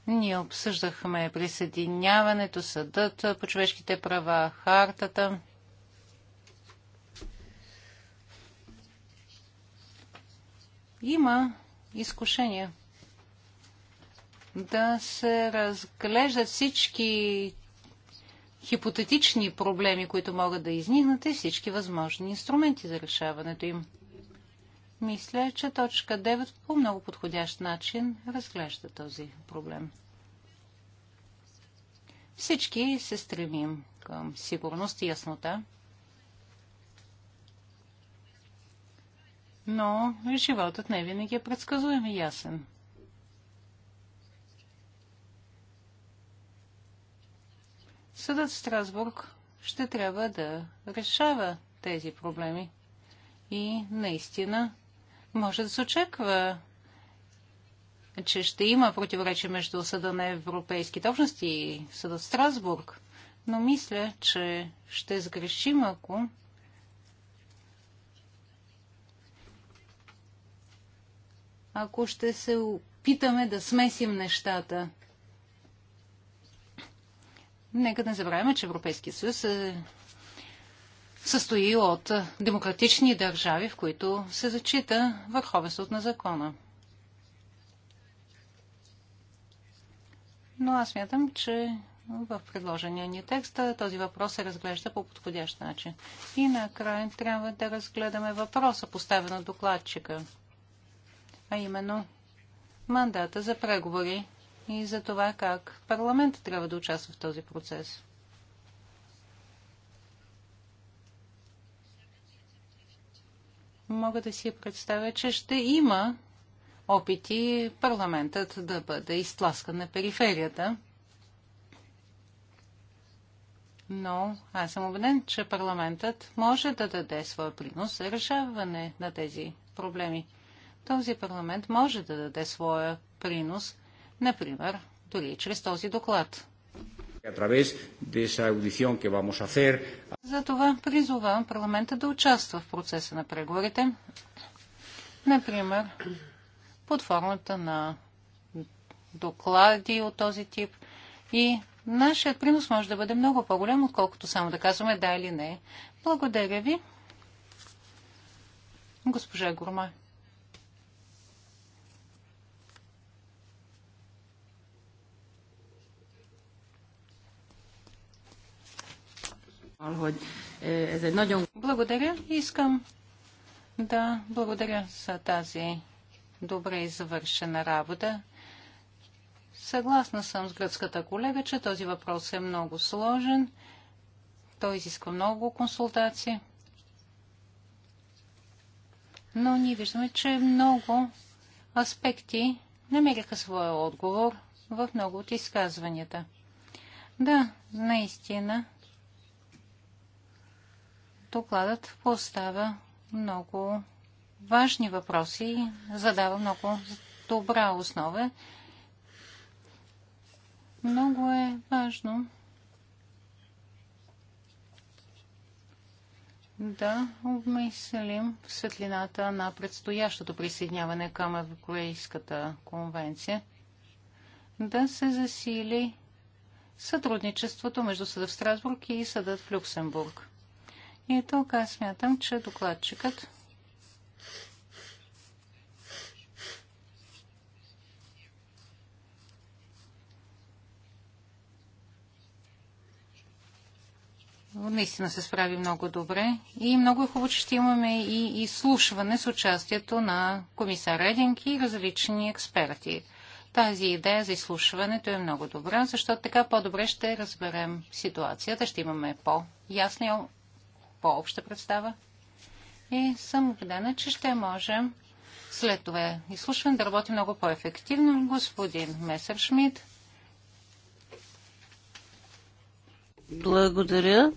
Ние обсъждахме присъединяването, съдът по човешките права, хартата. Има изкушение да се разглеждат всички хипотетични проблеми, които могат да изникнат и всички възможни инструменти за решаването им. Мисля, че точка 9 по много подходящ начин разглежда този проблем. Всички се стремим към сигурност и яснота. Но животът не винаги е предсказуем и ясен. Съдът в Страсбург ще трябва да решава тези проблеми. И наистина може да се очаква, че ще има противоречие между съда на европейските общности и съда Страсбург, но мисля, че ще сгрешим, ако ако ще се опитаме да смесим нещата. Нека не забравяме, че Европейския съюз е състои от демократични държави, в които се зачита върховенството на закона. Но аз мятам, че в предложения ни текст този въпрос се разглежда по подходящ начин. И накрая трябва да разгледаме въпроса, поставен от докладчика, а именно мандата за преговори и за това как парламент трябва да участва в този процес. мога да си представя, че ще има опити парламентът да бъде изтласкан на периферията. Но аз съм убеден, че парламентът може да даде своя принос за решаване на тези проблеми. Този парламент може да даде своя принос, например, дори чрез този доклад. Затова призовавам парламента да участва в процеса на преговорите, например, под формата на доклади от този тип и нашият принос може да бъде много по-голям, отколкото само да казваме да или не. Благодаря ви. Госпожа Гурмай. Благодаря. Искам да благодаря за тази добре извършена работа. Съгласна съм с гръцката колега, че този въпрос е много сложен. Той изисква много консултации. Но ние виждаме, че много аспекти намериха своя отговор в много от изказванията. Да, наистина, докладът поставя много важни въпроси и задава много добра основа. Много е важно да обмислим в светлината на предстоящото присъединяване към Еврокорейската конвенция да се засили сътрудничеството между съда в Страсбург и съдът в Люксембург. И тук аз смятам, че докладчикът наистина се справи много добре и много е хубаво, че ще имаме и изслушване с участието на комисар Рединг и различни експерти. Тази идея за изслушването е много добра, защото така по-добре ще разберем ситуацията, ще имаме по ясни по-обща представа. И съм убедена, че ще можем след това изслушване да работи много по-ефективно. Господин Месер Шмидт. Благодаря.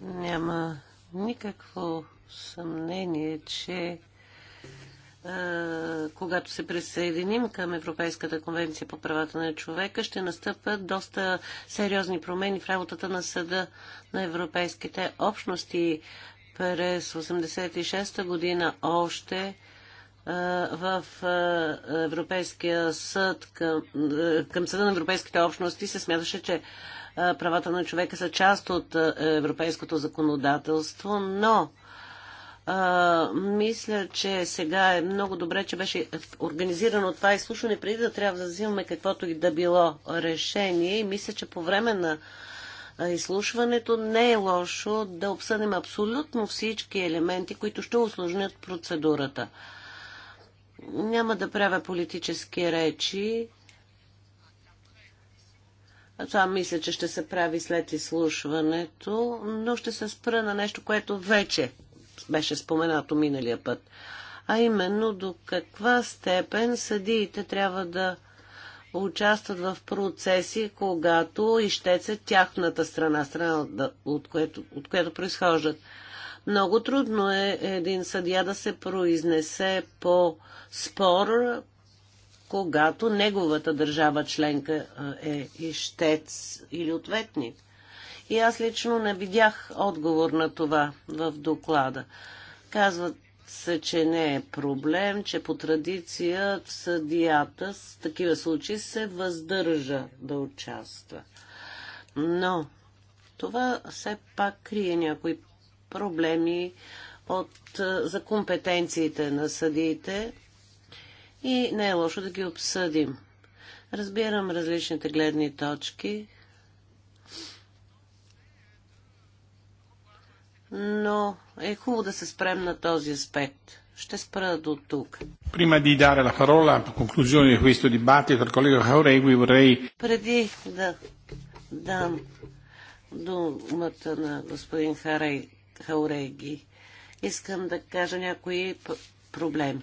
Няма никакво съмнение, че когато се присъединим към Европейската конвенция по правата на човека, ще настъпят доста сериозни промени в работата на съда на европейските общности. През 1986 година още в Европейския съд, към, към съда на европейските общности се смяташе, че правата на човека са част от европейското законодателство, но а, мисля, че сега е много добре, че беше организирано това изслушване, преди да трябва да взимаме каквото и да било решение. И мисля, че по време на изслушването не е лошо да обсъдим абсолютно всички елементи, които ще осложнят процедурата. Няма да правя политически речи. Това мисля, че ще се прави след изслушването, но ще се спра на нещо, което вече беше споменато миналия път. А именно до каква степен съдиите трябва да участват в процеси, когато изтеце тяхната страна, страна от което, от което произхождат. Много трудно е един съдия да се произнесе по спор, когато неговата държава членка е ищец или ответник. И аз лично не видях отговор на това в доклада. Казват се, че не е проблем, че по традиция в съдията с такива случаи се въздържа да участва. Но това все пак крие някои проблеми от, за компетенциите на съдиите и не е лошо да ги обсъдим. Разбирам различните гледни точки, но е хубаво да се спрем на този аспект. Ще спра до тук. Преди да дам думата на господин Харей, Хауреги, искам да кажа някои проблеми.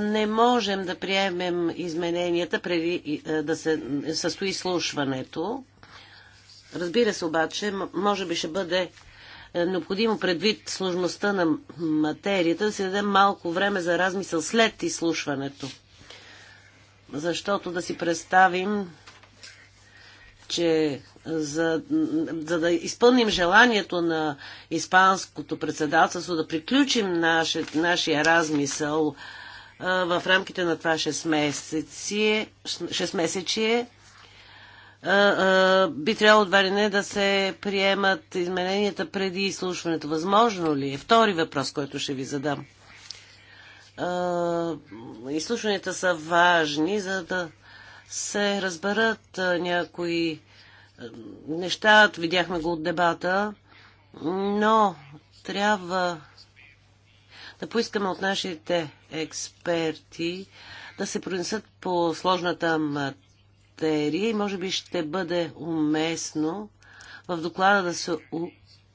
не можем да приемем измененията преди да се състои слушването. Разбира се обаче, може би ще бъде е, необходимо предвид сложността на материята да си дадем малко време за размисъл след изслушването. Защото да си представим, че за, за да изпълним желанието на Испанското председателство да приключим наше, нашия размисъл а, в рамките на това 6 месечие, 6 месечие би трябвало едва не да се приемат измененията преди изслушването. Възможно ли е? Втори въпрос, който ще ви задам. Изслушванията са важни, за да се разберат някои неща. Видяхме го от дебата, но трябва да поискаме от нашите експерти да се пронесат по сложната материя материя и може би ще бъде уместно в доклада да се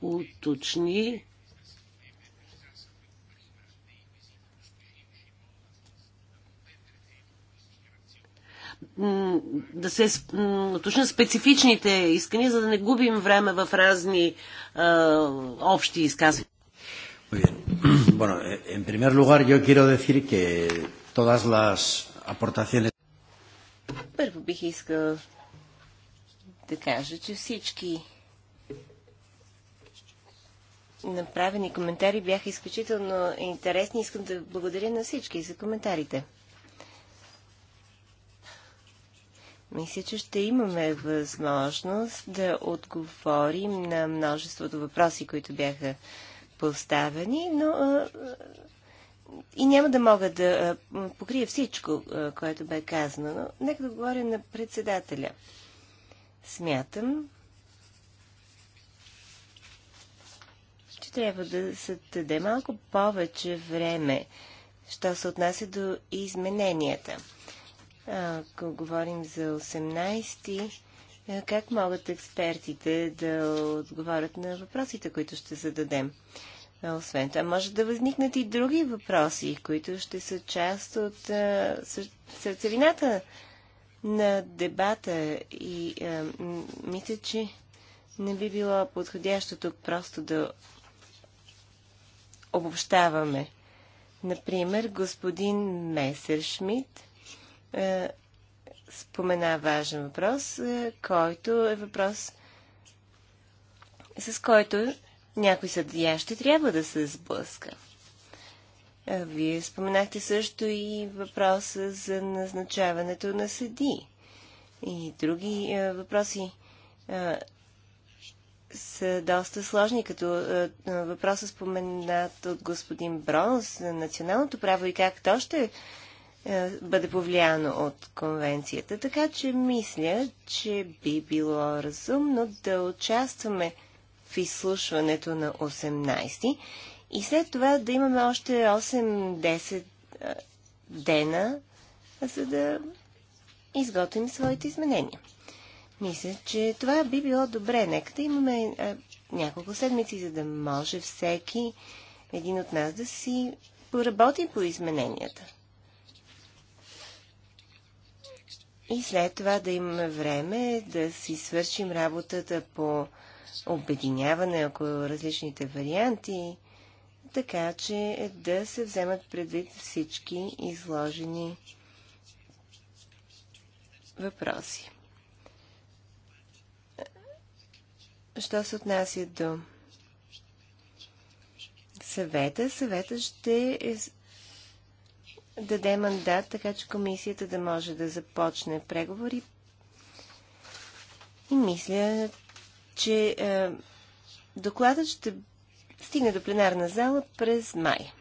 уточни да се точно специфичните искания, за да не губим време в разни а, общи изказвания. *clears throat* Bueno, en primer lugar yo quiero decir que todas las aportaciones първо бих искал да кажа, че всички направени коментари бяха изключително интересни. Искам да благодаря на всички за коментарите. Мисля, че ще имаме възможност да отговорим на множеството въпроси, които бяха поставени, но и няма да мога да покрия всичко, което бе казано, но нека да говоря на председателя. Смятам, че трябва да се даде малко повече време, що се отнася до измененията. Ако говорим за 18-ти, как могат експертите да отговорят на въпросите, които ще зададем? Е, освен това, може да възникнат и други въпроси, които ще са част от а, е, сърцевината на дебата и а, е, мисля, че не би било подходящо тук просто да обобщаваме. Например, господин Месершмит е, спомена важен въпрос, който е въпрос, с който някой съдия ще трябва да се сблъска. Вие споменахте също и въпроса за назначаването на съди и други а, въпроси а, са доста сложни, като а, въпроса споменат от господин Бронс на националното право и как то ще бъде повлияно от конвенцията. Така че мисля, че би било разумно да участваме в изслушването на 18 и след това да имаме още 8-10 дена, за да изготвим своите изменения. Мисля, че това би било добре. Нека да имаме а, няколко седмици, за да може всеки един от нас да си поработи по измененията. И след това да имаме време да си свършим работата по обединяване около различните варианти, така че да се вземат предвид всички изложени въпроси. Що се отнася до съвета, съвета ще е даде мандат, така че комисията да може да започне преговори. И мисля, че е, докладът ще стигне до пленарна зала през май.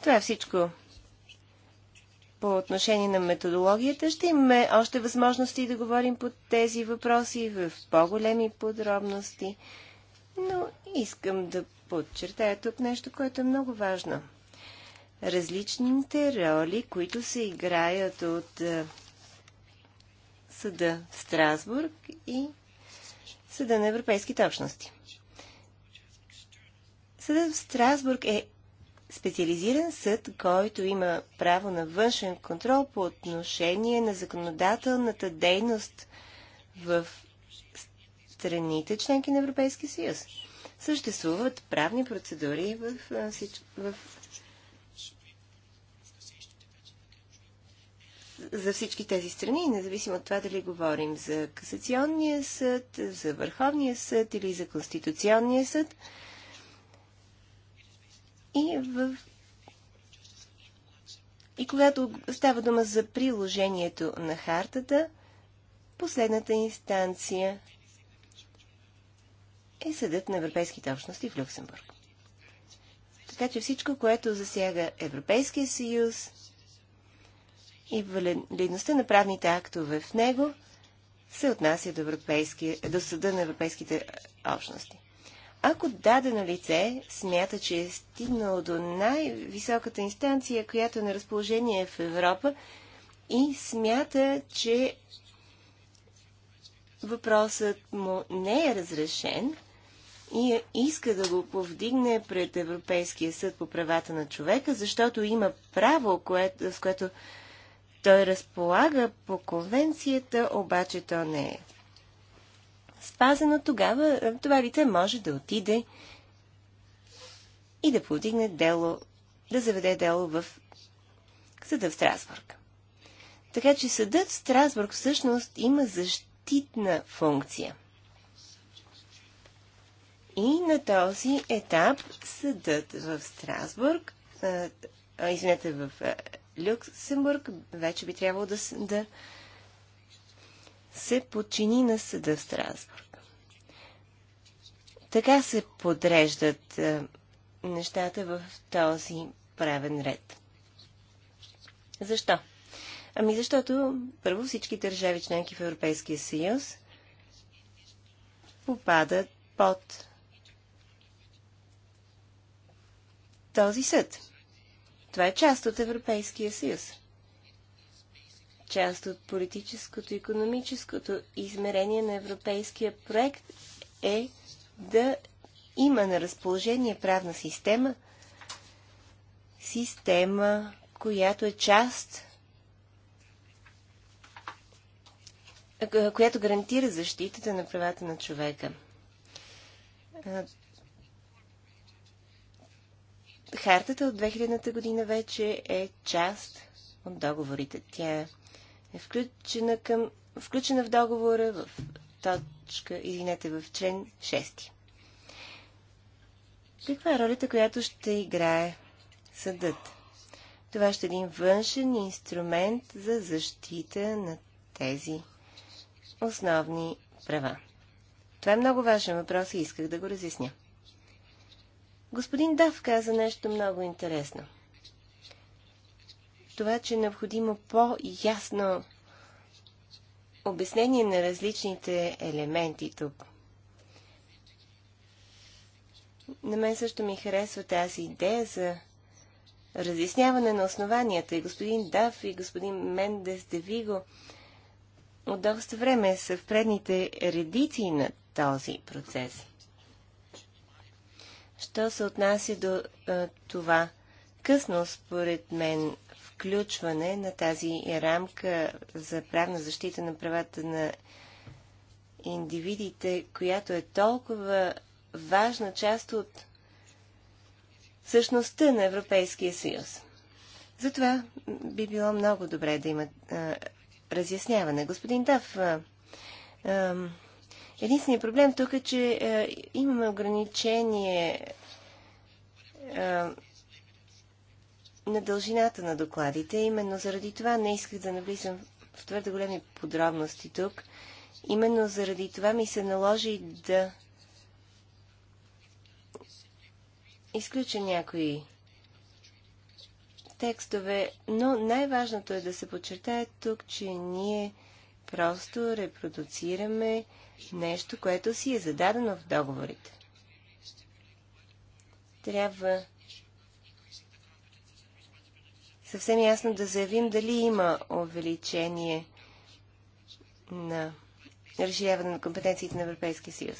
Това е всичко по отношение на методологията. Ще имаме още възможности да говорим по тези въпроси в по-големи подробности. Но искам да подчертая тук нещо, което е много важно. Различните роли, които се играят от е, съда в Страсбург и Съда на европейските общности. Съдът в Страсбург е специализиран съд, който има право на външен контрол по отношение на законодателната дейност в страните членки на Европейския съюз. Съществуват правни процедури в, в, в за всички тези страни, независимо от това дали говорим за касационния съд, за Върховния съд или за Конституционния съд. И, в... и когато става дума за приложението на хартата, последната инстанция е съдът на европейските общности в Люксембург. Така че всичко, което засяга Европейския съюз, и валидността на правните актове в него се отнася до, до съда на европейските общности. Ако дадено лице смята, че е стигнало до най-високата инстанция, която е на разположение в Европа, и смята, че въпросът му не е разрешен и иска да го повдигне пред Европейския съд по правата на човека, защото има право, което, с което той разполага по конвенцията, обаче то не е спазено, тогава е, това лице може да отиде и да подигне дело, да заведе дело в съда в Страсбург. Така че съдът в Страсбург всъщност има защитна функция. И на този етап съдът в Страсбург, а, е, извинете, в е, Люксембург вече би трябвало да, да се подчини на съда в Страсбург. Така се подреждат е, нещата в този правен ред. Защо? Ами защото първо всички държави членки в Европейския съюз попадат под този съд. Това е част от Европейския съюз. Част от политическото и економическото измерение на европейския проект е да има на разположение правна система, система, която е част, която гарантира защитата на правата на човека. Хартата от 2000-та година вече е част от договорите. Тя е включена, към, включена в договора в точка, извинете, в член 6. Каква е ролята, която ще играе съдът? Това ще е един външен инструмент за защита на тези основни права. Това е много важен въпрос и исках да го разясня. Господин Дав каза нещо много интересно. Това, че е необходимо по-ясно обяснение на различните елементи тук. На мен също ми харесва тази идея за разясняване на основанията. И господин Дав, и господин Мендес Девиго от доста време са в предните редици на този процес. Що се отнася до а, това късно, според мен, включване на тази рамка за правна защита на правата на индивидите, която е толкова важна част от същността на Европейския съюз. Затова би било много добре да има а, разясняване. Господин Дав, а, а, Единственият проблем тук е, че е, имаме ограничение е, на дължината на докладите. Именно заради това не исках да навлизам в твърде големи подробности тук. Именно заради това ми се наложи да изключа някои текстове, но най-важното е да се подчертае тук, че ние просто репродуцираме нещо, което си е зададено в договорите. Трябва съвсем ясно да заявим дали има увеличение на разширяване на компетенциите на Европейския съюз.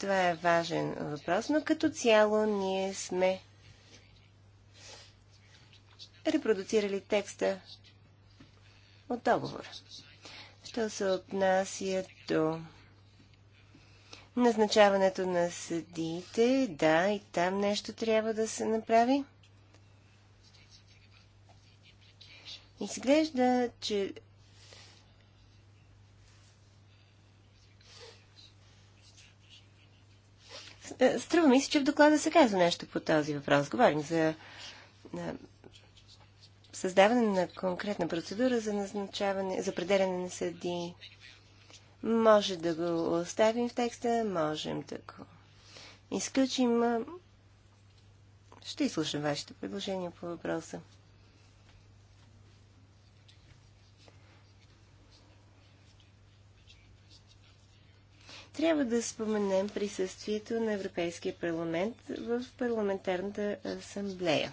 Това е важен въпрос, но като цяло ние сме репродуцирали текста от договора. Що се отнася до назначаването на съдиите, да, и там нещо трябва да се направи. Изглежда, че Струва ми се, че в доклада се казва нещо по този въпрос. Говорим за създаване на конкретна процедура за назначаване, за определяне на съди. Може да го оставим в текста, можем да го изключим. Ще изслушам вашето предложение по въпроса. трябва да споменем присъствието на Европейския парламент в парламентарната асамблея.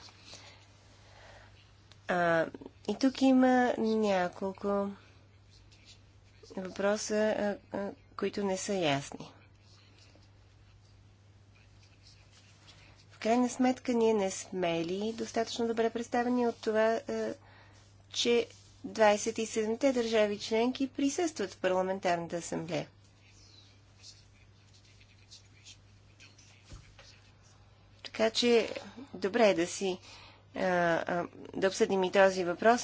А, и тук има няколко въпроса, а, а, които не са ясни. В крайна сметка ние не сме ли достатъчно добре представени от това, а, че 27-те държави членки присъстват в парламентарната асамблея. Така че добре е да си е, е, да обсъдим и този въпрос.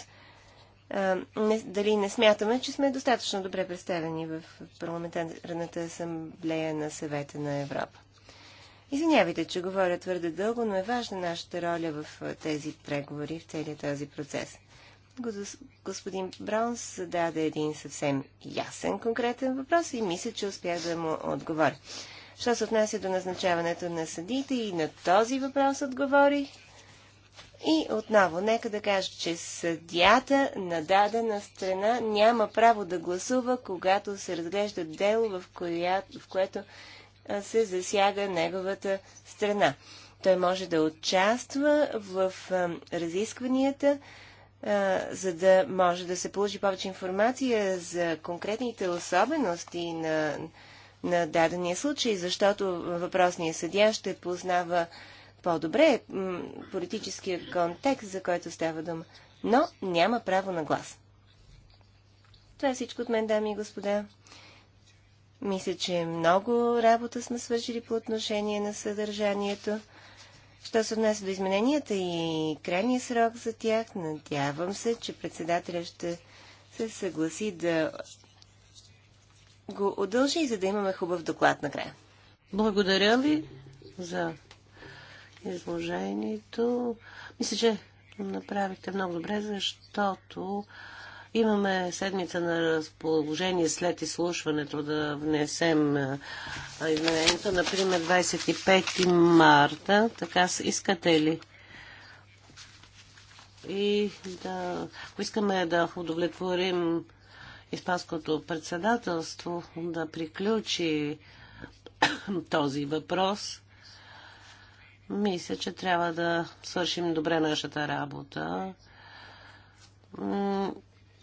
Е, не, дали не смятаме, че сме достатъчно добре представени в Парламентарната асамблея на съвета на Европа. Извинявайте, че говоря твърде дълго, но е важна нашата роля в тези преговори, в целият този процес. Господин Браунс зададе един съвсем ясен, конкретен въпрос и мисля, че успях да му отговоря. Що се отнася до назначаването на съдите и на този въпрос отговорих, и отново, нека да кажа, че съдята на дадена страна няма право да гласува, когато се разглежда дело, в, коя, в което се засяга неговата страна. Той може да участва в разискванията, за да може да се получи повече информация за конкретните особености на, на дадения случай, защото въпросният съдя ще познава по-добре политическия контекст, за който става дума, но няма право на глас. Това е всичко от мен, дами и господа. Мисля, че много работа сме свършили по отношение на съдържанието. Що се отнася до измененията и крайния срок за тях, надявам се, че председателя ще се съгласи да го удължи, за да имаме хубав доклад накрая. Благодаря ви за изложението. Мисля, че направихте много добре, защото имаме седмица на разположение след изслушването да внесем изменението, например 25 марта. Така искате ли? И да, ако искаме да удовлетворим Испанското председателство да приключи *coughs* този въпрос, мисля, че трябва да свършим добре нашата работа.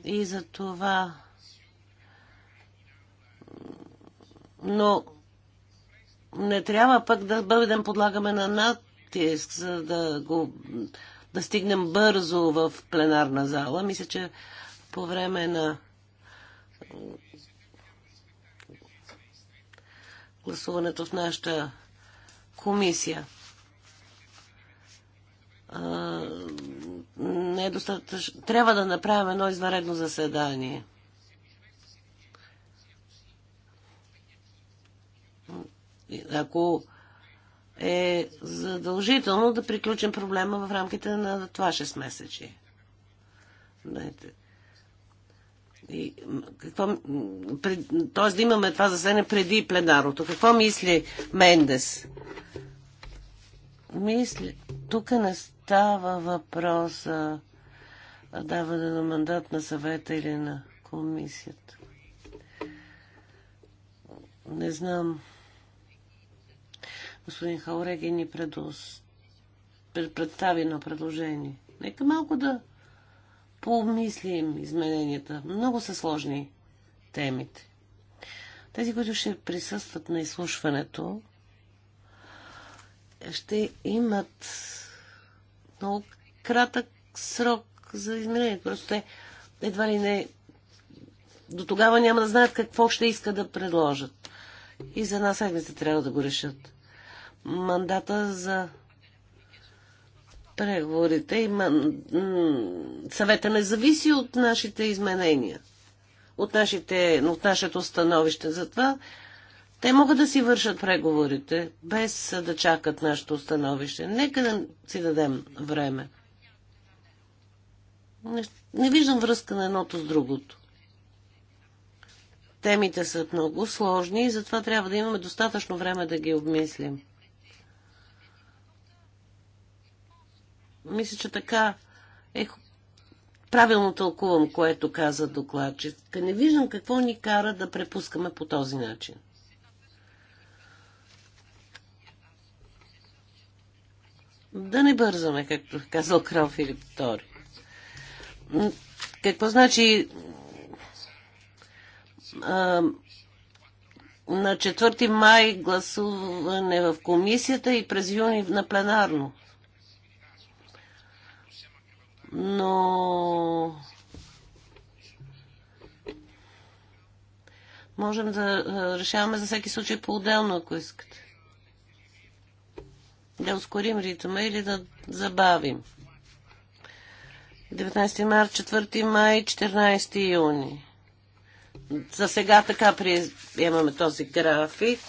И за това. Но не трябва пък да бъдем подлагаме на натиск, за да го да стигнем бързо в пленарна зала. Мисля, че по време на гласуването в нашата комисия а, не е достатъчно. Трябва да направим едно извънредно заседание. Ако е задължително да приключим проблема в рамките на това 6 месечи. Знаете. И какво, пред, тоест да имаме това заседание преди пленарното. Какво мисли Мендес? Мисля, тук не става въпроса дава даване на мандат на съвета или на комисията. Не знам. Господин Хауреги ни предос... представи на предложение. Нека малко да помислим измененията. Много са сложни темите. Тези, които ще присъстват на изслушването, ще имат много кратък срок за изменение. Просто те едва ли не до тогава няма да знаят какво ще искат да предложат. И за една седмица трябва да го решат. Мандата за преговорите и ман... съвета не зависи от нашите изменения, от, нашите, от нашето становище. Затова те могат да си вършат преговорите, без да чакат нашето становище. Нека да си дадем време. Не, не виждам връзка на едното с другото. Темите са много сложни и затова трябва да имаме достатъчно време да ги обмислим. Мисля, че така е правилно тълкувам, което каза докладчик. Не виждам какво ни кара да препускаме по този начин. Да не бързаме, както казал крал Филип II. Какво значи а, на 4 май гласуване в комисията и през юни на пленарно? Но можем да решаваме за всеки случай по-отделно, ако искате да ускорим ритма или да забавим. 19 март, 4 май, 14 юни. За сега така приемаме този график.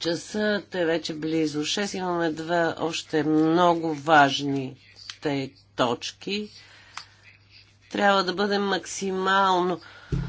Часът е вече близо 6. Имаме две още много важни те точки. Трябва да бъдем максимално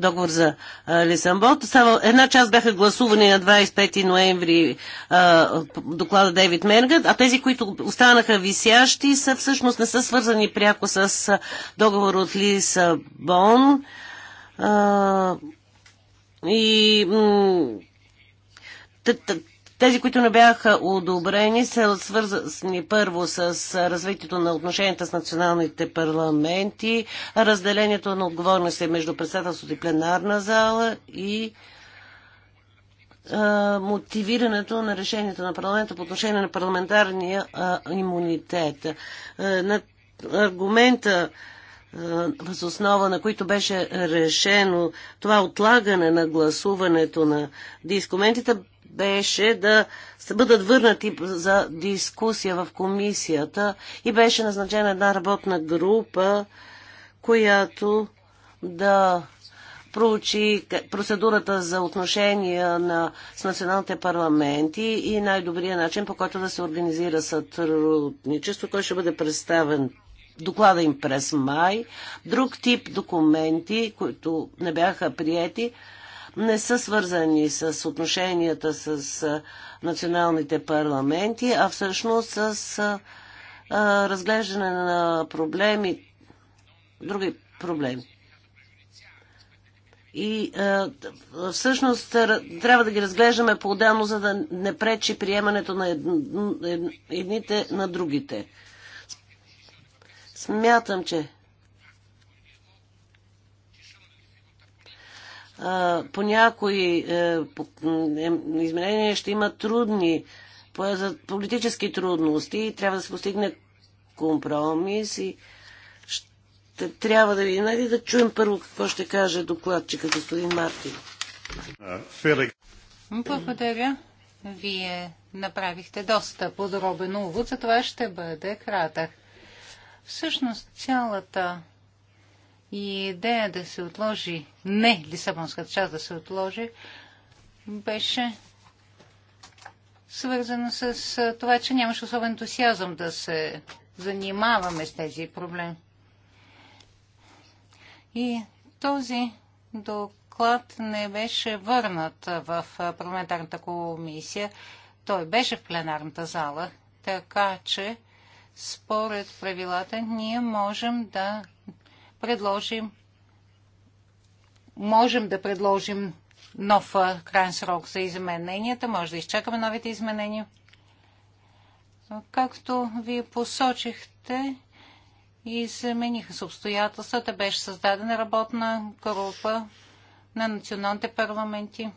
договор за Лисамбон. Само една част бяха гласувани на 25 ноември а, доклада Дейвид Мергът, а тези, които останаха висящи, са всъщност не са свързани пряко с договор от Лисабон. А, и тези, които не бяха одобрени, са свързани първо с развитието на отношенията с националните парламенти, разделението на отговорности между председателството и пленарна зала и мотивирането на решението на парламента по отношение на парламентарния а, имунитет. А, на аргумента въз основа на които беше решено това отлагане на гласуването на дискументите, беше да бъдат върнати за дискусия в комисията и беше назначена една работна група, която да проучи процедурата за отношения на, с националните парламенти и най-добрия начин, по който да се организира сътрудничество, който ще бъде представен доклада им през май, друг тип документи, които не бяха приети, не са свързани с отношенията с националните парламенти, а всъщност с разглеждане на проблеми, други проблеми. И всъщност трябва да ги разглеждаме по-отделно, за да не пречи приемането на едните на другите. Смятам, че по някои е, е, изменения ще има трудни, политически трудности и трябва да се постигне компромис и ще трябва да видим. Найде нали, да чуем първо какво ще каже докладчика господин Мартин. Благодаря. Вие направихте доста подробен увод, това ще бъде кратък. Всъщност цялата и идея да се отложи, не Лисабонската част да се отложи, беше свързана с това, че нямаше особен ентусиазъм да се занимаваме с тези проблеми. И този доклад не беше върнат в парламентарната комисия. Той беше в пленарната зала, така че според правилата ние можем да предложим, можем да предложим нов крайен срок за измененията, може да изчакаме новите изменения. Както вие посочихте, измениха с обстоятелствата, беше създадена работна група на националните парламенти.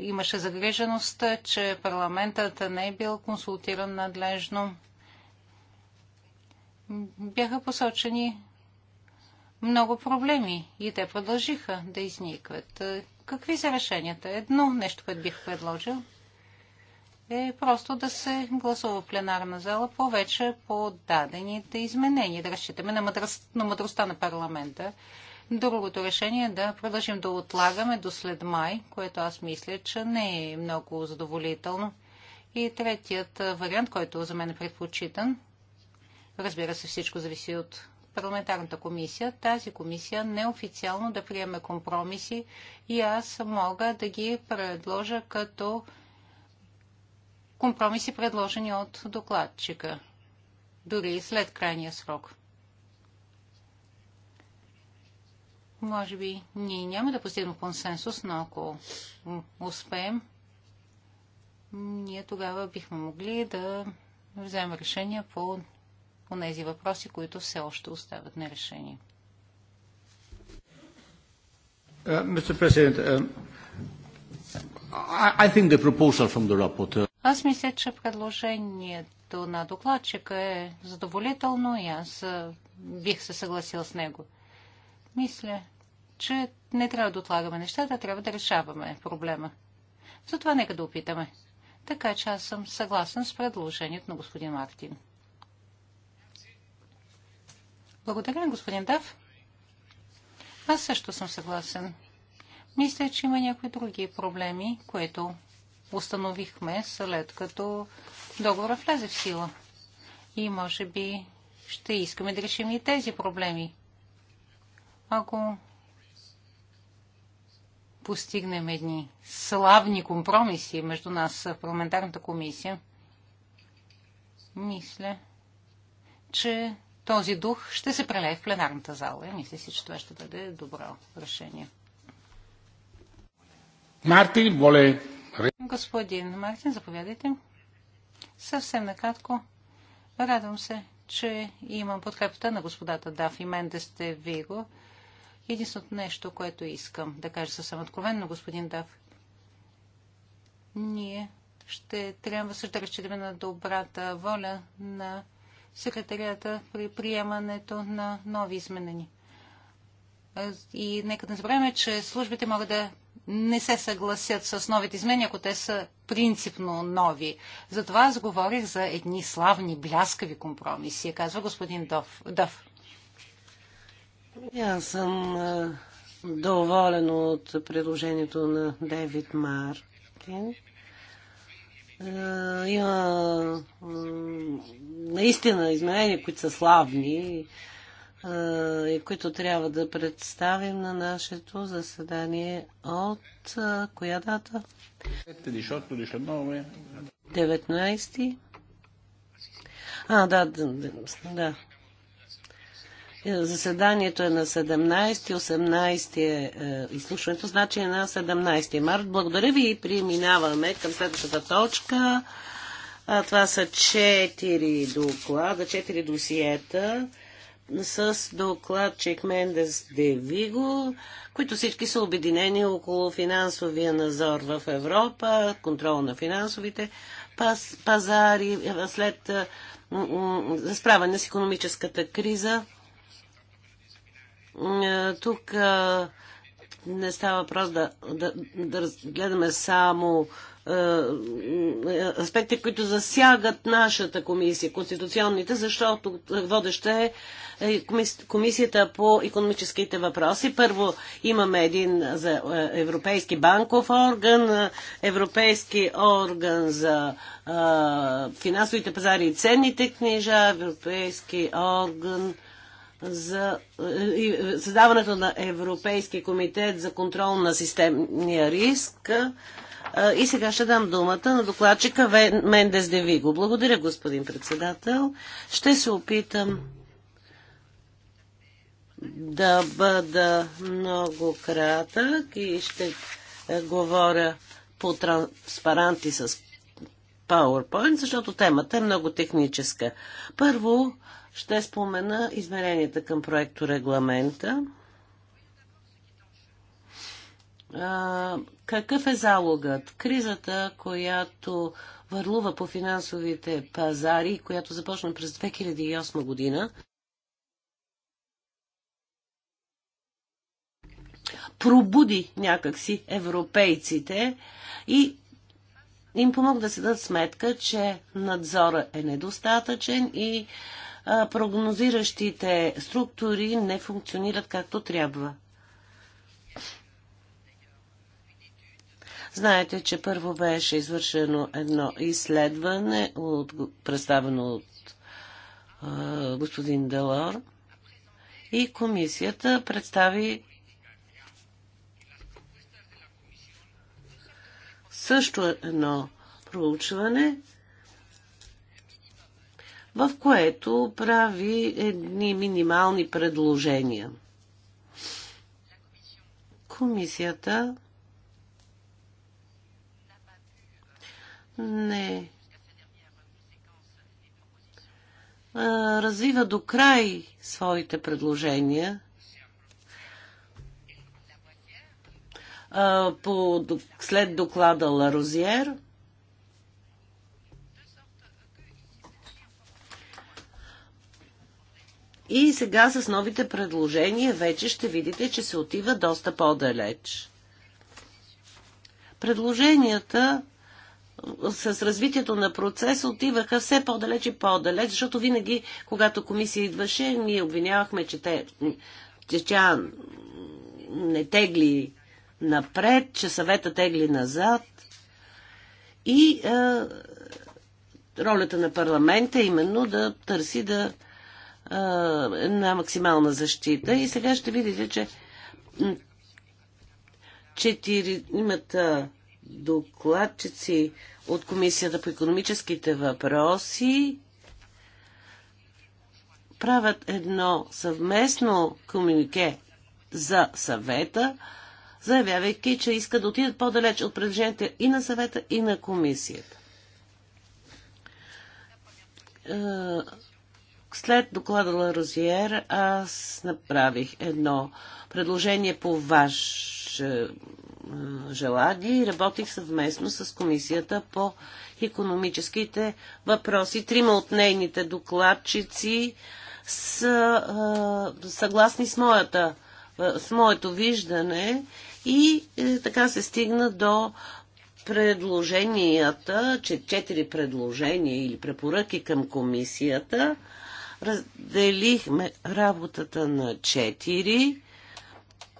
Имаше загриженост, че парламентът не е бил консултиран надлежно бяха посочени много проблеми и те продължиха да изникват. Какви са решенията? Едно нещо, което бих предложил, е просто да се гласува в пленарна зала повече по дадените изменения, да разчитаме на, мъдръст, на мъдростта на парламента. Другото решение е да продължим да отлагаме до след май, което аз мисля, че не е много задоволително. И третият вариант, който за мен е предпочитан, Разбира се, всичко зависи от парламентарната комисия. Тази комисия неофициално да приеме компромиси и аз мога да ги предложа като компромиси, предложени от докладчика, дори и след крайния срок. Може би ние няма да постигнем консенсус, но ако успеем, ние тогава бихме могли да вземем решение по тези въпроси, които все още остават нерешени. Uh, um, аз мисля, че предложението на докладчика е задоволително и аз бих се съгласил с него. Мисля, че не трябва да отлагаме нещата, трябва да решаваме проблема. Затова нека да опитаме. Така че аз съм съгласен с предложението на господин Мартин. Благодаря, господин Дав. Аз също съм съгласен. Мисля, че има някои други проблеми, които установихме след като договора влезе в сила. И може би ще искаме да решим и тези проблеми. Ако постигнем едни славни компромиси между нас в парламентарната комисия, мисля, че този дух ще се прелее в пленарната зала. И мисля си, че това ще бъде добро решение. Мартин, воле. Господин Мартин, заповядайте. Съвсем накратко. Радвам се, че имам подкрепата на господата Даф и Мендес де Виго. Единственото нещо, което искам да кажа съвсем откровенно, господин Даф, ние ще трябва също да разчитаме на добрата воля на секретарията при приемането на нови изменения. И нека не забравяме, че службите могат да не се съгласят с новите изменения, ако те са принципно нови. Затова аз говорих за едни славни, бляскави компромиси, казва господин Дъв. Дъв. Аз съм доволен от предложението на Девид Мартин. Е, има наистина изменения, които са славни е, и които трябва да представим на нашето заседание от е, коя дата? 19. А, да, да, да. Заседанието е на 17, 18 е, е изслушването, значи е на 17 март. Благодаря ви и преминаваме към следващата точка. А, това са 4 доклада, 4 досиета с докладчик Мендес Девиго, които всички са обединени около финансовия назор в Европа, контрол на финансовите пазари, след справяне с економическата криза. Е, тук е, не става въпрос да, да, да разгледаме само е, аспекти, които засягат нашата комисия, конституционните, защото водеща е комисията по економическите въпроси. Първо имаме един за Европейски банков орган, Европейски орган за финансовите пазари и ценните книжа, Европейски орган за създаването на Европейски комитет за контрол на системния риск. И сега ще дам думата на докладчика Мендес Девиго. Благодаря, господин председател. Ще се опитам да бъда много кратък и ще е, говоря по транспаранти с PowerPoint, защото темата е много техническа. Първо, ще спомена измененията към проекто регламента. какъв е залогът? Кризата, която върлува по финансовите пазари, която започна през 2008 година, пробуди някакси европейците и им помогна да се дадат сметка, че надзора е недостатъчен и прогнозиращите структури не функционират както трябва. Знаете, че първо беше извършено едно изследване, от, представено от е, господин Делор, и комисията представи също едно проучване, в което прави едни минимални предложения. Комисията не развива до край своите предложения. По, след доклада Ларозиер – И сега с новите предложения вече ще видите, че се отива доста по-далеч. Предложенията с развитието на процеса отиваха все по-далеч и по-далеч, защото винаги, когато комисия идваше, ние обвинявахме, че, те, че тя не тегли напред, че съвета тегли назад. И е, ролята на парламента е именно да търси да една максимална защита и сега ще видите, че имат докладчици от Комисията по економическите въпроси правят едно съвместно комюнике за съвета, заявявайки, че искат да отидат по-далеч от предложенията и на съвета, и на комисията след доклада на Розиер аз направих едно предложение по ваше е, желание и работих съвместно с комисията по економическите въпроси. Трима от нейните докладчици са е, съгласни с, моята, е, с моето виждане и е, така се стигна до предложенията, че четири предложения или препоръки към комисията – Разделихме работата на четири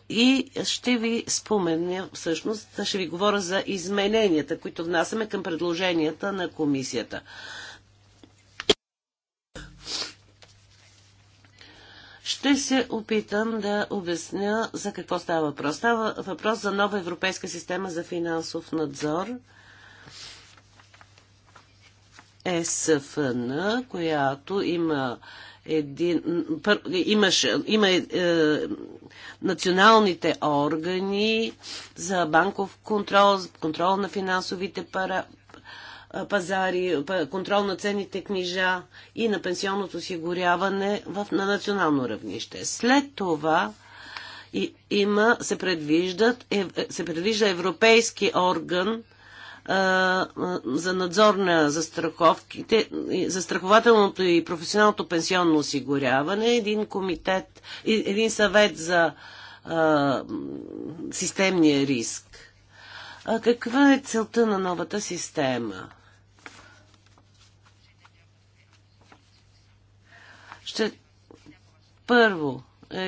и ще ви споменя всъщност ще ви говоря за измененията, които внасяме към предложенията на комисията. Ще се опитам да обясня за какво става въпрос. Става въпрос за нова европейска система за финансов надзор – СФН, която има един, пър, имаш, има е, националните органи за банков контрол, контрол на финансовите пара, е, пазари, контрол на ценните книжа и на пенсионното осигуряване в, на национално равнище. След това и, има, се, предвиждат, е, се предвижда европейски орган за надзор на застраховките, застрахователното и професионалното пенсионно осигуряване, един комитет, един съвет за а, системния риск. А каква е целта на новата система? Ще първо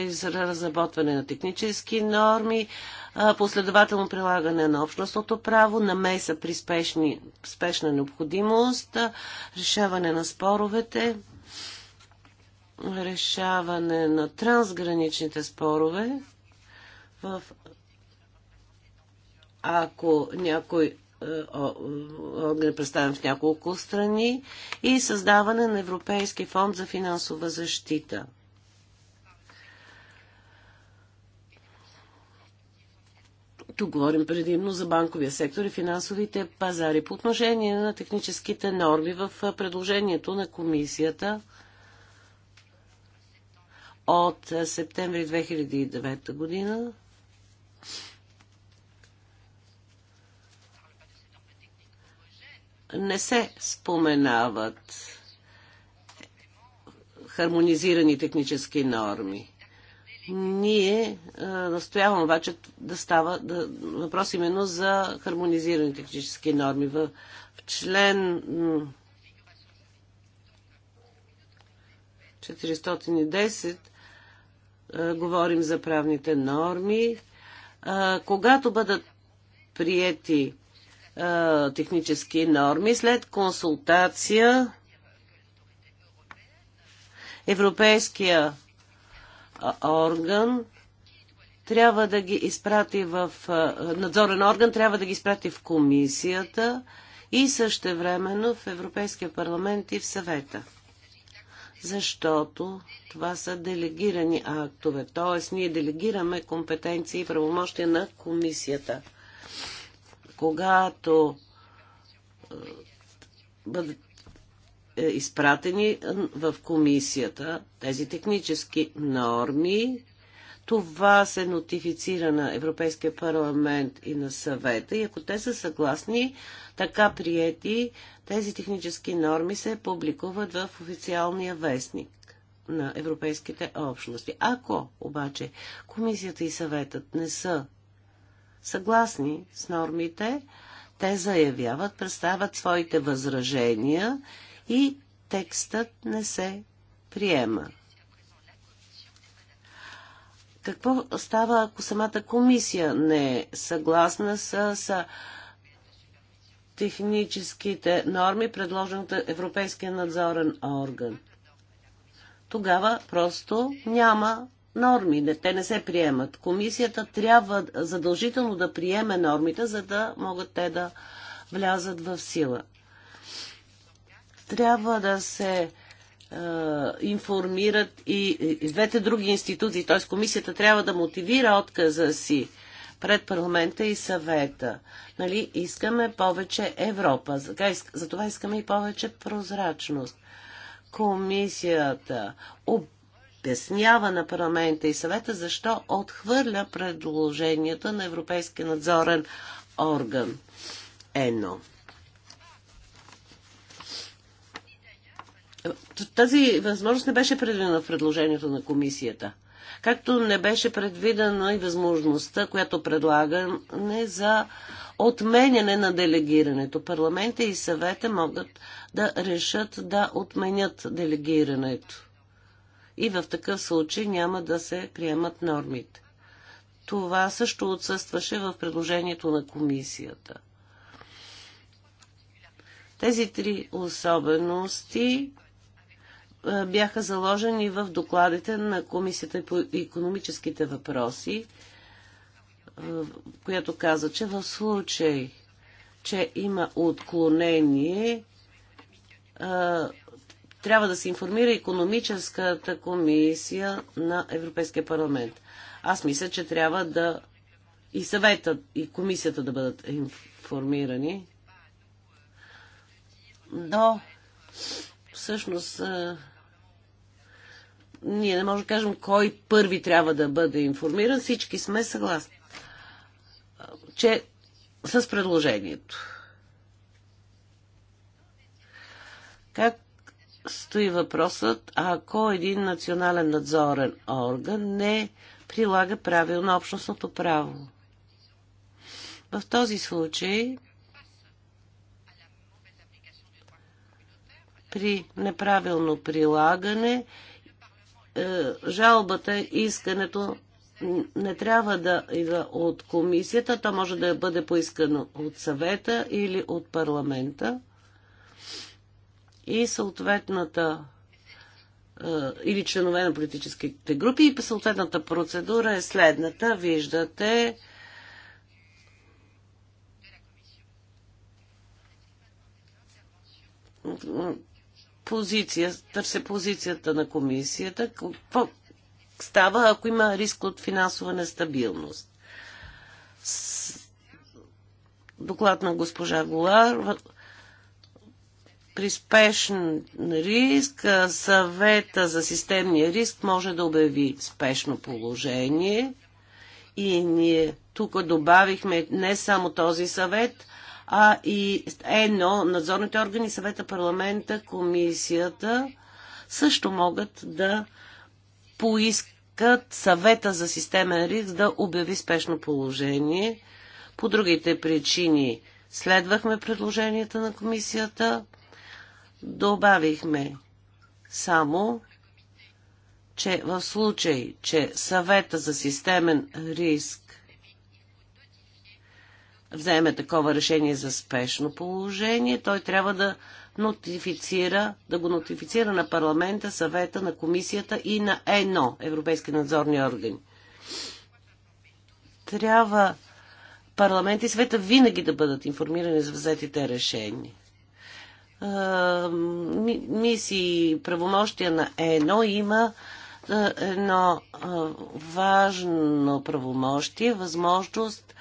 за разработване на технически норми, последователно прилагане на общностното право, намеса при спешни, спешна необходимост, решаване на споровете, решаване на трансграничните спорове в ако някой е представен в няколко страни и създаване на Европейски фонд за финансова защита – Тук говорим предимно за банковия сектор и финансовите пазари. По отношение на техническите норми в предложението на комисията от септември 2009 година не се споменават хармонизирани технически норми. Ние а, настояваме обаче да става да, въпрос именно за хармонизирани технически норми. В, в член 410 а, говорим за правните норми. А, когато бъдат приети а, технически норми, след консултация Европейския орган трябва да ги изпрати в надзорен орган, трябва да ги изпрати в комисията и също времено в Европейския парламент и в съвета. Защото това са делегирани актове, т.е. ние делегираме компетенции и правомощия на комисията. Когато бъдат е изпратени в комисията тези технически норми. Това се нотифицира на Европейския парламент и на съвета и ако те са съгласни, така приети, тези технически норми се публикуват в официалния вестник на европейските общности. Ако обаче комисията и съветът не са съгласни с нормите, те заявяват, представят своите възражения и текстът не се приема. Какво става, ако самата комисия не е съгласна с, с техническите норми, предложени от Европейския надзорен орган? Тогава просто няма норми, те не се приемат. Комисията трябва задължително да приеме нормите, за да могат те да влязат в сила трябва да се информират и, двете други институции, т.е. комисията трябва да мотивира отказа си пред парламента и съвета. Нали, искаме повече Европа, затова искаме и повече прозрачност. Комисията обяснява на парламента и съвета защо отхвърля предложенията на Европейския надзорен орган. Ено. Тази възможност не беше предвидена в предложението на комисията. Както не беше предвидена и възможността, която предлагаме за отменяне на делегирането. Парламента и съвета могат да решат да отменят делегирането. И в такъв случай няма да се приемат нормите. Това също отсъстваше в предложението на комисията. Тези три особености е, бяха заложени в докладите на Комисията по економическите въпроси, е, която каза, че в случай, че има отклонение, е, трябва да се информира економическата комисия на Европейския парламент. Аз мисля, че трябва да и съвета, и комисията да бъдат информирани. Но всъщност ние не можем да кажем кой първи трябва да бъде информиран. Всички сме съгласни, че с предложението. Как стои въпросът, ако един национален надзорен орган не прилага правилно общностното право? В този случай при неправилно прилагане е, жалбата, искането не трябва да идва от комисията, то може да бъде поискано от съвета или от парламента и съответната е, или членове на политическите групи и съответната процедура е следната. Виждате позиция, търся позицията на комисията. Какво става, ако има риск от финансова нестабилност? Доклад на госпожа Голар. При спешен риск съвета за системния риск може да обяви спешно положение и ние тук добавихме не само този съвет, а и едно, надзорните органи, съвета, парламента, комисията също могат да поискат съвета за системен риск да обяви спешно положение. По другите причини следвахме предложенията на комисията, добавихме само, че в случай, че съвета за системен риск вземе такова решение за спешно положение, той трябва да нотифицира, да го нотифицира на парламента, съвета, на комисията и на ЕНО, Европейски надзорни органи. Трябва парламент и света винаги да бъдат информирани за взетите решения. Мисии правомощия на ЕНО има едно важно правомощие, възможност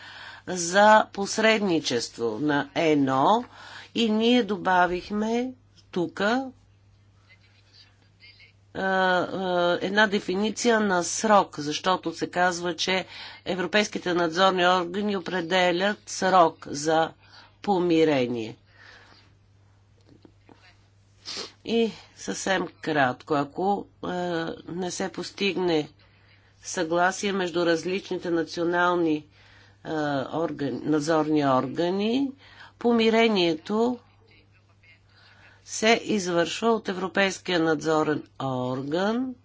за посредничество на ЕНО и ние добавихме тук една дефиниция на срок, защото се казва, че европейските надзорни органи определят срок за помирение. И съвсем кратко, ако е, не се постигне съгласие между различните национални орган, надзорни органи, помирението се извършва от Европейския надзорен орган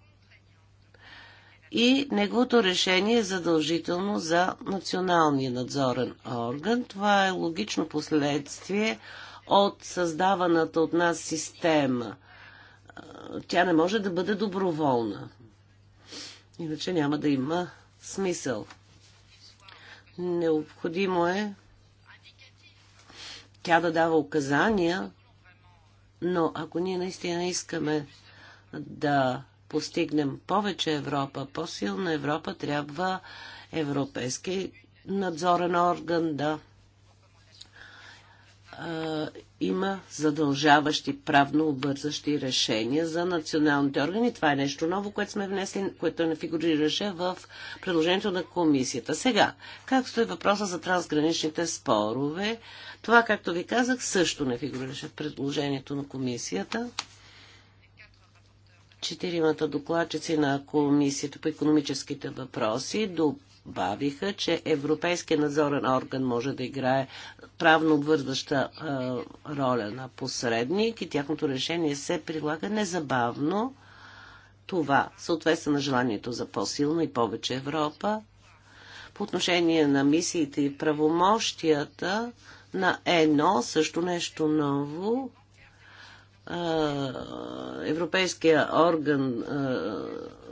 и неговото решение е задължително за националния надзорен орган. Това е логично последствие от създаваната от нас система. Тя не може да бъде доброволна. Иначе няма да има смисъл. Необходимо е тя да дава указания, но ако ние наистина искаме да постигнем повече Европа, по-силна Европа, трябва европейски надзорен орган да а, има задължаващи правно обързащи решения за националните органи. Това е нещо ново, което сме внесли, което не фигурираше в предложението на комисията. Сега, как стои въпроса за трансграничните спорове? Това, както ви казах, също не фигурираше в предложението на комисията. Четиримата докладчици на Комисията по економическите въпроси до добавиха, че Европейския надзорен орган може да играе правно обвързваща роля на посредник и тяхното решение се прилага незабавно. Това съответства на желанието за по-силна и повече Европа. По отношение на мисиите и правомощията на ЕНО, също нещо ново. Европейския орган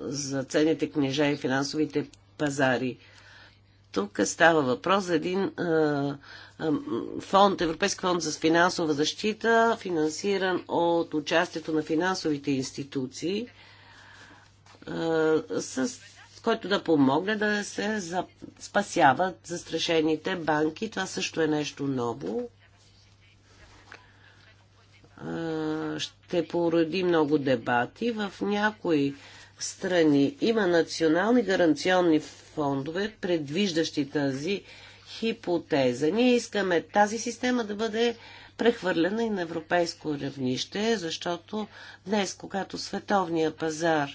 за ценните книжа и финансовите пазари. Тук става въпрос за един а, а, фонд, Европейски фонд за финансова защита, финансиран от участието на финансовите институции, а, с който да помогне да се за, спасяват застрашените банки. Това също е нещо ново. А, ще породи много дебати. В някои страни. Има национални гаранционни фондове, предвиждащи тази хипотеза. Ние искаме тази система да бъде прехвърлена и на европейско равнище, защото днес, когато световния пазар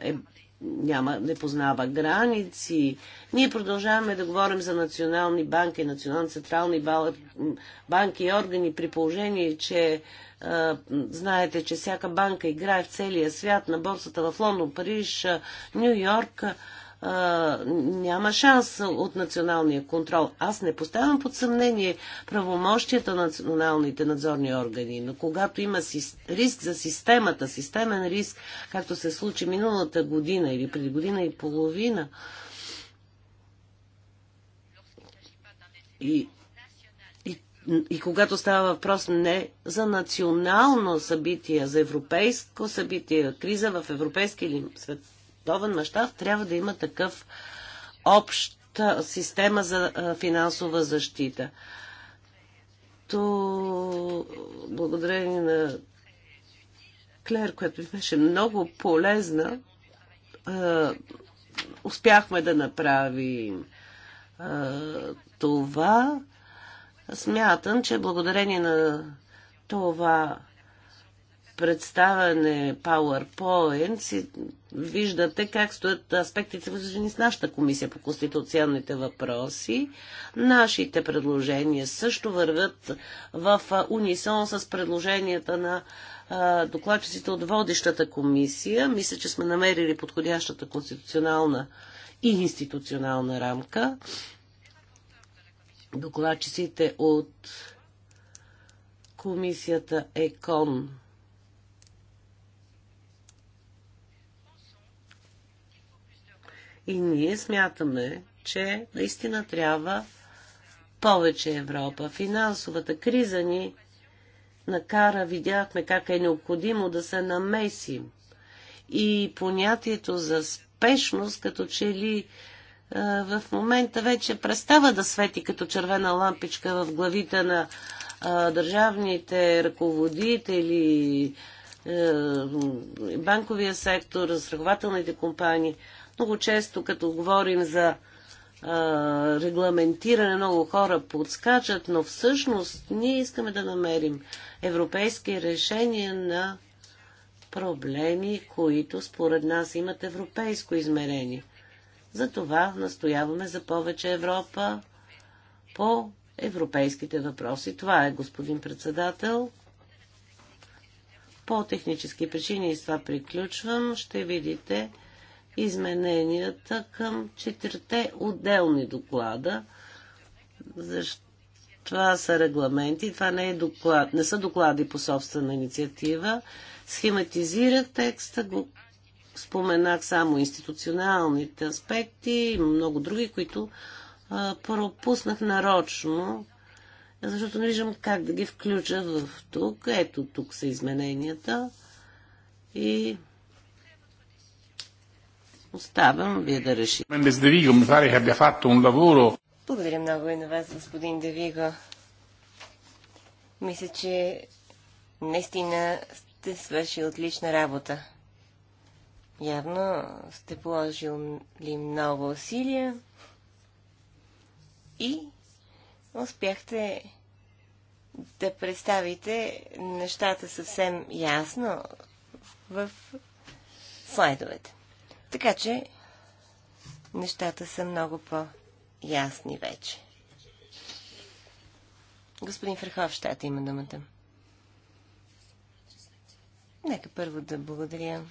е няма, не познава граници. Ние продължаваме да говорим за национални банки, национални централни банки и органи при положение, че знаете, че всяка банка играе в целия свят на борсата в Лондон, Париж, Нью Йорк а, няма шанс от националния контрол. Аз не поставям под съмнение правомощията на националните надзорни органи, но когато има си, риск за системата, системен риск, както се случи миналата година или преди година и половина, и и когато става въпрос не за национално събитие, за европейско събитие, криза в европейски или свет, световен мащаб трябва да има такъв общ система за финансова защита. То благодарение на Клер, която ми беше много полезна, успяхме да направим това. Смятам, че благодарение на това представяне PowerPoint си виждате как стоят аспектите свързани с нашата комисия по конституционните въпроси. Нашите предложения също вървят в унисон с предложенията на докладчиците от водещата комисия. Мисля, че сме намерили подходящата конституционална и институционална рамка. Докладчиците от комисията ЕКОН И ние смятаме, че наистина трябва повече Европа. Финансовата криза ни накара, видяхме как е необходимо да се намесим. И понятието за спешност, като че ли е, в момента вече престава да свети като червена лампичка в главите на е, държавните ръководители, е, банковия сектор, разрахователните компании. Много често, като говорим за а, регламентиране, много хора подскачат, но всъщност ние искаме да намерим европейски решения на проблеми, които според нас имат европейско измерение. Затова настояваме за повече Европа по европейските въпроси. Това е, господин председател. По технически причини и с това приключвам. Ще видите измененията към четирите отделни доклада. Това са регламенти, това не, е доклад, не са доклади по собствена инициатива. Схематизирах текста, го споменах само институционалните аспекти и много други, които а, пропуснах нарочно, защото не виждам как да ги включа в тук. Ето тук са измененията. И Оставям вие да решите. Благодаря много и на вас, господин Девиго. Мисля, че наистина сте свършили отлична работа. Явно сте положили много усилия и успяхте да представите нещата съвсем ясно в слайдовете. Така че нещата са много по-ясни вече. Господин Ферховщата има думата. Нека първо да благодаря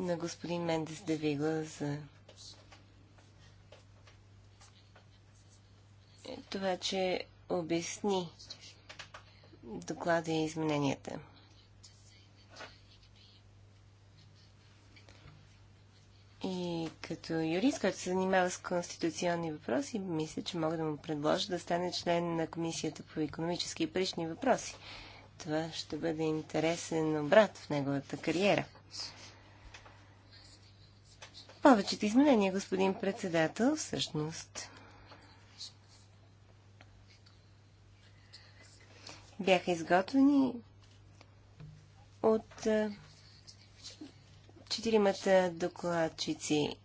на господин Мендес Девигла за това, че обясни доклада и измененията. И като юрист, който се занимава с конституционни въпроси, мисля, че мога да му предложа да стане член на Комисията по економически и парични въпроси. Това ще бъде интересен обрат в неговата кариера. Повечето изменения, господин председател, всъщност бяха изготвени от четиримата докладчици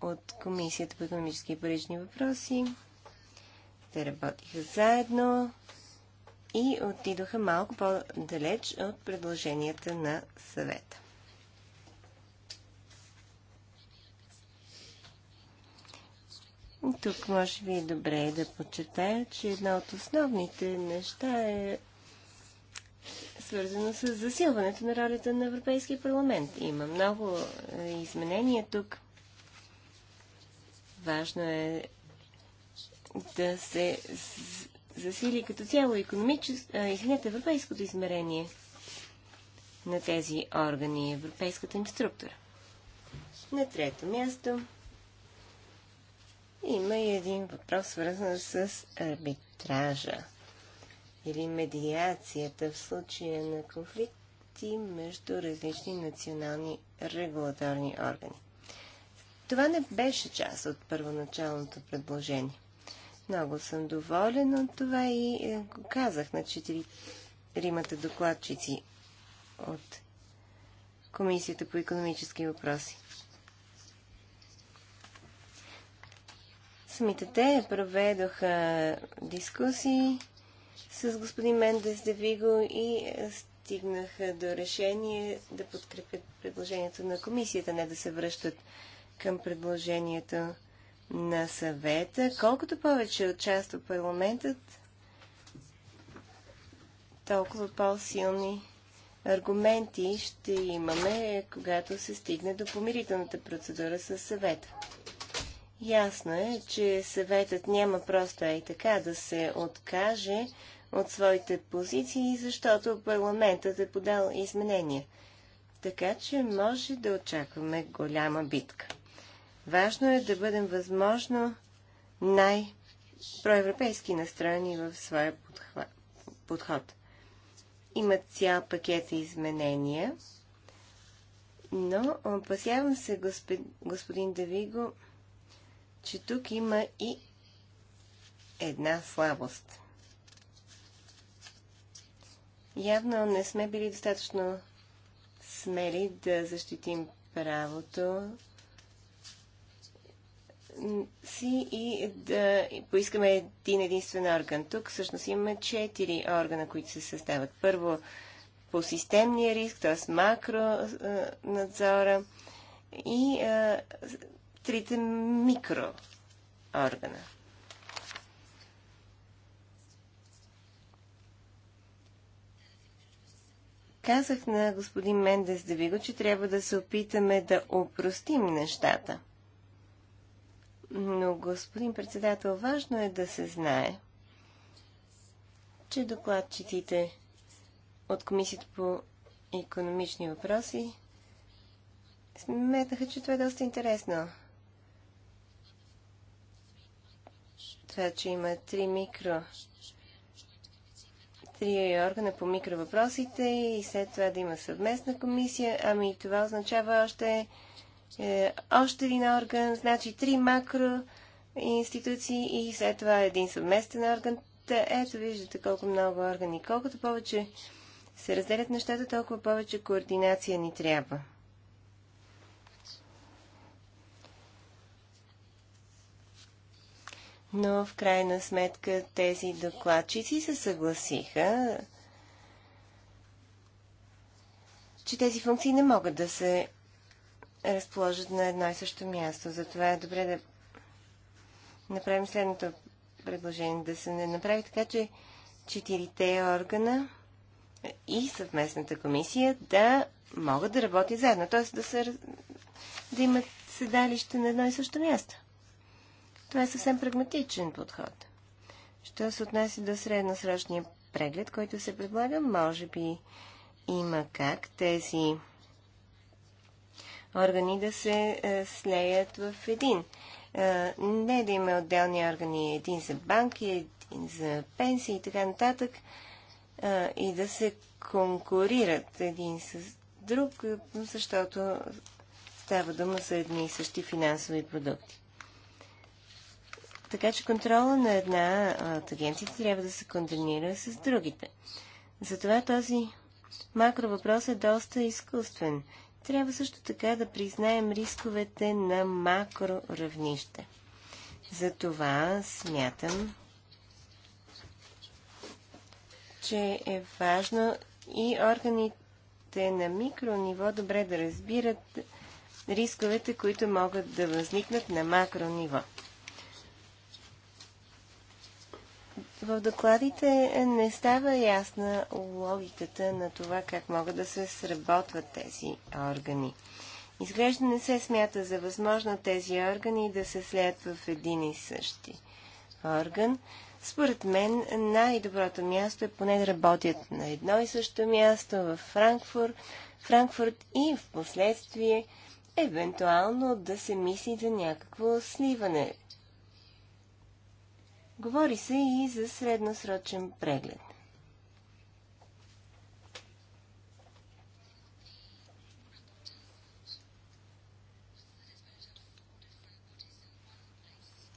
от Комисията по економически и парични въпроси. Те работиха заедно и отидоха малко по-далеч от предложенията на съвета. Тук може би е добре е да подчертая, че една от основните неща е свързано с засилването на ролята на Европейския парламент. Има много е, изменения тук. Важно е да се засили като цяло економическо, е, европейското измерение на тези органи, и европейската им структура. На трето място има и един въпрос, свързан с арбитража или медиацията в случая на конфликти между различни национални регулаторни органи. Това не беше част от първоначалното предложение. Много съм доволен от това и е, казах на четири римата докладчици от Комисията по економически въпроси. Самите те проведоха дискусии с господин Мендес Девиго и е, стигнаха до решение да подкрепят предложението на комисията, не да се връщат към предложението на съвета. Колкото повече участва парламентът, толкова по-силни аргументи ще имаме, когато се стигне до помирителната процедура с съвета. Ясно е, че съветът няма просто ей така да се откаже от своите позиции, защото парламентът е подал изменения. Така че може да очакваме голяма битка. Важно е да бъдем възможно най-проевропейски настроени в своя подхва... подход. Има цял пакет изменения, но опасявам се, господин Давиго, че тук има и една слабост – Явно не сме били достатъчно смели да защитим правото си и да поискаме един единствен орган. Тук всъщност имаме четири органа, които се създават. Първо по системния риск, т.е. макронадзора и трите микро органа. Казах на господин Мендес Давиго, че трябва да се опитаме да опростим нещата. Но, господин председател, важно е да се знае, че докладчиците от Комисията по економични въпроси сметаха, че това е доста интересно. Това, че има три микро три органа по микровъпросите и след това да има съвместна комисия. Ами това означава още, е, още един орган, значи три макро институции и след това един съвместен орган. Та, ето виждате колко много органи. Колкото повече се разделят нещата, толкова повече координация ни трябва. но в крайна сметка тези докладчици се съгласиха, че тези функции не могат да се разположат на едно и също място. Затова е добре да направим следното предложение. Да се не направи така, че четирите органа и съвместната комисия да могат да работят заедно. Т.е. да, се, да имат седалище на едно и също място. Това е съвсем прагматичен подход. Що се отнася до средносрочния преглед, който се предлага, може би има как тези органи да се е, слеят в един. Е, не да има отделни органи, един за банки, един за пенсии и така нататък, е, и да се конкурират един с друг, защото става дума за едни и същи финансови продукти. Така че контрола на една от агенциите трябва да се координира с другите. Затова този макро въпрос е доста изкуствен. Трябва също така да признаем рисковете на макро равнище. Затова смятам, че е важно и органите на микро ниво добре да разбират рисковете, които могат да възникнат на макро ниво. В докладите не става ясна логиката на това как могат да се сработват тези органи. Изглежда не се смята за възможно тези органи да се слеят в един и същи орган. Според мен най-доброто място е поне да работят на едно и също място в Франкфурт, Франкфурт и в последствие евентуално да се мисли за някакво сливане Говори се и за средносрочен преглед.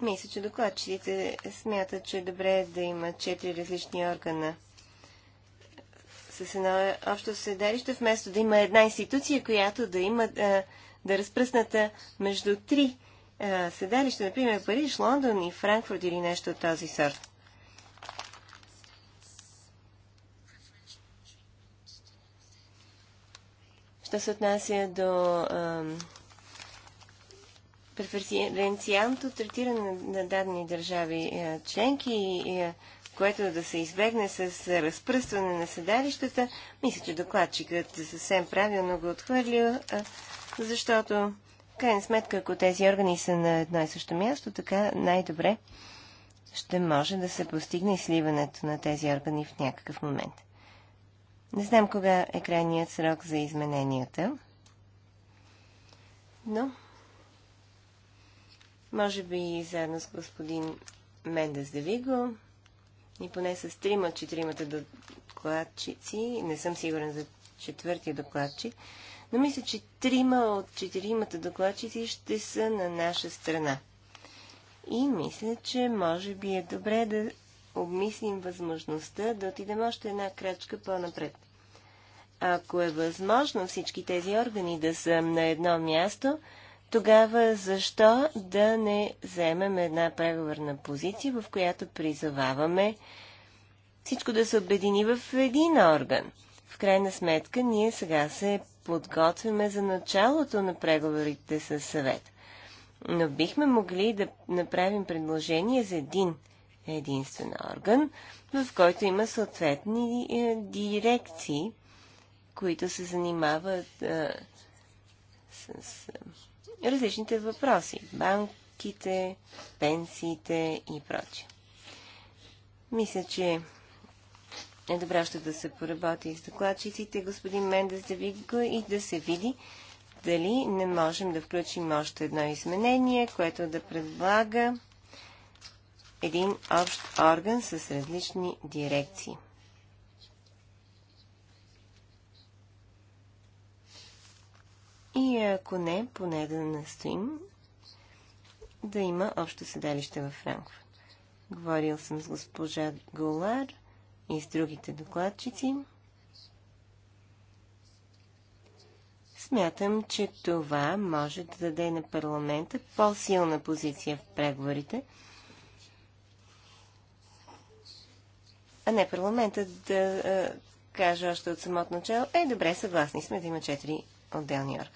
Мисля, че докладчиците смятат, че е добре да има четири различни органа с едно общо седалище, вместо да има една институция, която да има да, да разпръсната между три е, седалище, седалища, например Париж, Лондон и Франкфурт или нещо от този сорт. Що се отнася до преференциалното третиране на, дадени държави е, членки и е, което да се избегне с разпръстване на седалищата, мисля, че докладчикът съвсем правилно го отхвърлил, защото крайна сметка, ако тези органи са на едно и също място, така най-добре ще може да се постигне и сливането на тези органи в някакъв момент. Не знам кога е крайният срок за измененията, но може би заедно с господин Мендес да ви го и поне с трима, четиримата докладчици, не съм сигурен за четвъртия докладчик, но мисля, че трима от четиримата докладчици ще са на наша страна. И мисля, че може би е добре да обмислим възможността да отидем още една крачка по-напред. Ако е възможно всички тези органи да са на едно място, тогава защо да не вземем една преговорна позиция, в която призоваваме всичко да се обедини в един орган? В крайна сметка, ние сега се подготвяме за началото на преговорите с съвет. Но бихме могли да направим предложение за един единствен орган, в който има съответни е, дирекции, които се занимават а, е, с а, е, различните въпроси. Банките, пенсиите и прочее. Мисля, че е добре още да се поработи с докладчиците, господин Мендес да види го и да се види дали не можем да включим още едно изменение, което да предлага един общ орган с различни дирекции. И ако не, поне да настоим да има общо седалище във Франкфурт. Говорил съм с госпожа Голар – и с другите докладчици. Смятам, че това може да даде на парламента по-силна позиция в преговорите, а не парламентът да каже още от самото начало, е, добре, съгласни сме да има четири отделни органа.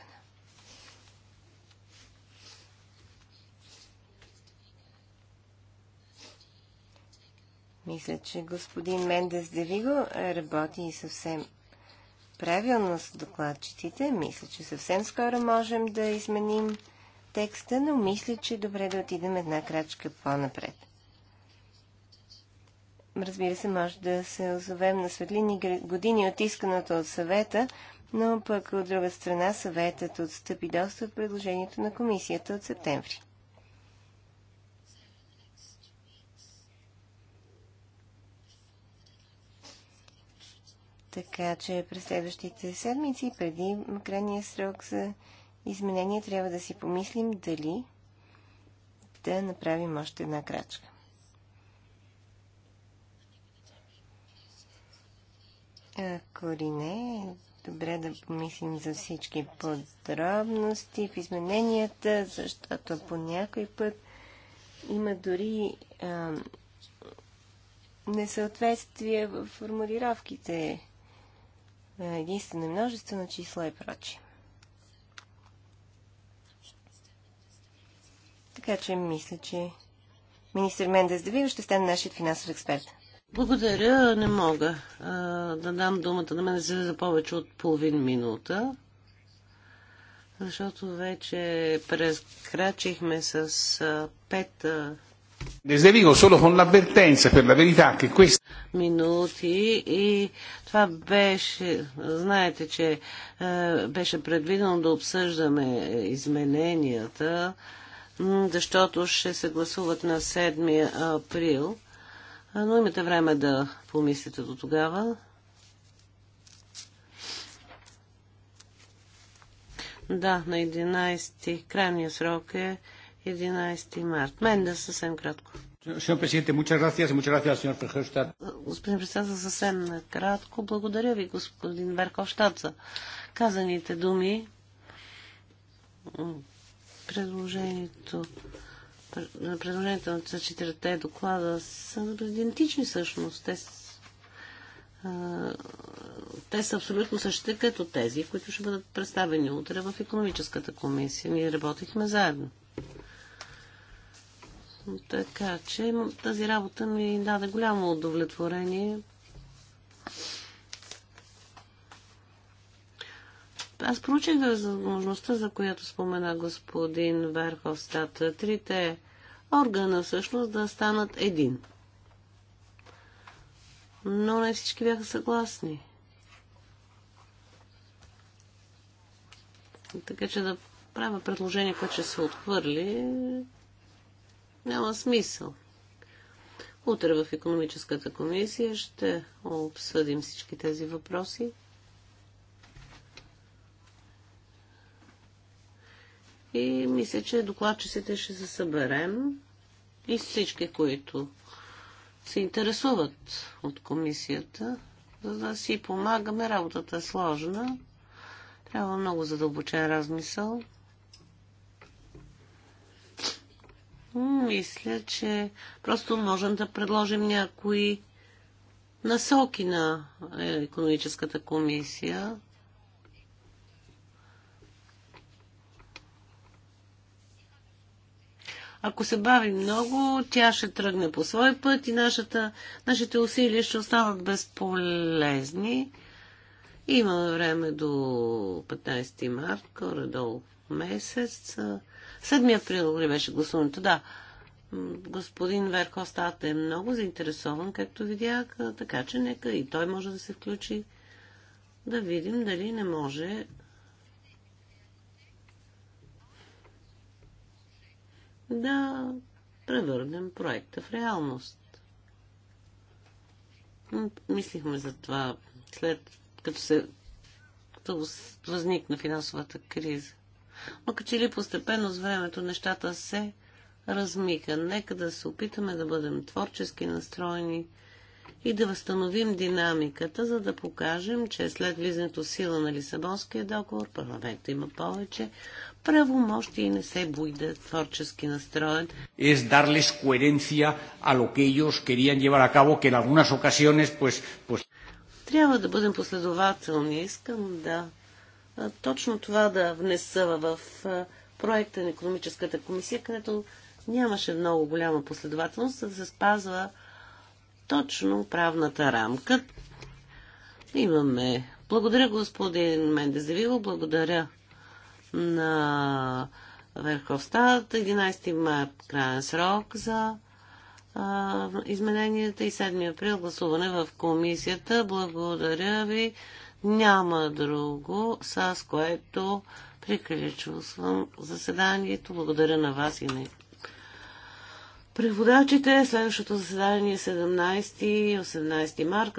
Мисля, че господин Мендес Девиго е, работи и съвсем правилно с докладчиците. Мисля, че съвсем скоро можем да изменим текста, но мисля, че е добре да отидем една крачка по-напред. Разбира се, може да се озовем на светлини години от исканото от съвета, но пък от друга страна съветът отстъпи доста от предложението на комисията от септември. Така че през следващите седмици, преди крайния срок за изменение, трябва да си помислим дали да направим още една крачка. Ако ли не, добре да помислим за всички подробности в измененията, защото по някой път има дори а, несъответствие в формулировките е, единствено множествено число и прочие. Така че мисля, че министр Мендес Давио ще стане нашият финансов експерт. Благодаря, не мога а, да дам думата на мен за повече от половин минута, защото вече прекрачихме с а, пет а, Desde Vigo solo con l'avvertenza per la verità che questa... Минути e това беше, знаете, че е, беше предвидено да обсъждаме измененията, защото ще се гласуват на 7 април. Но имате време да помислите до тогава. Да, на 11 крайния срок е 11 март. Мен да съвсем кратко. Господин председател, съвсем кратко. Благодаря ви, господин Верховщат за казаните думи. Предложението предложението на четирите доклада са идентични всъщност. Те, те са абсолютно същите като тези, които ще бъдат представени утре в економическата комисия. Ние работихме заедно. Така че тази работа ми даде голямо удовлетворение. Аз проучих възможността, за която спомена господин Верховстат. Трите органа всъщност да станат един. Но не всички бяха съгласни. Така че да правя предложение, което ще се отхвърли, няма смисъл. Утре в економическата комисия ще обсъдим всички тези въпроси. И мисля, че докладчиците ще се съберем и всички, които се интересуват от комисията, за да си помагаме. Работата е сложна. Трябва много задълбочен размисъл. Мисля, че просто можем да предложим някои насоки на е, економическата комисия. Ако се бави много, тя ще тръгне по свой път и нашата, нашите усилия ще останат безполезни. Има време до 15 март, горе-долу месец. 7 април беше гласуването, да. Господин Верхостат е много заинтересован, както видях, така че нека и той може да се включи да видим дали не може да превърнем проекта в реалност. Мислихме за това след като се като възникна финансовата криза но като че ли постепенно с времето нещата се размиха. Нека да се опитаме да бъдем творчески настроени и да възстановим динамиката, за да покажем, че след влизането сила на Лисабонския договор парламента има повече правомощи и не се буйде творчески настроен. Es darles coherencia a lo que ellos querían llevar a cabo, que en algunas ocasiones, pues, pues... Трябва да бъдем последователни. Искам да точно това да внеса в проекта на економическата комисия, където нямаше много голяма последователност, за да се спазва точно правната рамка. Имаме. Благодаря господин Мендезевило, благодаря на Верховстат. 11 мая крайен срок за измененията и 7 април гласуване в комисията. Благодаря ви. Няма друго, с което приключвам заседанието. Благодаря на вас и на преводачите. Следващото заседание е 17 и 18 марта.